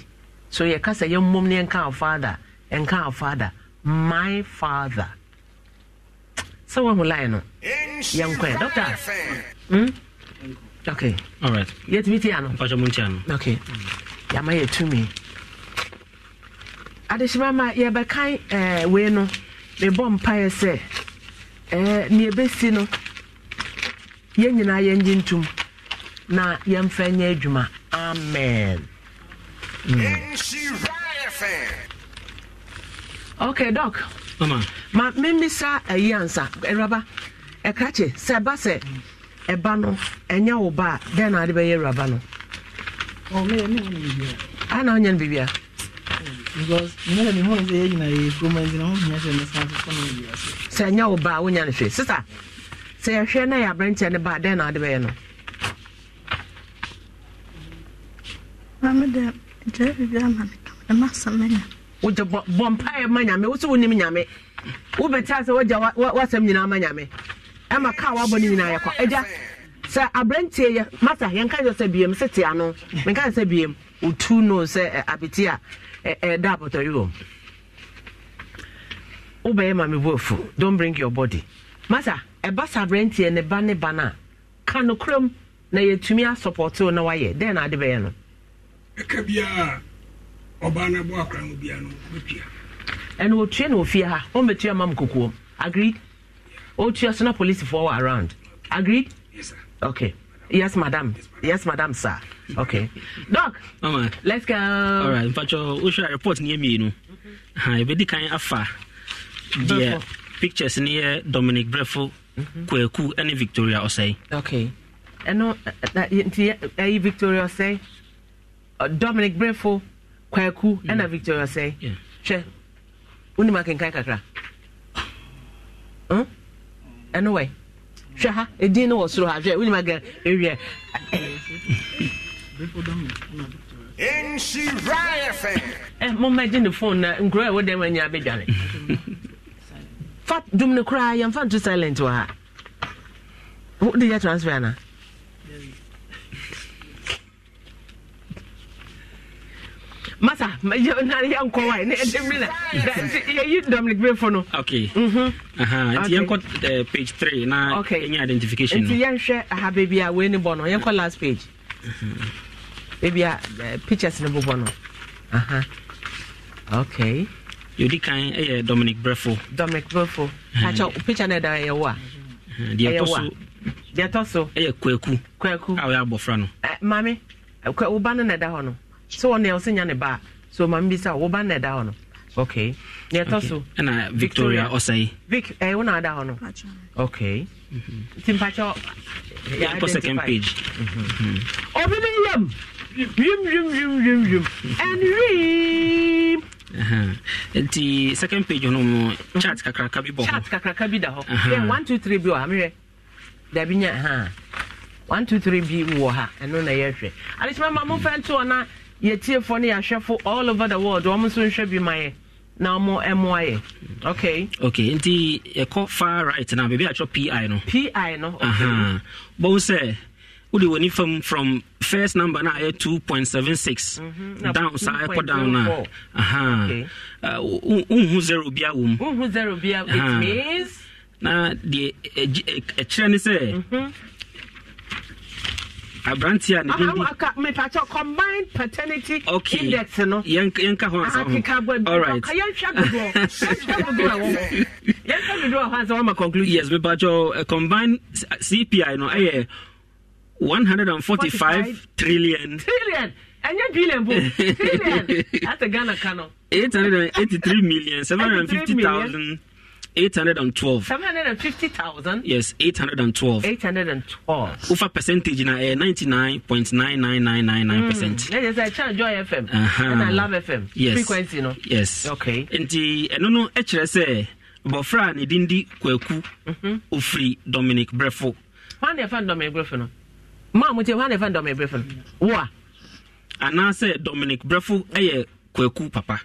so yɛkasa yɛn mmom ne yɛnka our father yɛnka our father my father sɛ wɔn ho line no yɛn kɔn doctor. Mm? okay yɛtumi tia eh, eh, eh, no ɔkyɛ mu ntia no okay yɛama yɛ tumi adehyema yɛbɛkan ɛɛ wei no mebɔ mpaeɛ sɛ ɛɛ nea ebesi no yɛn nyinaa yɛn gye ntụm na yɛmfa nyɛ adwuma amen. Mm. okay ma mmisa ayi ansa ɛraba ɛkrakye sɛ ɛba no ɛnyɛ wo ba a dɛn na ade bɛyɛ awuraba no ana ɔnyɛ no biribia sɛ ɛnyɛ wo ba a wonya no hwee sesa sɛ yɛhwɛ na yɛ aberɛnkyɛ ne ba a dɛn na ade bɛyɛ no wogye bɔ mpaeɛ ma nyame wo sɛ wonim nyame wobɛtaa sɛ wogya wasɛm nyinaa ma nyame ɛma kaa wabɔ ne nyinaa yɛkɔ agya sɛ aberantie yɛ mata yɛnka kyɛ sɛ biem sɛ tia ano menka kyɛ sɛ biem otu no sɛ apeti a ɛda abɔtɔyi wɔ wobɛyɛ ma mebo afu don bring your body mata ɛba sɛ aberantie ne ba ne ba no a ka no kurom na yɛtumi asɔpɔte wo na wayɛ dɛn na ade bɛyɛ no ɛka biaa ɔbaa no bɔ akra mu bia no bɛtua ɛno wɔtua na ɔfie ha ɔmbɛtua ma m kokoom agree ɔtua so na policefoɔ wɔ around agreed yes, sir. okay Yes, madam. Yes, madam, sir. Okay. Doc. Let's go. All right. Mpacho, usha report near me, no. Ha, ebedi kan afa. Dear pictures near Dominic Brefo, mm-hmm. Kweku, and Victoria Osei. Okay. Ɛno ɛyi eh, eh, eh, Victoria Osei, uh, Dominic Brefo, Kweku, ɛna mm. Victoria Osei. Hwɛ, wunimu akenkan kakra. Huh? ɛno wɛ hwɛ ha edin no wɔ soro ha hwɛ wuli ma gɛ ewiɛ. ɛ mo ma gye ne phone na nkuro a ɛwɔ dɛm ɛnyɛ abɛdwane fa dumuni koraa yɛn fa ntu silent wɔ ha o de yɛ transfer na. masa yɛnkɔ wa ne ɛdemina yɛyi dominic befo no nti yɛnkɔ page 3 na ɛnya identification nti yɛnhwɛ aha baabi a wei ne bɔ no yɛnkɔ last page mm-hmm. baabi a eh, pictures ne bobɔ no okay yɛdi kan ɛyɛ eh, dominic brefo dominic brefo mm-hmm. akyɛ picture no ɛda ɛyɛ wo a deɛ ɛtɔ so deɛ ɛtɔ so ɛyɛ kwaku kwaku a wɔyɛ abɔfra no maame woba no na ɛda hɔ no so ɔne ɔsɛ nya ne ba so ma mbi sɛ woba na ɛda hɔ no okay ne ɛtɔ so ɛna victoria ɔsɛe vic ɛyɛ eh, wo na ada hɔ no okay nti mpakyɛ yɛkɔ second page ɔbi ne yam wiem wiem wiem wiem wiem and wiem nti second page no mu chart mm-hmm. kakraka bi bɔ hɔ chart kakraka bi da hɔ then uh-huh. one two three bi wɔ ha mehwɛ dabi nya ha uh-huh. uh-huh. one two three bi wɔ ha ɛno na yɛhwɛ adekyema ma momfa nto ɔ na yɛtiefoɔ ne yɛahwɛfo all over the world wɔn nso nhwɛ bi ma yɛ na wɔn mmoa yɛ okay. okay nti yɛkɔ far right na baabi atwɛ pi no. pi no okay. bɔn sɛ wode wɔ nifa mu from first number na ayɛ 2.76 mm-hmm. down saa ɛkɔ down na wonhu zero bia wɔ mu na deɛ ɛkyerɛ ne sɛ mhm abranteɛ a ah, ne din ah, di ah, mepakyɛ combined paternity okay. index no yɛnka ho asa hoyɛhwɛ dodoɔ yes mepakyɛ combined cpi no ɛyɛ five trillion trillion ɛnyɛ billion bo trillion ate ghana ka no three million seven hundred fifty thousand. 812 750,000 yes 812 812 wofa percentage na ɛyɛ 99.99999 percent ɛyɛ sɛ ɛkyɛn joy fm I love fm yes frequency no yes okay nti ɛno no ɛkyerɛ sɛ bɔfra a ne dominic brɛfo hwan na dominic brɛfo no maa mo tie hwan na ɛfa dominic brɛfo Wa. wo Dominic anaasɛ dominic brɛfo ɛyɛ papa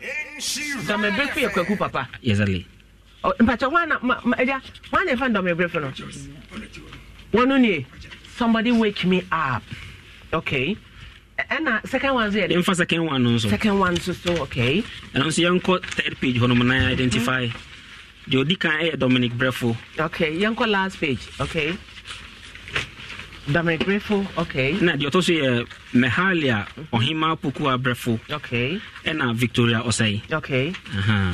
dominic brɛfo yɛ kwaku papa exactly mpacha wana ɛdia wana efa ndɔm ebire fɛ no wɔn nie somebody wake me up okay ɛna eh, second one so yɛ de. nfa second one nso. second one nso so okay. ɛnna nso yɛn kɔ third page hɔ nom na identify deɛ odi kan ɛyɛ eh, dominic brefo. okay yɛn kɔ last page okay. Dominic Brefo, okay. Na deɛ ɔtɔ so yɛ Mehalia Ɔhema mm-hmm. Pokua Brefo. Okay. Ɛna eh, Victoria Ɔsɛe. Okay. Uh -huh.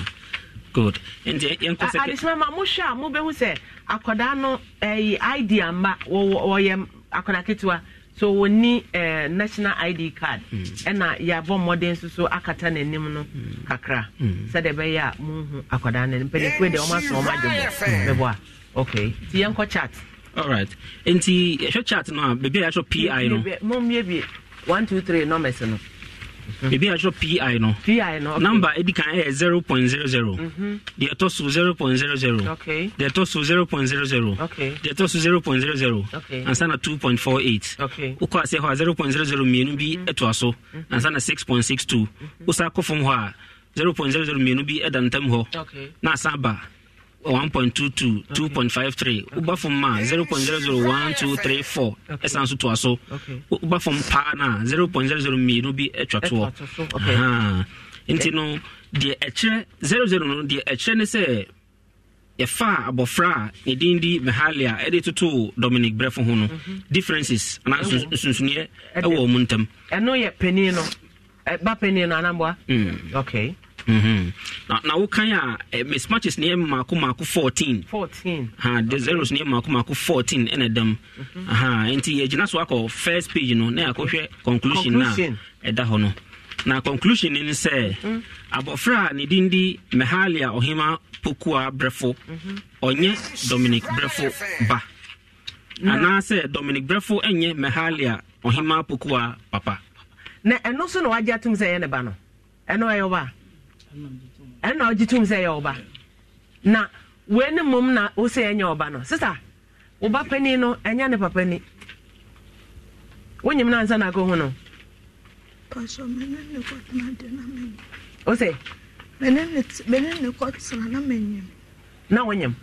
good nti yɛnkɔ sɛ adesima ma mohwɛ a mobɛhu sɛ akwadaa no ɛyi id amba wɔyɛ akwadaa ketewa so wɔni uh, eh, national id card hmm. ɛna mm. yɛabɔ mmɔden nso so akata n'anim no hmm. kakra hmm. sɛdeɛ ɛbɛyɛ a mohu akwadaa no mpanyinfoɔ deɛ ɔma so ɔma adwobɔ bɛbɔ a okay nti yɛnkɔ chat alright nti yɛhwɛ chat no a baabi a yɛahwɛ pi no mommie bie 123 numbers no Mhm. ebi atwerɛ pi no okay. number ɛdi kan ɛyɛ 0.00 deɛ ɛtɔ so 0.00 deɛ ɛtɔ so 0.00 deɛ ɛtɔ so 0.00 ansa na 2.48 wokɔ aseɛ hɔ a 0.00 mmienu bi mhm. ɛtoa so mhm. ansa na 6.62 wosa kɔ fam hɔ a 0.00 mmienu bi ɛda ntam hɔ na asan ba 1.22 2.53 woba fam ma 0.001234 ɛsan so toa so woba fam paa no a 0.00 mmienu bi atwa toɔ nti no deɛ ɛkyerɛ 00 no deɛ ɛkyerɛ ne sɛ yɛfa abɔfra a ne din di mehalia ɛde totoo dominic brɛfo ho no mhm. differences anaa nsonsoneɛ ɛwɔ mu ntam ɛno yɛ panin no ba panin no anamboa mm. okay Mm-hmm. na wokan a miss matches ne yɛ maako maako 14 ha the zeros ne yɛ maako maako 14 ɛna dam nti yɛgyina so akɔ first page no na yɛakɔhwɛ conclusion na ɛda hɔ no na conclusion ne sɛ abɔfra a ne din di mehalia ɔhema pokua brɛfo ɔnyɛ dominic brɛfo ba anaasɛ dominic brɛfo ɛnyɛ mehalia ɔhema pokua papa na ɛno so na wagye atom sɛ ɛyɛ ne ba no ɛno ɛyɛ ba ɛna ɔgye tum sɛ ɛyɛ ɔba na wee ne mmom na wo sɛ ɛnyɛ ɔba no sisa wo ba pani no ɛnyɛ ne papa ni wonyim no ansa na akɔhu no wo sɛ na wonyim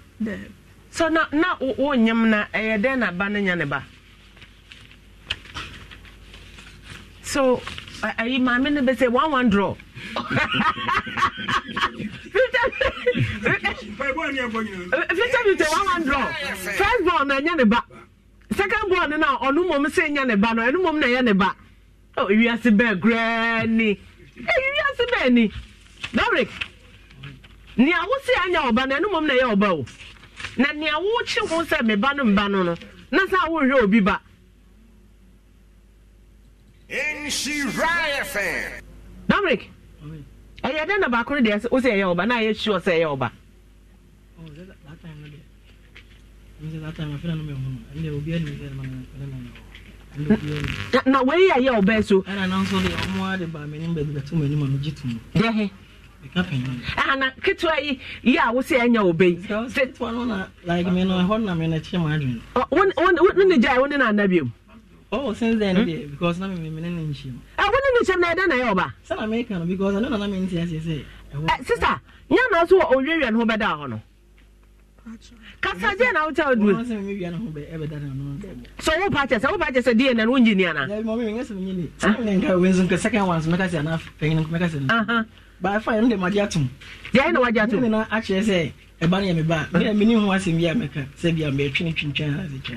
so na na wonyim na ɛyɛ dɛn na ba no nya ne ba so ayi maame no bɛ sɛ one one draw fifty fifty one draw. first ball na ɛnyɛ ne ba second ball na ɔno mom ne ba mom na ne ba bɛɛ oh, bɛɛ ni nea wosi anya ɔba na ɛno mom na ɔba o na nea wokye ho sɛ me ba mba no no na wohwɛ obi ba. Dominic. ɛyɛ dɛn na baako deɛ wo sɛ ɛyɛ ɔba na ɛyɛ sure sɛ ɛyɛ ɔba na wei yɛ yɛ ɔba so ana ah, ketewa yi yi a wo sɛ ɛnyɛ yi wo ne gyae wo ne no ana oh since then hmm? because na me me ne nhyem eh wo ne nhyem na ɛda na yɛ ɔba sɛ na meka because I na na me ntia sɛ you say. sister nya na so ɔwiawia no ho bɛda hɔ no kasa gye na wotɛ oduro wɔn sɛ me wia no ho bɛ ɛbɛda na no so wo pa kyɛ sɛ wo pa kyɛ sɛ die na no nyi ni ana ya mo me ngasɛ me nyi ni sɛ me nka we second one so meka sɛ na pɛn meka sɛ aha ba fa ɛno de magye atom deɛ na wagye atom ne na akyerɛ sɛ ɛba no yɛ me ba bi a meka sɛ bia mɛtwe ne twintwan ase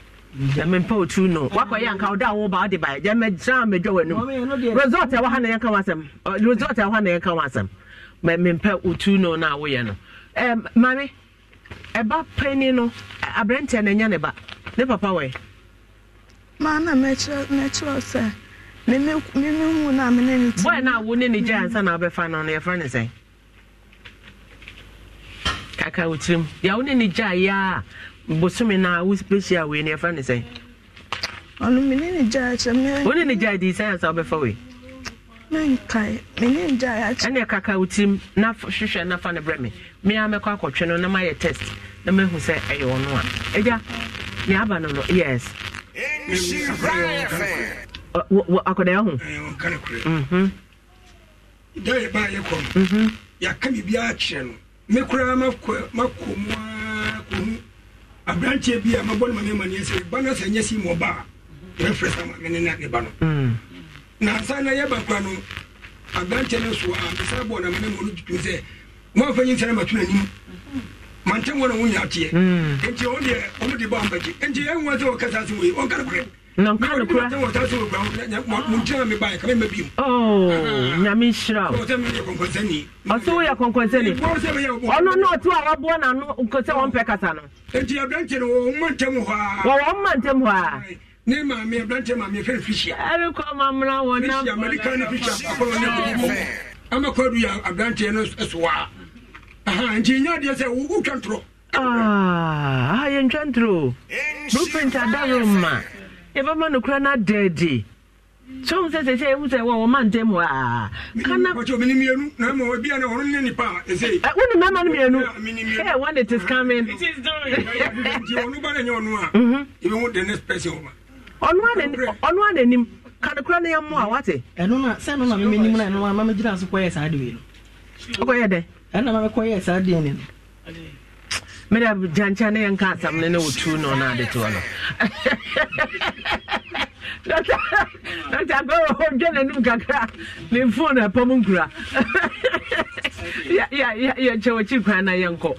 mempɛ wo tu no woakɔyɛ anka wode a woba wode baɛ gya mɛgyina mɛdwa w'anom resort ɛwɔ ha na yɛnka wo resort ɛwɔ ha na yɛnka wo mempɛ wo no na woyɛ no mame ɛba pani no ne ba ne papa na mɛkyerɛw sɛ memehu no na wobɛfa no kaka wo ne ne a bosome na wo special wei ne ɛfrɛ ne sɛn ɔno mene ne gyae kyerɛ me eh? wone ne gyae dii sɛn ansa wobɛfa wei menkae mene ne gyae akyerɛ ɛne kaka wo tirim na hwehwɛ na fa ne brɛ me mea mɛkɔ akɔtwe no na mayɛ test na mahu sɛ ɛyɛ ɔno a agya ne aba no no yes akɔdaa ho mhm. da yɛbaa yɛkɔ no mhm. yɛaka biribiaa kyerɛ no me koraa makɔ mu a aberanteɛ bi a mabɔ no ma ne ma ne sɛ ba no sɛ nyɛ si mɔ ba a mɛfrɛ sa ma mene ne ne ba no hmm. na ansa na yɛba kora no aberanteɛ no so a mesɛ bɔ na mene ma no tutu sɛ moamfa nyi nsɛne mato n'anim mantam wɔ na wonya ateɛ hmm. enti ɔ deɛ ɔmode ba mpakyi enti ɛnwa sɛ wɔkasa se wei ɔnka no korɛ nɔnka nokora nyame nhyira wo ɔse woyɛ kɔnkɔnsɛni ɔno na ɔte a waboa nano sɛ wɔmpɛ kasa no wɔwɔ ma ntɛm hɔ a ne maame abrante maame fɛn fisia ɛrekɔ mamra wɔ ne fisia akɔlɔ ne kɔkɔ ama kɔdu yɛ abrante no soa nti nya deɛ sɛ wotwa ntorɔ yɛntwa blueprint ada roma yɛbɛma nokora no adaadi so sɛ sɛ sɛ ɛhu sɛ wɔ wɔma ntɛm hɔ a kanawone mɛma no mmienu when it is coming ɔno a nanim kanokora no yɛmmoa wate ɛno na sɛ no na memɛnim no ɛno a mamegyina so kɔyɛ saa deɛ no ɔkɔyɛ dɛ ɛna mamɛkɔyɛ saa deɛ ne no meda gyankyɛ ne yɛnka asɛm no ne wɔtu no no ade toɔ no dɔkta kɔdwa n'anim kakra ne mfon no ɛpam nkura yɛkyɛ wɔkyi kwan na yɛnkɔ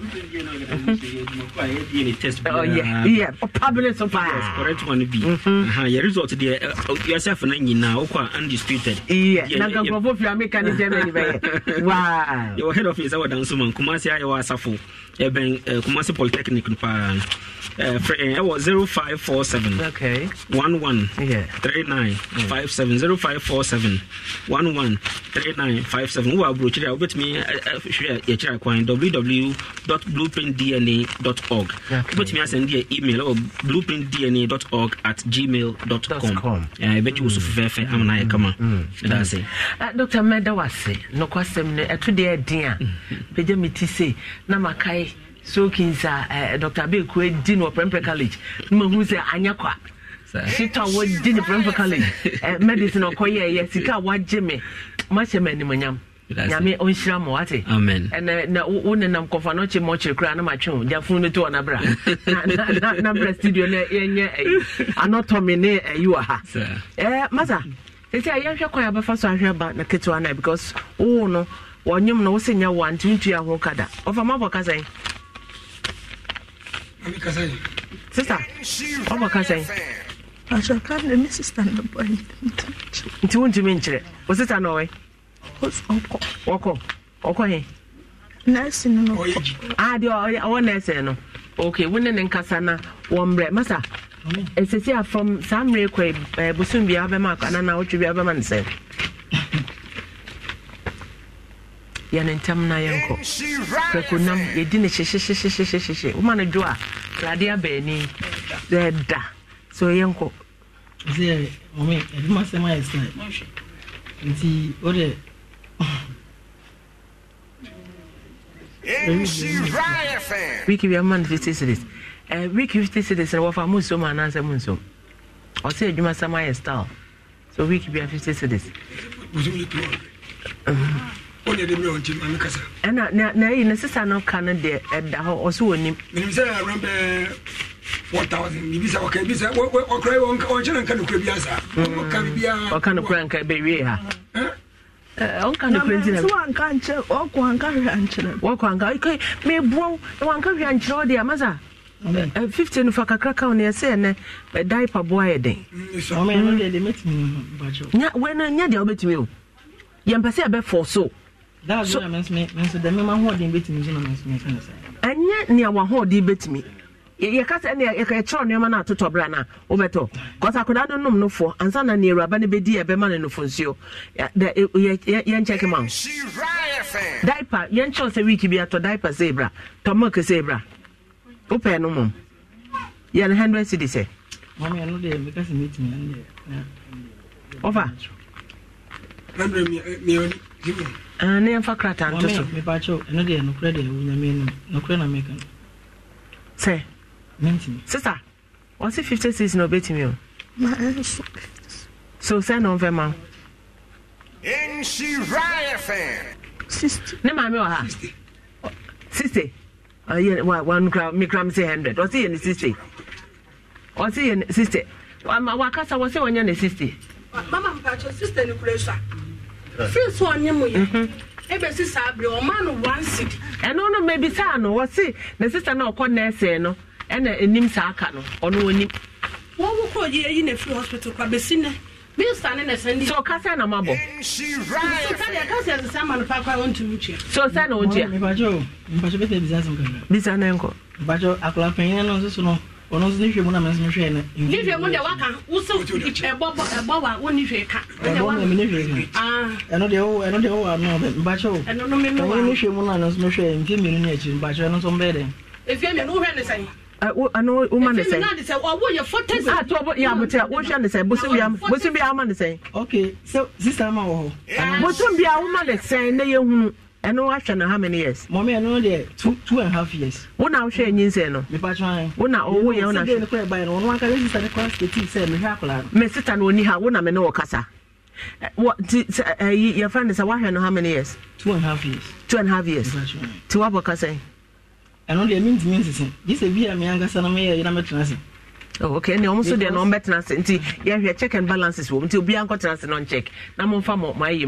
yɛ ɔpabene so paayɛ mm-hmm. uh-huh, result deɛ uh, uh, yɛsɛf no nyinaa wokɔ undisputed na nka nkurɔfoɔ firi amerika ne germany bɛyɛ wa yɛwɔ head office ɛwɔ danso ma nkuma sɛ yɛwɔ asafo ɛbɛn eh, eh, kumasi polytechnic no paa ɛwɔ zero five four seven okay one one three nine five seven zero five four seven one one three nine five seven wo aburokyire a wobɛtumi hwɛ yɛkyerɛ kwan www dot blueprintdna dot org wobɛtumi asɛn deɛ email ɛwɔ blueprintdna dot org at gmail dot com ɛbɛkyi wo so fɛfɛɛfɛ ama na ayɛ mm. kama ɛdaase. Mm. Mm. Ah, dr mɛda wase nokwasɛm no ɛto deɛ ɛdin a pagya mi ti se na makae so kins a eh, dr abeku eh, di no prempe college na mahu sɛ anyɛ kwa sita wɔdi no prempe college eh, medicine ɔkɔyɛɛyɛ sika wagye me mahyɛ ma animonyam nyame ɔnhyira ma wate ɛnɛ na wo nenam kɔfa no kye mɔkyere koraa na matwe wo gyafunu no to wɔ nabra na brɛ studio no yɛnyɛ anɔtɔme ne ayi wɔ ha masa ɛsɛ yɛnhwɛ kwan a so ahwɛ ba na ketewa no because wowo no wɔnwom no wo sɛ nyɛ wo a ntiwotua ho kada ɔfa mabɔ ka sɛn sista ọma ka sɛ asaka na me sista na ba nti wontumi nkyerɛ wo sista na ɔwɛ ɔkɔ ɔkɔ ɔkɔ he nɛɛse no no adeɛ ah, ɔwɔ nɛɛse no ok wo ne nkasa na wɔmmerɛ masa ɛsɛsi a fam saa mmerɛ kɔ eh, bosom bia wobɛma ananaa wotwe bia wobɛma ne yɛne ntam na yɛnkɔ prɛko nam yɛdi ne hyehyehyehyehyehyehye woma no dwo a kradeɛ abaani ɛda so yɛnkɔ sɛ mɔme adumasɛm ayɛ sa nti wode wiki bi ama no fifty cities uh, eh, wiki fifty cities no wɔfa mu nsom anaasɛ mu nsom ɔsɛ adwumasɛm ayɛ style so wiki bi a fifty cities wonyɛ de mmerɛ ɔnti ma me kasa ɛna na ɛyi ne sesa no ka no deɛ ɛda hɔ ɔso wɔ nim menim sɛ awerɛ eh, bɛɛ one thousand ibisa ɔka ibisa ɔkora ɔnkyerɛ nka nokora bia saa mm. ɔka biribiaa ɔka nokora nka bɛwie ha ɔnka nokora nti nawanka nkyerɛ ɔkɔ anka hwɛ ankyerɛ wɔkɔ anka meboa na wanka hwɛ ankyerɛ wo deɛ amasa fifty no fa kakra ka wo ne ɛsɛ ɛnɛ diaper boa yɛ den mm, nya deɛ wobɛtumi o yɛmpɛ sɛ ɛbɛfɔ so ɛnyɛ nea wahoɔden bɛtumi yɛkasa ne yɛkyerɛw nneɛma no atotɔ berɛ no a wobɛtɔ bcause akwadaa no nom nofoɔ ansa na ne awuraba no bɛdi ɛbɛma no nofonsuo yɛnkyɛke ma dipa yɛnkyɛw sɛ week bi atɔ dipa sɛ bra tɔ sɛ bra wopɛɛ no mmom yɛ no hundred cedi sɛ ɔfa Eh, ne yɛmfa krataa nto so mepakyɛw ɛno deɛ nokorɛ deɛ ɛwo nyame anim nokorɛ na meka no sɛ mentimi sisa ɔse 56 na ɔbɛtumi o so sɛ na ɔmfɛ ma wo ne maame wɔ ha siste mekram sɛ 100 ɔse yɛ ne siste ɔse yɛ ne siste wakasa wɔ sɛ wɔnyɛ ne siste mama mpatwo siste no kura fils ɔne mu yɛ ɛbɛsi saa berɛ ɔma no one city ɛno no mabisa no wɔse ne sista no ɔkɔ nɛɛsɛɛ no ɛna ɛnim saa ka no ɔno ɔnim wɔwo kɔ yi ayi na firi hospital kwa bɛsi nɛ mista ne na sɛndi so ɔkasa na mabɔ so sɛ na wogyea bisa na ɛnkɔ akola panyin no nso so no ɔno nso ne hwɛ mu na mɛ nso hwɛ ne. ne hwɛ mu deɛ waka wosow ɛbɔ ɛbɔ wa wo ne hwɛ ka. ɛbɔ na mi ne hwɛ ah. ka ɛno deɛ wo ɛno deɛ wo wa no mbakyɛ o ɛno no mi mi wa ɔno ne hwɛ mu na mɛ nso hwɛ nfi mmienu ne akyi mbakyɛ ɛno nso mbɛ dɛ. efi mmienu wohwɛ ne sɛn. ɛno ah, woma ne sɛn ɔwo yɛ fɔtɛsi. a ah, tɔ bɔ yɛ abotire wohwɛ ne sɛn bosom bia bosom bia ama ne sɛn. ok sɛ sisan ma wɔ hɔ. bosom bia woma ne sɛn ne yɛ hunu ɛno ahwɛ no how many years. mɔmi ɛno deɛ two two and half years. wọn na ahwɛ ɛnyin sɛ no. mipa tí wọn. wọn na owó yẹn wọn na ahwɛ. ɛnu sɛ ɛbɛn no wọn aka ɛnu sisa ne kwan sɛ tii sɛ mi hɛ akɔla no. mɛ ha wọn na wɔ kasa. wɔ ti sɛ ɛyi no how many years. two and half years. two and half years. ti wa bɔ kasa yi. ɛno deɛ mi ntumi nsisi gyesɛ a mi ankasa na mi yɛ yɛ na mi tena Oh, okay ne ɔmo so deɛ na ɔmo bɛtena se nti yɛhwɛ check and balances wɔ mu nti obiara nkɔtena se non check na mo nfa mo mo ayɛ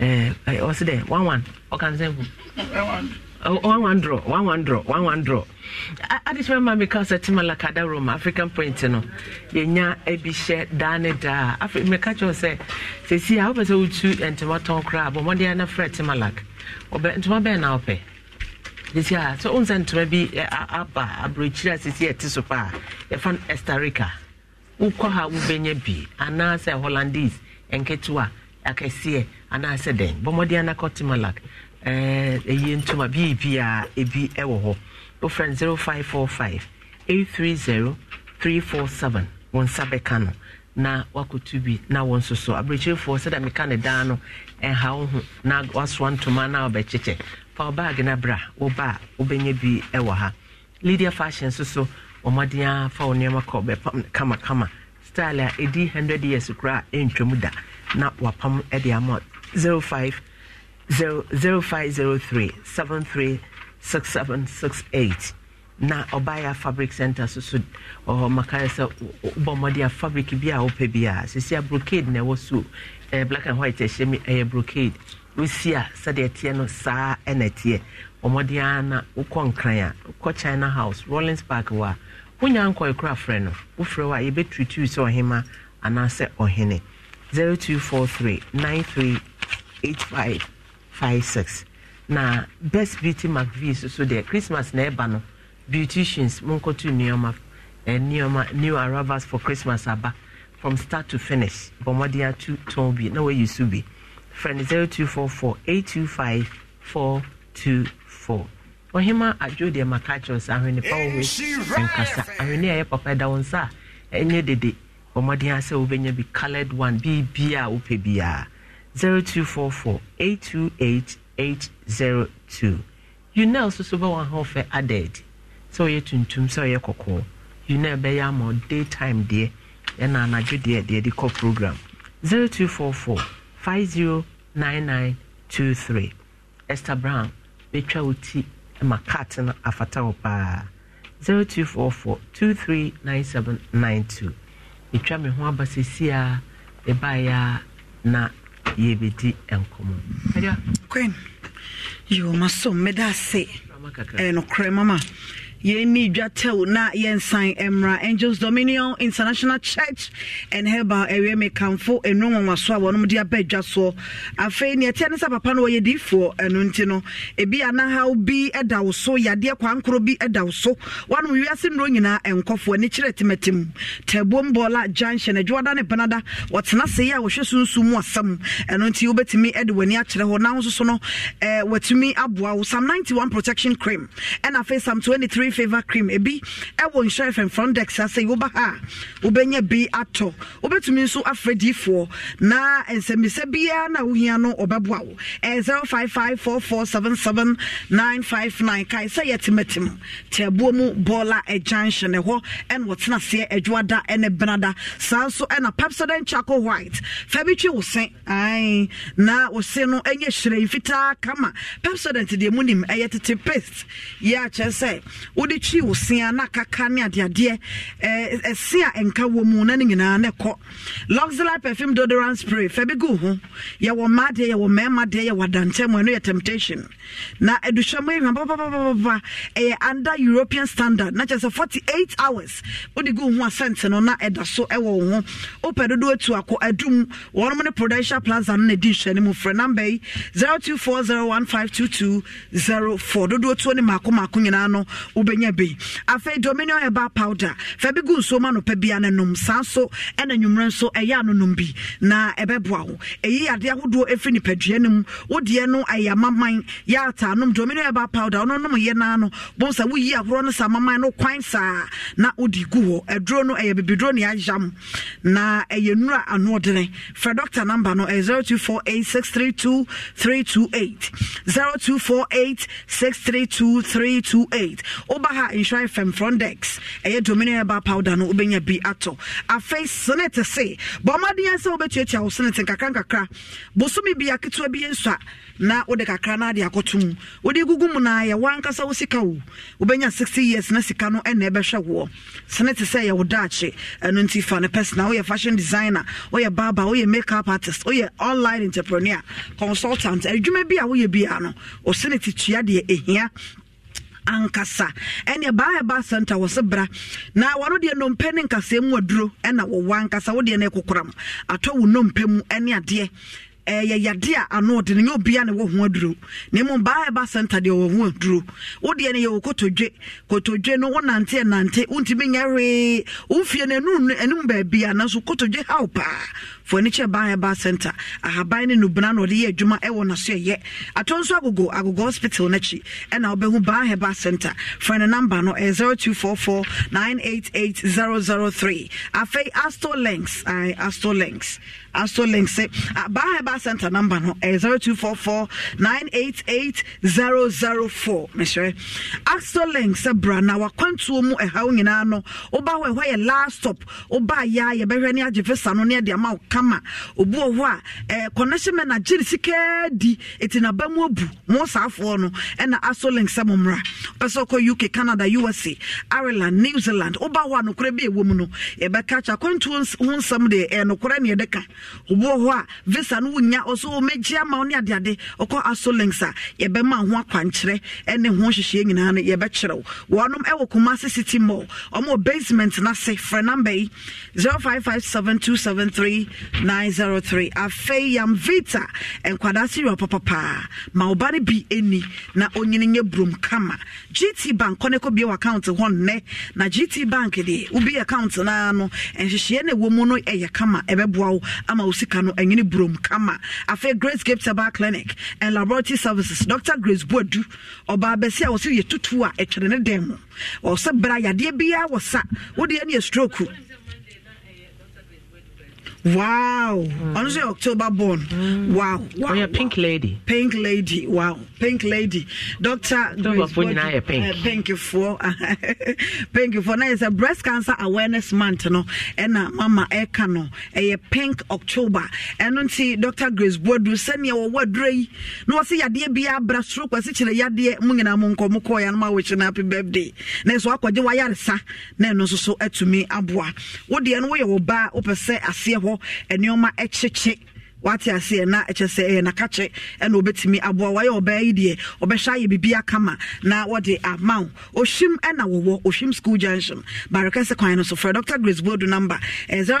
ɔsi eh, eh, dɛ one one ɔka nsɛm fu one one draw one one draw one one draw adesima maa mi ka sɛ tima lakada room african point no yɛnya ebi hyɛ daa ne daa afei mi ka kyerɛw sɛ sisi a wopɛ sɛ wotu ntoma tɔn koraa bɔn mɔden ana fira tima lak ɔbɛ ntoma bɛn na ɔpɛ sisi a so n sɛ ntoma bi aba aburokyire a sisi ɛte so paa yɛfa no ɛstarika wokɔ ha wobɛnya bi anaasɛ hollandese nketewa. akɛseɛ anaasɛ dɛn bɔmmɔden anakɔte malak ɛyi ntoma a ebi wɔ hɔ wofrɛ no 0545 830 nsa bɛka no na wakɔtu bi na wɔn nso so abirekyirefoɔ sɛdeɛ meka ne daa no ɛha na wasoa ntoma na wɔbɛkyekyɛ fa no bra a bi wɔ ha lydia fashion nso so fa wo kɔ kamakama a ɛdi 100 na wapam de ama 0503 736768 na ɔbaeɛ fabric center so so ɔhɔ makae sɛ wobɔ mmɔde a fabric bi a wopɛ bi a sɛsi a brocade na ɛwɔ so eh, black and white ɛhyɛ e, mi ɛyɛ e, brocade wosi a sɛdeɛ teɛ no saa ɛna teɛ ɔmmɔde ara na wokɔ nkran a wokɔ china house rollins park wɔ a wonya nkɔe kora frɛ no wofrɛ wɔ a yɛbɛtutu sɛ ɔhema anaasɛ ɔhene 0243 938556 na best beauty mcvie so so deɛ christmas na ɛba no beauticians monkɔto and nneɔma eh, new arrivals for christmas abba from start to finish bɔmmɔden ato tɔn bi na wɔayi so bi frɛ no 0244 825 424 ɔhema adwo deɛ makakyerɛ sɛ ahwene pa wɔ hɔ nkasa ahwene a ɛyɛ papa ɛda wo nsa a eh, ɛnyɛ dede ɔmmɔden a sɛ wobɛnya bi colored one biribia a wopɛ biaa 0244 828 802 unel nso so bɛwɔ ha wɔfɛ adad sɛ ɔyɛ tuntum sɛ ɔyɛ kɔkɔɔ unel bɛyɛ ama day time deɛ ɛna anadwo deɛ deɛ de kɔ program 0244 509923 esther brown bɛtwa wo ti ma cart no afata paa 239792 ɛtwa me ho aba sɛsi a ɛbaeɛ a na yɛbɛdi nkɔmmɔ queen yo masom meda ase ɛnokorɛ mama yɛnni dwatew na yɛnsan mmra angels dominion international church and herbal awia mekamfo ɛnu nwanwa so a wɔnom de aba adwa soɔ afei neɛ ɛteɛ ne sɛ papa no wɔyɛ diifoɔ ɛno nti no ebi anahaw bi ɛda wo so yadeɛ kwankorɔ bi ɛda wo so wanom wiase nnuro nyinaa ɛnkɔfoɔ ani kyerɛ timatim tabuom bɔɔla junction adwoada ne panada wɔtena sei a wɔhwɛ sunsum mu asɛm ɛno nti wobɛtumi de w'ani akyerɛ hɔ na wo nso so no eh, wɔatumi aboa wo sam 91 protection cream ɛna afei sam 23 cream favor cream ebi ɛwɔ nhyɛn fɛn frontex ase woba ha wobɛnya bi atɔ wobɛtumi nso afrɛ diifoɔ na nsɛmisɛ biara na wohia no ɔbɛboa wo ɛyɛ zero five five four four seven seven nine five nine kae sɛ yɛ tematem tɛɛboɔ mu bɔɔla ɛgyanhyɛ ne hɔ ɛna wɔtena aseɛ adwoada ɛne benada saa nso ɛna papsodent charcoal white fa twi wo se na wo no ɛnyɛ hyerɛn fitaa kama papsodent deɛ mu nim ɛyɛ tete paste yɛ akyɛ sɛ wode twi wo sea na kaka ne adeadeɛ ɛse eh, eh, eh, a ɛnka wɔ mu na ne nyinaa ne kɔ luxury perfume deodorant spray fa bi gu ho yɛwɔ mmaa deɛ yɛwɔ mmarima deɛ yɛwɔ adankyɛmu ɛno yɛ temptation na aduhwɛmu ɛhwa papapapapa ɛyɛ under european standard na kyerɛ sɛ 48 hours wode gu ho asɛnte no na ɛda so ɛwɔ wo ho wopɛ dodoɔ atu akɔ adum wɔnom ne prudential plaza no na ɛdi nhwɛ no mu frɛ number yi 024015220 dodoɔ tuo ne maako maako nyinaa no wob wobɛnya bɛyi afei dominion ɛba powder fa bi gu nsuo ma nopɛ bia no nom saa nso ɛna nwummerɛ nso ɛyɛ anonom bi na ɛbɛboa wo ɛyi adeɛ ahodoɔ ɛfiri nipadua no mu wodeɛ no ɛyɛ amaman yɛ ataa nom dominion ɛba powder ɔno nom yɛ naa no bom sɛ woyi ahorɔ no sa amaman no kwan saa na wode gu hɔ aduro no ɛyɛ bibiduro ne ayam na ɛyɛ nnura anoɔdene frɛ doctor number no ɛyɛ 0248 632 328 0248 632 328 woba ha nhyira fm frondex ɛyɛ dominion ɛba powder no wobɛnya bi atɔ afei senate se bɔ mmɔden sɛ wobɛtuatua wo senate nkakra nkakra bosome bi aketewa bi yɛnsu na wode kakra no ade akɔto mu wode gugu mu na yɛwo ankasa wo sika wo wobɛnya 60 years na sika no ɛna ɛbɛhwɛ woɔ senate sɛ yɛwo daakye ɛno nti fa no personal woyɛ fashion designer woyɛ baba, woyɛ makeup artist woyɛ online entrepreneur consultant adwuma bi a woyɛ biara no ɔsenate tua deɛ ɛhia ankasa ɛne baa ɛba center wɔ se bra na wɔno deɛ nnompe ne nkaseɛ mu aduro ɛna wɔwɔ ankasa wodeɛ no m. atɔ wo nnompe mu ɛne adeɛ ɛyɛ yadeɛ a ano ɔde no nyɛ obia ne wɔ ho aduro na mmom baa ɛba center deɛ wɔ ho aduro wodeɛ no yɛwɔ kotodwe kotodwe no wonante ɛnante wontumi nyɛ hwee womfie no ɛnum baabi a nanso kotodwe haw paa furniture ban ɛba center ahaban ne nubena na ɔde yɛ eh, adwuma ɛwɔ eh, n'aso ɛyɛ atɔ nso agogo agogo hospital n'akyi ɛna ɔbɛhu ban ɛba center fɛn namba no ɛyɛ eh, zero two four four nine eight eight zero zero three afei astro links ɛɛ astro links astro links ɛ ban ɛba center number no ɛyɛ zero two four four nine eight eight zero zero four mɛsirɛ astro links ɛbra na wakwantuo mu ɛhaw nyinaa no ɔba hɔ ɛhɔ last stop ɔba ayɛ a yɛbɛhwɛ ne agyefesa no ne ɛde kama obi wɔ hɔ a eh, connection mɛ nagyere sika di ɛti naba mu abu mo saafoɔ no ɛna aso link sɛ mo uk canada usa ireland new zealand woba hɔ a nokorɛ bi ɛwɔ mu no yɛbɛka kyɛ ho nsɛm deɛ eh, nokorɛ ka a visa no wonya ɔso ɔmɛgye ama wo adeade ɔkɔ aso links a yɛbɛma ho akwankyerɛ ne ho hyehyɛ nyinaa no wɔnom ɛwɔ mall ɔmo basement frɛ yi 903 afei yam vita nkwadaa se yɛ papa paa ma ɔba no bi ɛni na ɔnyini nyɛ burom kama gt bank kɔne kɔbie wɔ account hɔ nnɛ na gt bank deɛ wobie account naa no nhyehyɛeɛ na ɛwɔ mu no ɛyɛ kama ɛbɛboa wo ama wo sika no ɛnyini burom kama afei grace gape clinic and laboratory services dr grace boadu ɔbaa bɛsi a wɔsɛ yɛ tutu a ɛtwere ne dɛn mu ɔsɛ bra yadeɛ biara wɔ sa wodeɛ ne yɛ stroke wow ɔno mm. sɛ october born mm. wow wow oh, ɔyɛ pink lady pink lady wow pink lady doctor octoberfoɔ nyinaa yɛ pink pinkfoɔ pinkfoɔ na yɛ sɛ breast cancer awareness month no ɛna mama ɛka no ɛyɛ pink october ɛno nti doctor grace boadu sɛnea wɔwɔ adurɛ yi na wɔsi yadeɛ biara abra soro kwasi kyerɛ yadeɛ mu nyinaa mu nkɔ mu kɔɔ yanoma awɔkyerɛ na happy birthday na nso akɔgye wayaresa na ɛno nso so atumi aboa wodeɛ no woyɛ wɔ baa wopɛ sɛ aseɛ hɔ hɔ nneɛma kyekye wate aseɛ na ɛkyɛ sɛ ɛyɛ nakakye ɛna obɛtumi aboa wayɛ ɔbaa yi deɛ ɔbɛhyɛ ayɛ biribi kama na wɔde ama wo ohwim ɛna wɔwɔ ohwim school junction barika sɛ kwan no so frɛ dr grace bodu number zero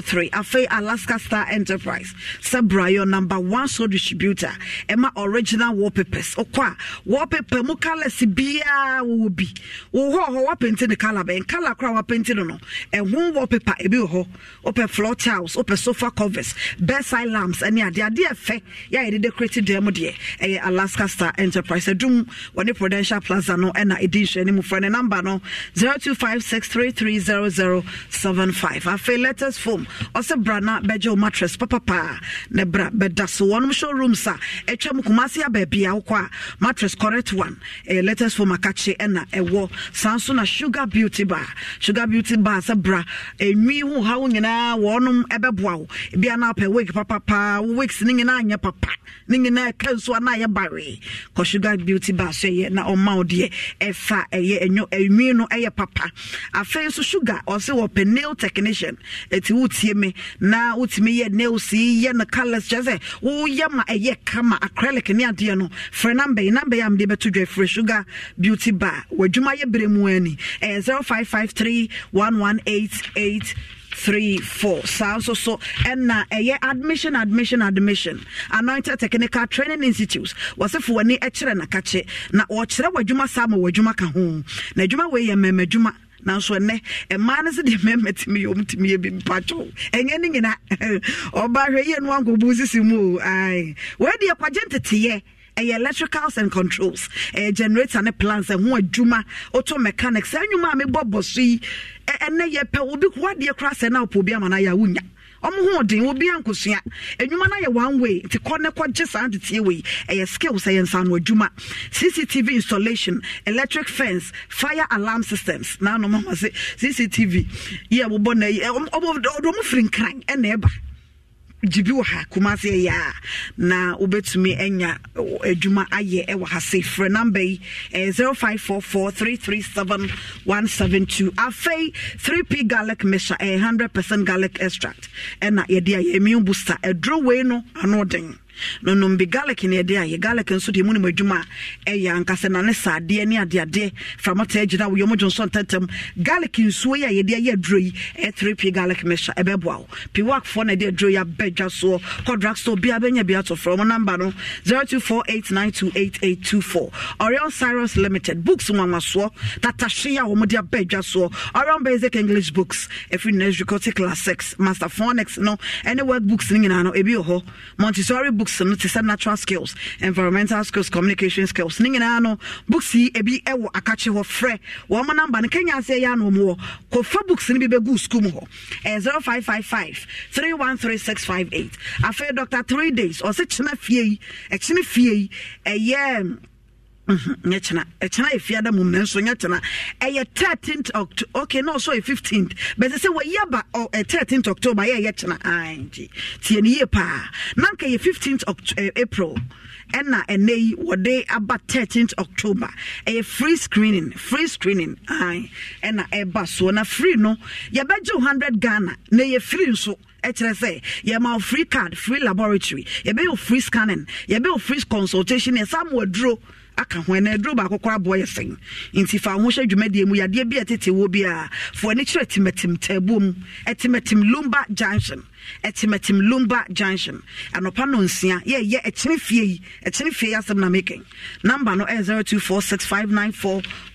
three afei alaska star enterprise sɛ your number one so distributor ɛma original wallpapers ɔkɔ a wallpaper mu colors biara wɔwɔ bi wɔ hɔ hɔ wapenti ne color bɛn color koraa wapenti no no ɛho wallpaper ebi wɔ hɔ wopɛ floor tile house wopɛ sofa covers bedside lamps ɛne ade adeɛ ɛfɛ yɛ a yɛde decorate dan mu deɛ ɛyɛ alaska star enterprise adum wɔne prudential plaza no ɛna ɛdi nhwɛ no mu frɛ ne number no 0256330075 afei letters form ɔsɛ bra na bɛgye wo mattress papapaa ne bra bɛda so wɔnom showrooms a ɛtwa mu kumase a baabi a wokɔ a mattress correct one ɛyɛ letters form akakye ɛna ɛwɔ saa nso na sugar beauty bar sugar beauty bar sɛ bra ɛnwi ho haw nyinaa wɔnom ɛbɛboa wo bia no apɛ wig papapaa wo wigs ne nyinaa nyɛ papa ne nyinaa ɛka nso a na ayɛ baree kɔsugar beauty bar so ɛyɛ na ɔma wo deɛ ɛfa ɛyɛ ɛnwo ɛnwi no ɛyɛ papa afei nso sugar ɔse wɔpɛ nail technician ɛti wotie me na wotumi yɛ nails yi yɛ no colors kyerɛ sɛ woyɛ ma ɛyɛ kama acrylic ne adeɛ no frɛ number yi number yi a mede bɛto dwa frɛ sugar beauty bar w'adwuma yɛ berɛ mu ani ɛyɛ 0553 11888 three four saa nso so and na ɛna ɛyɛ admission admission admission anointed technical training institutes wɔsɛfo w'ani kyerɛ nakakye na wɔkyerɛ w'adwuma saa ma w'adwuma ka ho na adwuma wei yɛ mmɛmɛ adwuma nanso ɛnɛ mmaa no so deɛ mmarima tumi yɛ ɔmo tumi yɛ bi mpatwo ɛnyɛ ne nyina ɔbaa hwɛ yie no ankɔbu sisi mu o ae wɔadi akwagye nteteyɛ ɛyɛ electricals and controls ɛyɛ generator ne plants ɛho adwuma auto mechanics saa nnwuma a mebɔ bɔ so yi ɛnɛ yɛ pɛ obi wadeɛ koraa sɛ na ɔpɔ bi ama no ayɛ a wonya ɔmo ho ɔden obi ankosua enwuma no ayɛ one way nti kɔ ne kɔgye saa nteteɛ wei ɛyɛ skills ɛyɛ nsano adwuma cctv installation electric fence fire alarm systems naanọ mama sɛ cctv yɛ ɛbobɔ na ɛyi ɔmo ɔmo firi nkran ɛna ɛba gyibi wɔ ha kumase ɛyɛ a na wobɛtumi anya adwuma ayɛ ɛwɔ ha se frɛ number yi ɛyɛ zero five four four three three seven one seven two afei three p garlic mixture ɛyɛ hundred percent garlic extract ɛna yɛde ayɛ immune booster ɛduro wei no ano den nonom bi garlic ne ɛde ayɛ garlic nso deɛ mu nom adwuma a ɛyɛ ankasa na ne saadeɛ ne adeadeɛ framata agyina wo yɛmo dwonso ntɛntɛm garlic nsuo yi a yɛde ayɛ aduro yi ɛyɛ 3p garlic mixture ɛbɛboa wo piwakfoɔ na ɛde aduro yi abɛ dwa soɔ kɔ drug store bia bɛnya bi ato frɛ mo namba no 0248928824 orion cyrus limited books nwanwasoɔ tatahye a wɔmode abɛ dwa soɔ orion basic english books ɛfiri nursery class 6 master phonics no ɛne workbooks no nyinaa no ebi wɔ hɔ montessori books books no natural skills environmental skills communication skills ne nyinaa no books yi ebi ɛwɔ akakye hɔ frɛ wɔn namba no kenya ase yɛ anɔ mo hɔ kofa books no bi bɛgu sukuu mu hɔ ɛyɛ zero five five five three one three six five eight afei doctor three days ɔsɛ kyerɛ fie yi ɛkyerɛ fie yi ɛyɛ. Mm-hmm. nyɛ kyena ɛkyena e yɛ e fiada mom nanso nyɛ kyena ɛyɛ 13 october okay no so yɛ fifteen. th bɛsɛ sɛ wɔyɛ ba ɔ 13th october yɛ yɛ kyena angye tie ne yie paa nanka yɛ 15th eh, april ɛna ɛnɛ yi wɔde aba 13 october ɛyɛ e free screening free screening ɛn ɛna ɛba soɔ na free no yɛbɛgye hundred ghana na yɛ free nso ɛkyerɛ sɛ yɛma wo free card free laboratory yɛbɛyɛ free scanning yɛbɛyɛ free consultation yɛsa mo aduro aka ho ɛnɛ duro baako kɔ aboɔ yɛ fɛn nti fa ho hyɛ dwumadie mu yadeɛ bi a ɛtete wɔ bi a foɔ ne kyerɛ timatim taabuom ɛtimatim lumba junction ɛtematem lumba junction anɔpa no nsia yɛyɛ ɛkyene fie yi ɛkyene fie yi asɛm na making number no ɛyɛ eh,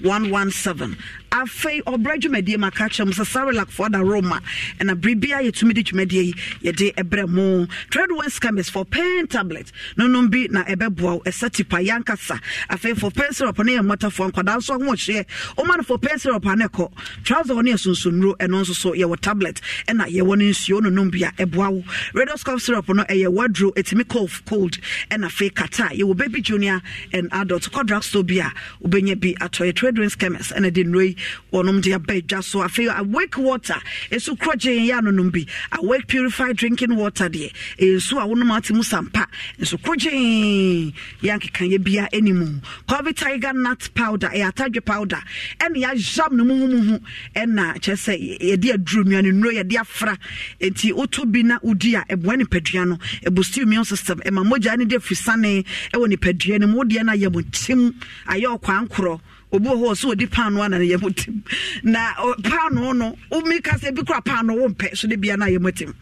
0246594117 afei ɔbrɛ dwumadie ma ka kyerɛ m sɛ sarelacfoɔ ada roma ɛna beribia yɛtumi de dwumadie yi yɛde ɛbrɛ mu trade one scamis for pen tablet nonom bi na ɛbɛboa wo ɛsɛ tipa yɛankasa afei for pen syrup ne yɛ mmɔtafoɔ nkwadaa nso ahoɔhyeɛ ɔma no for pen syrup a ne ɛkɔ trouser wɔ ne yɛ sunsumnuro ɛno nso so yɛwɔ tablet ɛna yɛwɔ no nsuo nonom bi a ɛboa wo redoscop syrup no ɛyɛ wadro ɛtumi cof cold ɛna afei kata yɛwɔ baby junior and adult kɔ drug store bi a wobɛnya bi atɔ yɛ trade rins chemist ɛna de nnuro yi wɔnom de aba adwa so afei awake water ɛso korɔgye yɛ anonom bi awake purified drinking water deɛ ɛnsu a wonom ate mu sampa nso korɔgye yɛ nkekayɛ bia animu covid tiger nut powder ɛyɛ atadwe powder ɛne yɛayam no muhumuhu ɛna kyerɛ sɛ yɛde aduro nnuane nnuro yɛde afra nti woto bi na wodi a ɛboa nipadua no ɛbɔsi immune system ɛma mogya ne de afisane ɛwɔ nipadua no mu wodeɛ no ayɛ mo kyim ayɛ ɔkwankorɔ obi wɔ hɔ sɛ ɔdi paano ana ne yɛmu tem na paano no womi ka sɛ bi kora paano wo mpɛ so de bia no a yɛmu tem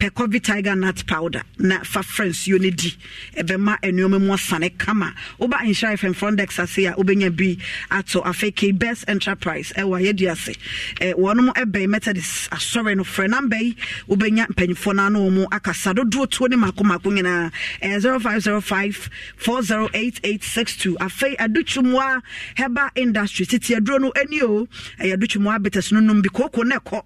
pɛ covi tiger nut powder na fa frɛ nsuo no di ɛbɛma nneɔma mu asane kama woba nhyira fm frondex ase a wobɛnya bi ato afei best enterprise ɛwɔ a yɛdi ase wɔnom ɛbɛn methodist asɔre no frɛ namba yi wobɛnya mpanyimfoɔ no ano mu akasa dodoɔ tuo ne maako maako nyinaa six two afei adutwumua heba industry tete aduro no ani o ɛyɛ dutwemu abetes no nom bi kooko na ɛkɔ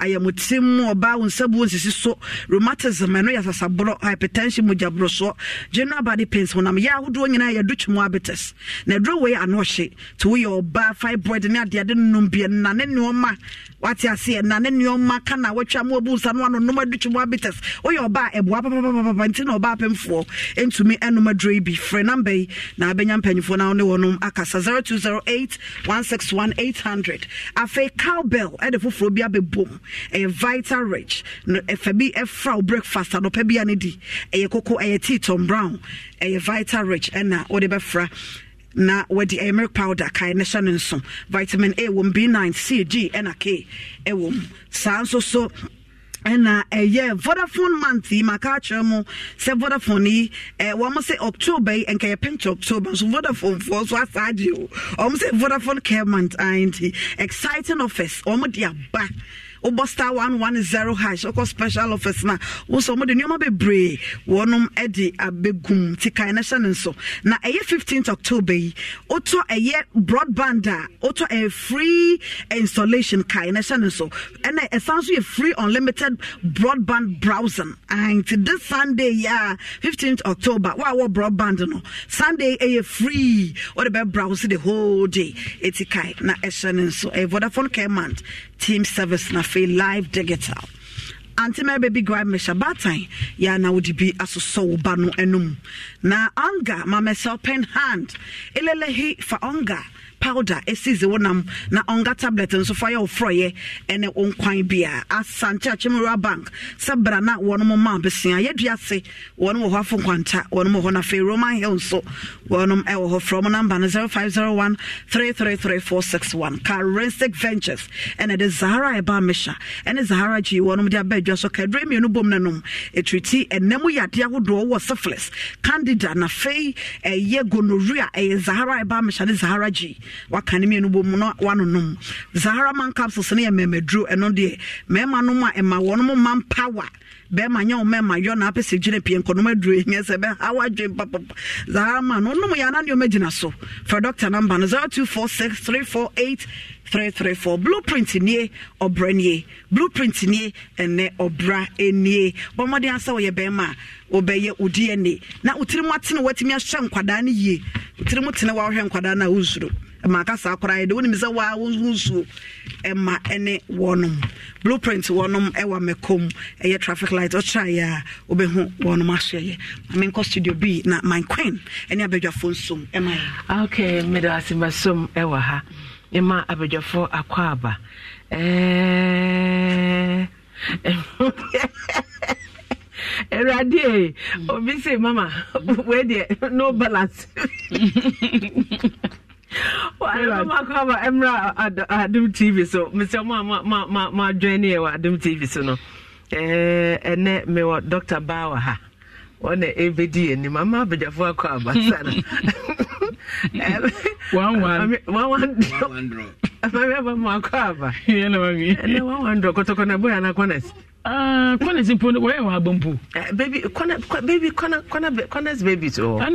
ayɛmotem mu ɔbaa wo nsabuo nsisi so rheumatism ɛno yɛ asasaborɔ hypertension mogyaborosoɔ general body pains honam yɛ ahodoɔ nyinaa yɛdo twemu abetes na ɛduro wei ano ɔhye nti woyɛ ɔbaa fibroid ne adeade nnom biɛ na ne nneɔma wate aseɛ na ne nneɔma ka na watwa mu abu nsa no ano nom adu twemu abetes woyɛ ɔbaa ɛboa papapapapa nti na ɔbaa pemfoɔ ɛntumi ɛnom aduro yi bi frɛ number yi na abɛnya mpanyimfoɔ no ne wɔnom akasa one eight hundred, afei cowbell ɛde foforɔ bi abɛbom ɛyɛ vital rich no ɛfɛ bi ɛfra wo breakfast anɔpɛ bia no di ɛyɛ koko ɛyɛ tea tom brown ɛyɛ vital rich ɛna wode bɛfra na wɔde ɛyɛ milk powder kae ne hyɛ no nso vitamin a wɔm b9 c g ɛna k ɛwɔm saa nso so ɛna ɛyɛ vodafone month yi maka akyerɛ mu sɛ vodafone yi wɔn sɛ october yi nkɛyɛ pɛnkye october so vodafone foɔ so asaagye o wɔn sɛ vodafone care month ayi exciting office. wɔn de aba wobɔ star 110 hash wokɔ special office no wo sɛ ɔmode nneɔma bebree wɔnom de abɛgum nti kae no hyɛ no nso na ɛyɛ 15th october yi wotɔ ɛyɛ broadband a wotɔ ɛyɛ free installation kae no hyɛ no nso ɛna ɛsan so yɛ free unlimited broadband browsing nti this sunday yi a 15th october wo a wɔ broadband no sunday ɛyɛ free wode bɛbrowse the whole day ɛti kae na ɛhyɛ no nso ɛyɛ vodaphone care team service na afei live digital ante mɛ bɛbi gra mehyɛ batan yɛ na wode bi asosɔ wo ba no anom na anga ma mɛsɛ open hand ɛlelehi fa anga. powder ɛsizi wo nam na ɔnga tablet nso fa yɛ ɔfrɔyɛ ɛne wo nkwan bia asankyerɛkyem rura bank sɛ bra na mo ma besea yɛdua ase wɔnom wɔ hɔ afo nkwanta wɔnom wɔ hɔ na afei roman hill nso wɔnom ɛwɔ hɔ frɔm number no 0501 333461 carensic ventures ɛne de zahara ɛba mehyɛ ɛne zahara gyi wɔnom de aba adwa so kadurɛ mmienu bom no nom ɛtiriti ɛnam yɛadeɛ ahodoɔ wɔ syphilis candida na afei ɛyɛ gonorrhea ɛyɛ zahara ɛba mehyɛ ne zahara gyi wakane mmienu bɔ mu na wanonom zahara man capsules no yɛ mmɛmɛduro ɛno deɛ mmarima nom a ɛma wɔnom man power bɛrima nyɛ wo mɛma yɔ na apɛ sɛ gyina pie nkɔnom aduro ɛnyɛ sɛ bɛha wadwen papapa zahara man no ɔnom yɛ ana nneɔma gyina so fa doctor number no three, three, four. blueprint nie ɔbrɛ nie blueprint nie and ne or bra mmɔden asɛ wɔyɛ bɛrima a wɔbɛyɛ wo dna Obey wotiri mu atene watumi ahyɛ nkwadaa no yie wotiri mu tene wawhwɛ nkwadaa no a wonsuro ma akasa akora yi de wɔn sɛ waa wɔn nsuo ɛma wɔnom blueprint wɔnom ɛwɔ mɛkɔm ɛyɛ traffic light ɔkyerɛ yɛ a wɔbɛhu wɔnom ahyɛ yɛ maame nkɔ studio b na my queen ɛne abadwafo nsom ɛma yɛ. okay mmeda asemasom ɛwɔ ha ɛma abadwafo akɔ aba ɛɛɛ awurade e, obi sɛ mama wei deɛ no balance makaba ɛmra adom tv so mesɛ mo wɔ adom tv so no ɛnɛ mewɔ dr bawa ha ɔna ɛbɛdi anim ama abagyafoɔ akɔ abasa no mamɛbama akɔ aba ɛnɛ 100 kɔtɔkɔnabo anakɔnas Ah, kɔnɛs mpo no wɔyɛ wɔ abɔ mpo kɔnɛs eh, babies nti ɔmo na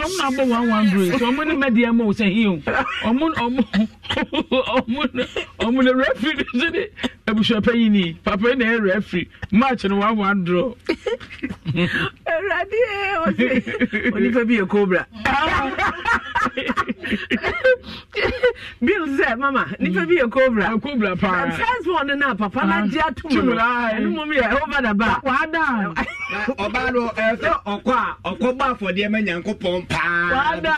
abɔ one one bere nti ɔmo ne mɛdeɛ ma wo sɛ hio ɔmo ɔmo ɔmo ne refri no so de abusuapɛ yi ni papa yi na yɛ e refri match no one one draw. awurade eh, eh, ɔsɛ onipa bi yɛ cobra. Ah. bill sɛ mama nipa bi yɛ cobra mm. cobra paa na first na papa ah, na gye atum no ɛnu mu yɛ over the bar wada ɔbaa no ɛfɛ ɔkɔ a paa wada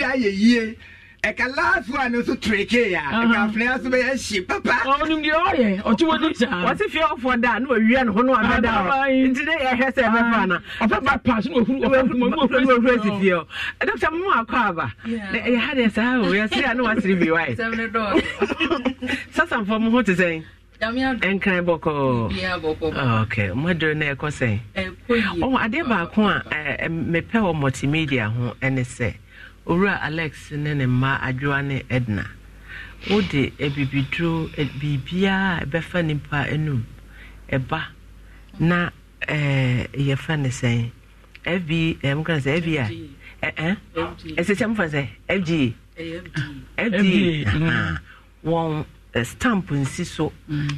ayɛ yie. ɛka laafu a ne nso tureke ya ɛka afuna nso bɛyɛ si papa. ɔnum deɛ ɔyɛ ɔtí wo di saa. wɔsi fi ɔfɔ da ne wa wia ne ho ne wa bɛ da hɔ nti ne yɛ hɛ sɛ ɛbɛ fa na. ɔfɛ ba paasi ne ofuru ofuru mu ofuru mu ofuru si fie o dɔkita ah, ah. mu eh, akɔ aba yɛ ha deɛ saa o yɛ siri a ne wa siri bi wa yi. sasanfo mu ho ti sɛn. nkran bɔkɔɔ ok mmaduro no ɛkɔ sɛn oh, adeɛ baako a eh, eh, mepɛ wɔ multimedia ho ɛne sɛ owura alex ne ne mma adwoa ne edna wode abibiduro eh, eh, biribiaa ɛbɛfa nipa anum ɛba na eh, yɛfa ne sɛn fb mka sɛ fb a ɛsɛsɛ mfa sɛ fg fd ah, ah. mm. wɔn stamp nsi so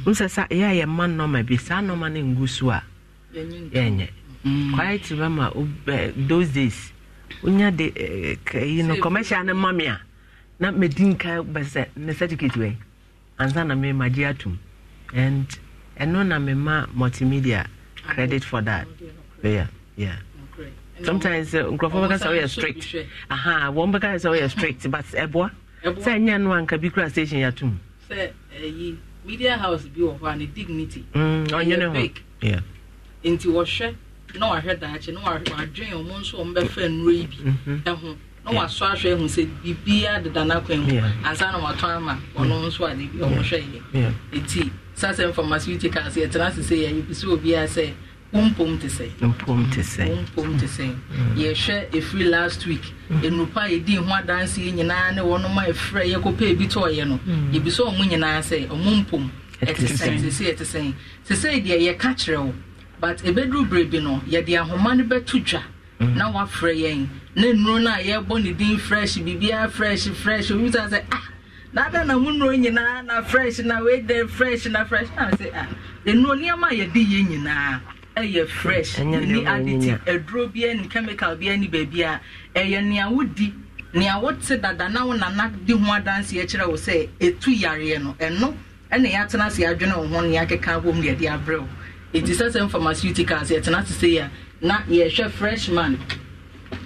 nsɛ mm. sa yɛ a yɛma nɔma bi saa nɔma no ngu so a yɛnyɛ kwaeɛ te bɛma those days wonya de eh, eh, kayi no commercial no ma me a na medi nka bɛ sɛ ne certificate wɛ ansa na memagye atom and ɛno na mema multimedia credit for that yeah, yeah. sometimes eh, nkurɔfoɔ bɛka sɛ woyɛ oh, strict aha wɔn bɛka sɛ woyɛ oh, strict but ɛboa sɛ ɛnyɛ no anka bi kura station yɛatom sɛ ɛyi media house bi wɔ hɔ a ne dignity mm, ɔnyɛ ne ho yeah. nti wɔhwɛ na wahwɛ daakye na wadwen ɔmo nso ɔmo bɛfa nnuro yi bi mhm. ɛho na wasɔ ahwɛ ehu sɛ biribiara deda n'akwan mu ansa na watɔ ama ɔno nso ade bi ɔmo hwɛ yɛ eti sasɛ pharmaceuticals yɛtena sese yɛ ebisi obiara sɛ mpom te sɛ mpom te sɛ mpom te sɛ mm. yɛhwɛ efiri last week mm. enupa yɛdi ho adansi yi nyinaa ne wɔn ma efirɛ yɛkɔpɛ ebi tɔɔyɛ no ebisɛ mm. ɔmo nyinaa sɛ ɔmo mpom ɛte sɛn sese ɛte sɛn sese deɛ yɛka kyerɛ o but ebeduru berebi no yɛde ahoma no bɛto dwa mm. na wafrɛ yɛn na nnuro no a yɛbɔ ne din fresh biribiara fresh fresh obi sa sɛ ah dada na mu nnuro nyinaa na fresh na weedɛ fresh na fresh na sɛ ah nnuro nneɛma a yɛde yɛ nyinaa ɛyɛ fresh ni additive aduro biara ni chemical biara ni baabi a ɛyɛ nea wodi nea wote dada na wo nana di ho adanseɛ kyerɛ wo sɛ etu yareɛ no ɛno ɛna yɛatena ase adwene wo ho ne yɛakeka abom deɛ abrɛ wo nti sɛ sɛ pharmaceuticals yɛtena te sɛ yi a na yɛhwɛ freshman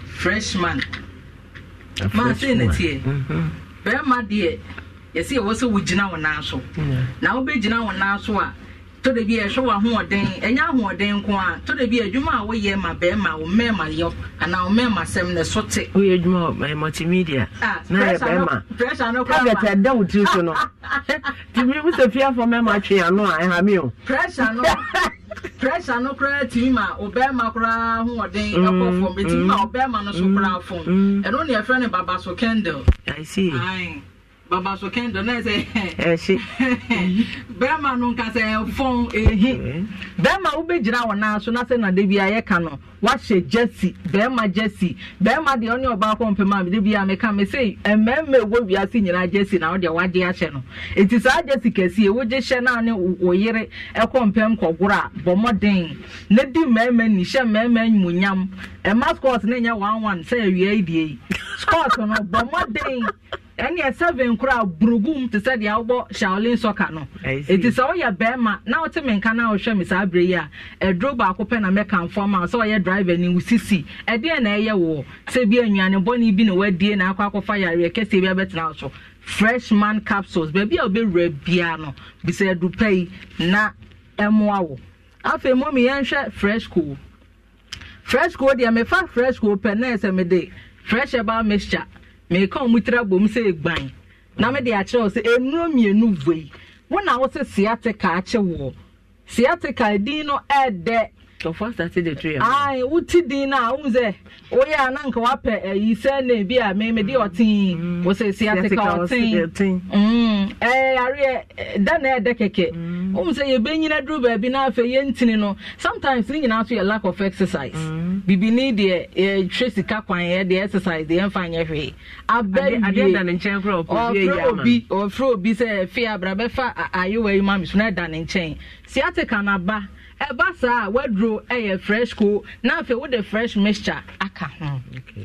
freshman maasei na tiɛ bɛrima deɛ yɛsɛ yɛwɔ sɛ wogyina wo nan so na wobɛgyina wo nan so a to de bi ɛhwɛ wɔ ahoɔden ɛnyɛ ahoɔden nko a to de bi adwuma a woyɛ ma bɛrima wo mɛɛma yɛ anaa wo mɛɛma sɛm na so te. woyɛ adwuma wɔ eh, multimedia ah, na yɛ bɛrima tablet ɛda wo tiri so no tìmí musa fiafo mɛɛma twe ano a ɛha mi o. pressure no pressure no koraa tìmí ma ɔbɛrima koraa ahoɔden mm, ɛkɔ fam tìmí ma ɔbɛrima mm. no so koraa fam mm, ɛno na yɛfrɛ no baba so i see. Aye. baba so kendo eh? eh, na sɛ ɛhye eh, bɛrima no nkasa sɛ ehi mm-hmm. bɛrima wobɛgyina wɔn nan so na sɛ na de bi a yɛka no wahyɛ jesi bɛrima jesi bɛrima deɛ ɔne ɔbaako mpɛm a de bi a meka me sɛ mmarima ɛwɔ wiase nyinaa jesi na ɔdeɛ wagye ahyɛ no eti saa jesi kɛseɛ wogye hyɛ na ne wɔyere ɛkɔ mpɛm kɔgoro a bɔmɔden ne di mmarima ni hyɛ mmarima nyumunyam ɛma scott ne nyɛ one one sɛ awia yi die yi scott no bɔ mmɔden ɛne seven koraa burugum te sɛ deɛ wobɔ shaolin soccer no ɛti sɛ woyɛ bɛrima na wote me nka na wohwɛ me saa berɛ a ɛduro baako pɛ na mɛkamfo ama sɛ wɔyɛ driver ne wo sisi ɛdeɛ na ɛyɛ wo sɛ bi anuane bɔne na woadie na akɔ akɔfa yareɛ kɛseɛ bi abɛtena so freshman capsules baabi a wobɛwura no bisɛ pɛ yi na fresh coal deɛ mefa fresh coal pɛ na ɛsɛ mede fresh herbal mixture meka ɔmo tiri abom sɛ egban na mede akyerɛw sɛ enuro mmienu vei wɔn a wɔsɛ siatika akyewoɔ siatika edin no ɛɛdɛ ọfọ asase de tiri ya. ayi wuti din na ahun sɛ oye oh, a na nka wapɛ ɛyi eh, sɛ na ebi a mɛmɛdi ɔtin mm. wosɛ si atika ɔtin ɛɛ ariɛ da na ɛdɛ kɛkɛ mm. ohun sɛ yɛbɛ nyina duro baabi n'afɛ yɛn ntini no sometimes ne nyinaa so yɛ lack of exercise mm. bibi ni deɛ yɛtwe sika kwan yɛ deɛ exercise deɛ yɛnfa nyɛ hwee abɛ wie adeɛ da ne nkyɛn kora ɔfɔ fie yɛ ama ɔfrɛ obi sɛ fie abira ayewa yi ma mi na ɛda ne nkyɛn si atika ɛba saa a waduro yɛ fresh ko na afei wode fresh mixture aka ho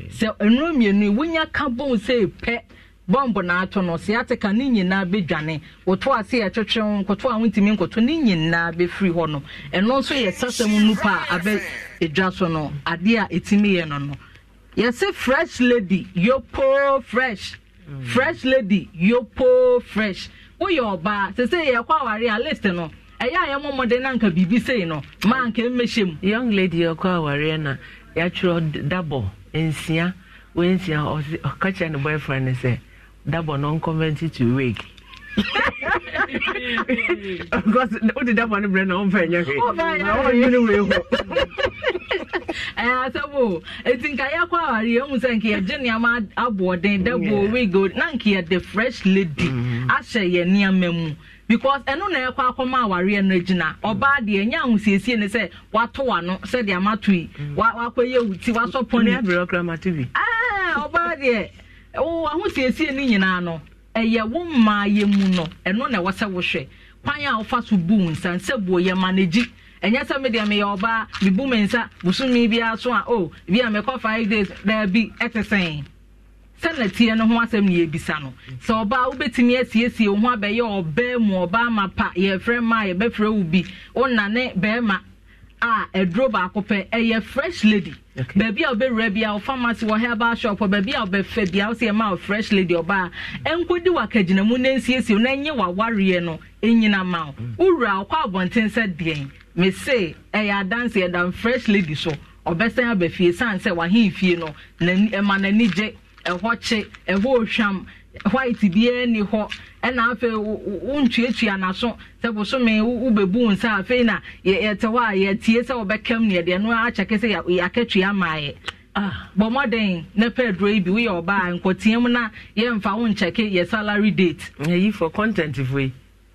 sɛ nnuro mmienu wonya ka bone sɛ pɛ bɔmbo n'ato no siatika ne nyinaa bedwane woto ase ɛtwetwe nkoto a wontumi nkoto ne nyinaa befiri hɔ no ɛno nso yɛ sasɛm nupa a abɛ edwa so no adeɛ a etimi yɛ no no yɛsɛ fresh lady yopo fresh mm. fresh lady yopo fresh woyɛ ɔbaa sɛ sɛ yɛkɔ aware a list no ɛyɛ a yɛmɔ mmɔden na nka biribi sei no ma anka mmɛhyɛ mu young lady ɔkɔ awareɛ na yɛatwerɛ dabɔ nsia wɔnsia ɔka kyerɛ ne boyfriend no sɛ dabɔ no nkɔmmɛnti to wake because wode dabɔ no berɛ na womfa nyɛ hwewɔnyene wei ho asɛm o ɛti nka yɛkɔ awareɛ hu sɛ nka yɛgye nneɛma aboɔden dabɔ wig na nka yɛde fresh lady mm-hmm. ahyɛ yɛ nneɛma mu because ɛno na ɛkɔ akɔma awareɛ no agyina ɔbaa deɛ ɛnyɛ ahosiesie ne sɛ wato wano sɛdeɛ amato yi wakɔyɛ wo ti wasɔ pɔne ɔbaa ah, deɛ wo ahosiesie no nyinaa no ɛyɛ wo mmaa yɛ mu no ɛno na ɛwɔ sɛ wohwɛ kwan a wofa so bu nsa nsɛ buo yɛ ma n'agyi ɛnyɛ sɛ mi deɛ meyɛ ɔbaa mebu me nsa bosome biara so a o oh, bi a mekɔ five days daabi ɛte sɛn sɛna tie no ho asɛm ne yɛbisa no sɛ ɔbaa wobɛtumi asiesie wo ho abɛyɛ ɔbaa mu ɔbaa ma pa yɛfrɛ ma a yɛbɛfrɛ wo bi wona ne bɛrima a ɛduro baako pɛ ɛyɛ fresh lady baabi a wobɛwura bi a pharmacy wɔ herbal shop baabi a wobɛfɛ bia wo sɛ yɛma wo fresh lady ɔbaa ɛnkɔdi wakagyinamu na nsiesie na ɛnyɛ wawareɛ no ɛnyina ma wo mm. wowura wokɔ abɔnten sɛ deɛn mese ɛyɛ adanse ɛdam fresh lady so ɔbɛsan aba fie sane sɛ wahenfie no ɛma n'ani gye ɛhɔ kye ɛhɔ ohwam white biara ni hɔ ɛna afei wontuatua n'aso sɛ bosome wobɛbu nsa afei na yɛte hɔ a yɛtie sɛ wɔbɛkam ne yɛdeɛ no akyɛke sɛ yɛakatua maayɛ ah. bɔ mmɔden na pɛ aduro yi bi woyɛ ɔbaa nkɔteam na yɛmfa wo nkyɛke yɛ salary date. ɛyi fɔ content fo yi.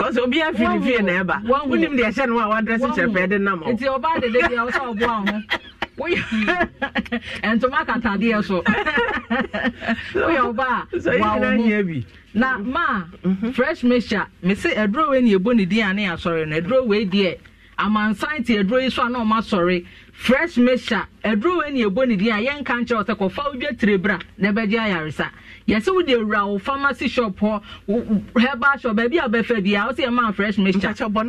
because obi afi ne fie na ɛba wonim deɛ ɛhyɛ no a wadrɛse kyerɛ pɛ de nam nti ɔbaa de deɛ wo sɛ ɔboa ho ntoma katadeɛ so woyɛ ɔbaa wawo mu na ma mhm. fresh mixture mese aduro wei ne ɛbɔ ne din ane asɔre no aduro wei deɛ amansan te aduro yi so a na ɔma sɔre fresh mixture aduro wei ne ɛbɔ ne din a yɛnka nkyerɛ wo sɛ kɔfa wodwa tire bra na ɛbɛgye ayaresa yɛsɛ wode wura wo pharmacy shop hɔ herbal shop baabi a wobɛfa bia wo sɛ yɛma fresh mixture namba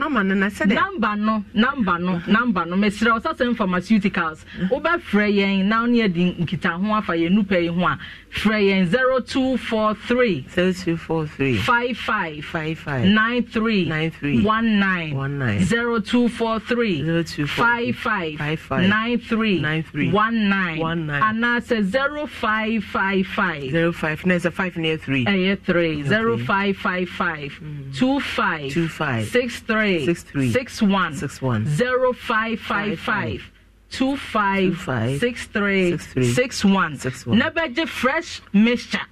no namba no namba no mesrɛ wo sasɛm pharmaceuticals wobɛfrɛ yɛn na wo ne yɛde nkitaho afa yɛnupɛ yi ho a frɛ yɛn zero two four three. zero two four three. five five. five five. nine three. nine three. one nine. one nine. zero two four three. zero two four five five. five five. nine three. nine three. one nine. one nine. anaasɛ zero five five five. zero five na ɛsɛ five near three. ɛyɛ three. zero five five five. Mm. two five. two five. six three. six three. six one. six one. zero five five. five two five, six three six, one. Never the fresh mixture.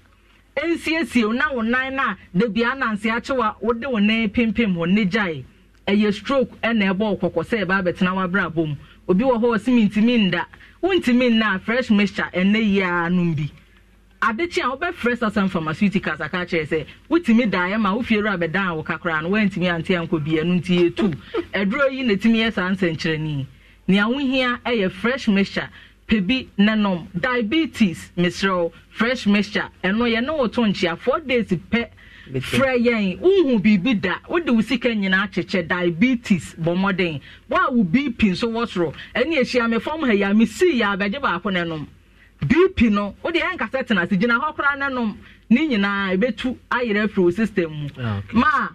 nsiesie wo na wo nan no a dabi ananse akyew a wode wo nan pimpim hɔ ne ɛyɛ stroke ɛna ɛbɔ ɔkɔkɔ sɛ ɛba abɛtena wabrabɔ mu obi wɔ hɔ a ɔsimi ntimi nda wontimi nna fresh mixture ɛnɛ yiaa nom bi adekye a wobɛfrɛ sasan pharmaceuticals aka kyerɛ sɛ wotumi daeɛ ma wo fie wura bɛdan a wo kakora no woantumi ante ankɔ bi ɛno nti yɛtu ɛduro yi na ɛtumi yɛ saa nsɛnkyerɛnii nea wohia yɛ fresh mixture pebi ne nom diabetes mesrɛw fresh mixture ɛno yɛne wo to nkyea four days pɛ frɛ yɛn wohu biribi da wode wo sika nyinaa kyekyɛ diabetes bɔ mmɔden wo a wo bp nso wɔ soro ɛne ahyia me fam ha yi a mesii yɛ abɛgye baako ne nom bp no wode ɛnkasɛ tena ase gyina hɔ koraa ne nom ne nyinaa ɛbɛtu ayerɛ afiri wo system mu ah, ma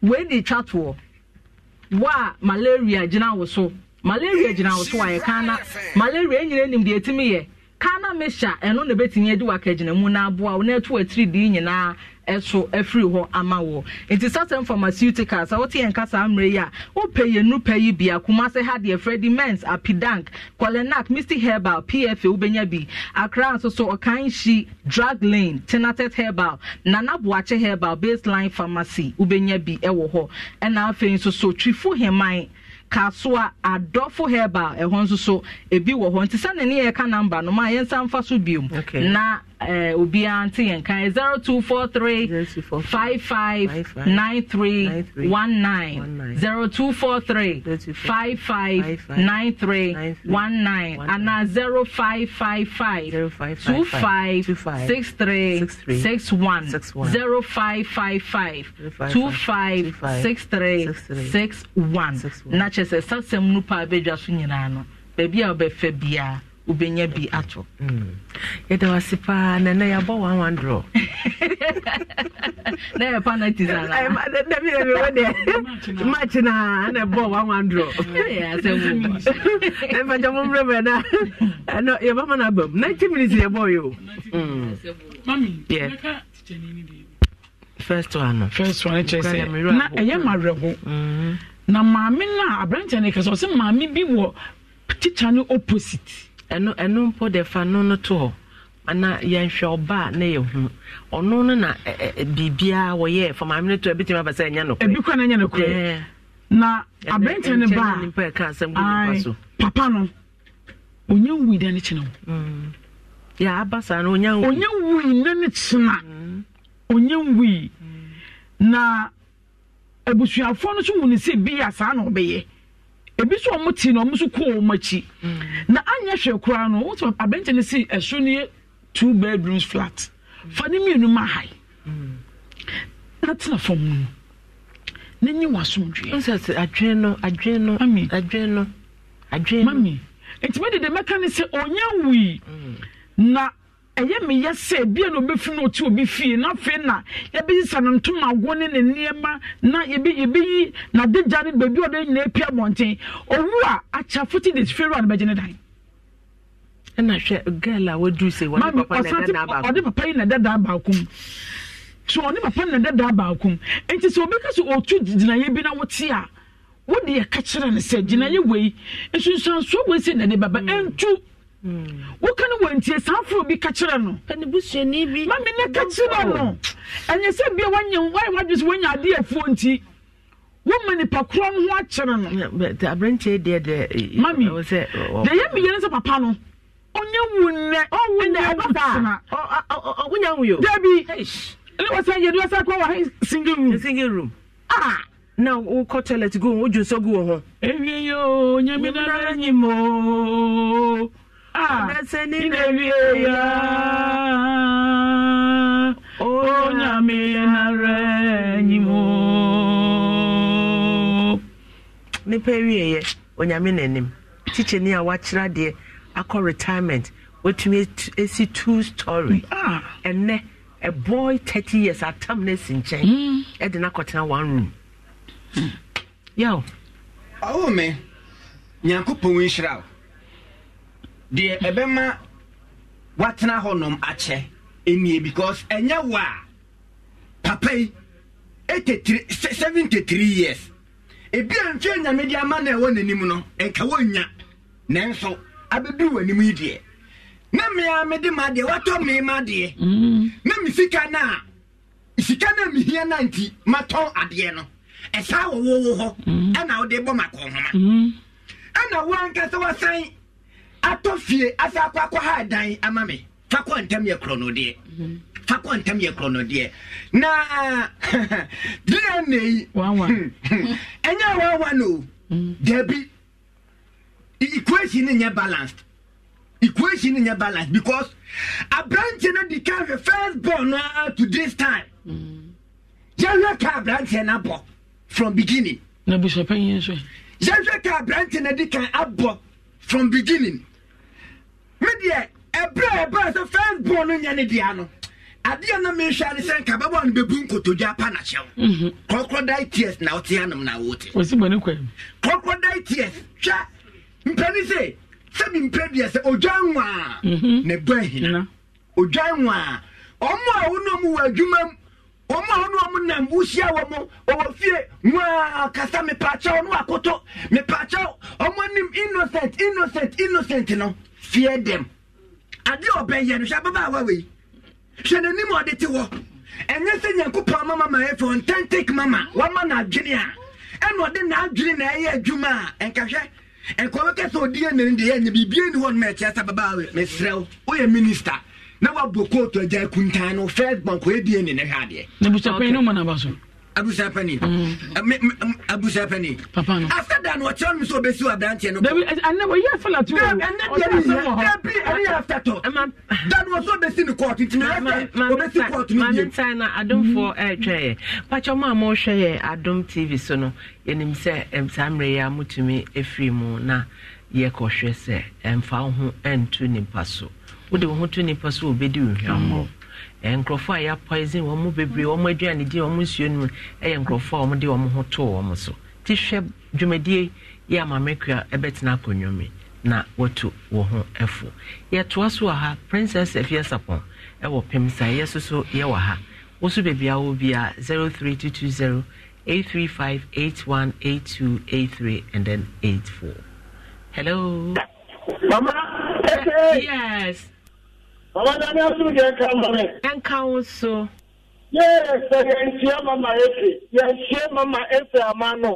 wei de twa toɔ malaria gyina wo so malaria gyina wo so ayɛ kana malaria nyina nim deɛ ɛtumi yɛ kana mehyɛ ɛno na ɛbɛtumi adi wakagyina mu na aboa wo na ɛto atiri dii nyinaa ɛso afiri hɔ ama wɔ nti certain pharmaceuticals a wɔte yɛn kasa mmerɛ yi a wopɛ yɛn nupɛ yi bi akoma sɛ ha deɛ fredi mens apidank kɔlɛnak misty herbal pfa wobɛnya bi akra nso so ɔkanhyi drug lane tenatet herbal nanaboakye herbal baseline pharmacy wobɛnya bi ɛwɔ hɔ ɛna afei nso so twifo heman kasoa adɔfo herbal ɛhɔ nso so ebi wɔ hɔ nti sɛ ne ne yɛka namba no ma yɛnsa mfa so biom na Eh, obiara nti yɛn kan eh, zero two four three five five nine three one nine zero two four three five five nine three one nine ana zero five five five two five six three six one zero five five five two five six three six one na kyerɛ sɛ sasɛm no paa bɛdwa so nyinaa no baabi a wɔbɛfɛ biara wobɛnya bi ato mm. yɛda paa nana yɛabɔ 100 na yɛ panatis na na ɛbɔ 100 mfagya mommerɛ brɛ no abam 90 minutes yɛbɔyɛ o first one first one kyerɛ sɛ na ɛyɛ mawerɛho mm-hmm. na maame no a aberantɛ no kɛ sɛ ɔsɛ maame bi wɔ tikya no opposite ɛno ɛno mpo de fa no no to hɔ ana yɛnhwɛ ɔba ne yɛ na biribiaa wɔyɛ sɛ ebi kɔ na ɛnyɛ nokorɛ na abɛnten ne ba a papa no onye wui da ne kyena mm. yɛ aba no onye wui onye wui ne ne kyena mm. onye wui mm. na abusuafoɔ no sɛ bi saa na ɔbɛyɛ ebi nso wɔn ti na wɔn nso kɔ wɔn akyi mm. na anya hwɛ koraa no wɔn sɛ abɛnkyɛn si ɛso no yɛ two bedrooms flat fa ne mmienu ma ha yi mm. na tena fam no na nye wɔn asomdwe. n sɛ adwene no adwene no mami adwene no adwene no mami nti mi de de mɛka ne sɛ onya mm. na ɛyɛ meyɛ sɛ bia na obɛfiri no ɔte obi fie na afei na yɛbɛyi sa no ntoma ago ne ne nneɛma na yɛbɛyi n'adegya ne baabi ɔde nyinaa api abɔnten owu a akyɛ forty days fɛ wura no bɛgye ne dan ɛna hwɛ girl a wadu sɛ wɔde papa ne dada baako ɔde papa yi na dada baako mu so ɔne papa ne dada baako mu nti sɛ obi ka so gyinaeɛ bi na wɔte a wɔde yɛ ka kyerɛ no sɛ gyinaeɛ wei nsunsuansoɔ wei sɛ na de baba mm. ɛntu. Mm. woka no wɔntie saa foro bi ka kyerɛ no ma me ne ka kyerɛ no ɛnyɛ sɛ bia woanyɛ woayɛ woadwe sɛ woanya ade afuo nti woma nipa korɔ no ho akyerɛ no mami deɛ yɛ meyɛ no sɛ papa no ɔnyɛ wu nnɛ dabi ne wɔ sɛ yɛde kɔ wɔ single room single room ah na wokɔ toilet go wodwo gu wɔ ho ɛwie yo nyame nara nyim Ah, inewie ya onyame nara anyim nipa wieyɛ onyame n'anim tikyani a wakyerɛ deɛ akɔ retirement watumi esi two story ɛnɛ ah. a boy thirty years atam na esi nkyɛn ɛde na akɔtena one room hmm. yaw. ɔwɔ mi nyankopɔn nhyira o. deɛ ɛbɛma watena hɔ n'om akyɛ nie because ɛnyɛ wa papa yi seventy three years ebi a nfe nyame de ama na ɛwɔ n'anim no nka wonya nanso abɛduru w'anim yi deɛ na mmea mede ma deɛ watɔ mmea ma deɛ mm. na me sika no a sika no a mehia no nti matɔn adeɛ no ɛsaa wɔwɔwɔ hɔ mm. ɛna wode bɔ ma kɔnhoma mm. ɛna woankasa wasan atɔ fie afa akɔ akɔ ha dan ama me fa kɔ ntɛm yɛ korɔ no mhm. fa kɔ ntɛm yɛ korɔ no na dina na yi hmm, hmm, ɛnyɛ wawa no dabi equation ne nyɛ balanced equation ne nyɛ balanced because aberanteɛ no de ka hwɛ first born no to this time mhm. yɛhwɛ ka aberanteɛ no abɔ from beginning na busuapɛnyin nso yɛhwɛ ka aberanteɛ no de ka abɔ from beginning me deɛ ɛbrɛ ɛbrɛ sɛ fɛn bɔn no nyɛ ne dea no adeɛ na mehwɛ ne sɛ nka bɛbɔ no bɛbu nkotodwa pa nakyɛw mhm. crocodile tears na wote anom na wote crocodile tears hwɛ mpani se sɛ mempɛ deɛ sɛ odwa nwa a mhm. ne bɔ ahina odwa nwa a ɔmo a wonom wɔ adwuma mu wɔn a wɔn wɔn nam wuhyia wɔn wɔwɔ fie nwaa kasa mepaakyɛw no akoto mepaakyɛw wɔn anim innocent innocent innocent no fear them ade ɔbɛyɛ no hwɛ ababaawa wei hwɛ n'anim ɔde te hɔ ɛnyɛ sɛ nyankopɔn mama ma ɛfɛ ɔntɛntik mama wama n'adwene a ɛna ɔde n'adwene na ɛyɛ adwuma a ɛnkahwɛ nkɔmɔ kɛse odi yɛ nani deɛ ɛnyɛ biribi ni hɔ no ɛkyɛ sɛ babaawa mesrɛw woyɛ minister na wabɔ kootu agya kuntan no first bank oedi ni ne hwɛ adeɛ abusa pani mm. eh, abusa pani after that wɔkyerɛ no sɛ ɔbɛsi aberanteɛ no dabi ɛne yɛ aftertɔ da no wɔ sɛ ɔbɛsi no court nti naɛɔbɛsi court no biomamentae na adomfoɔ ɛretwɛeɛ eh, pakyɛ ma a mɔhwɛ yɛ adom tv so no yɛnim sɛ saa mmerɛ yɛ a motumi ɛfiri mu na yɛkɔhwɛ sɛ ɛmfa ho ɛnto nnipa so wode wo ho to nnipa so wɔbɛdi Eh, nkurɔfoɔ a yɛapoison wɔn mu bebree wɔn aduane di wɔn nsuo no mu yɛ nkurɔfoɔ a wɔde wɔn ho too wɔn so ti hwɛ dwumadie yɛ amamekua bɛtena akonnwa mu na wɔtu wɔn ho ɛfo yɛtoa so wɔ ha princess afia sapɔn wɔ pem sa yɛ soso yɛwɔ ha wɔso beebi a wɔ bia zero three two two zero eight three five eight one eight two eight three and then eight four hello. mama. yes. Mama Dami Asuru yẹn ka ma mẹ. Ẹ ka ń so. Yẹ́ẹ̀ sẹ́ ń ṣe mama efe yẹn ṣe mama efe àmà nù.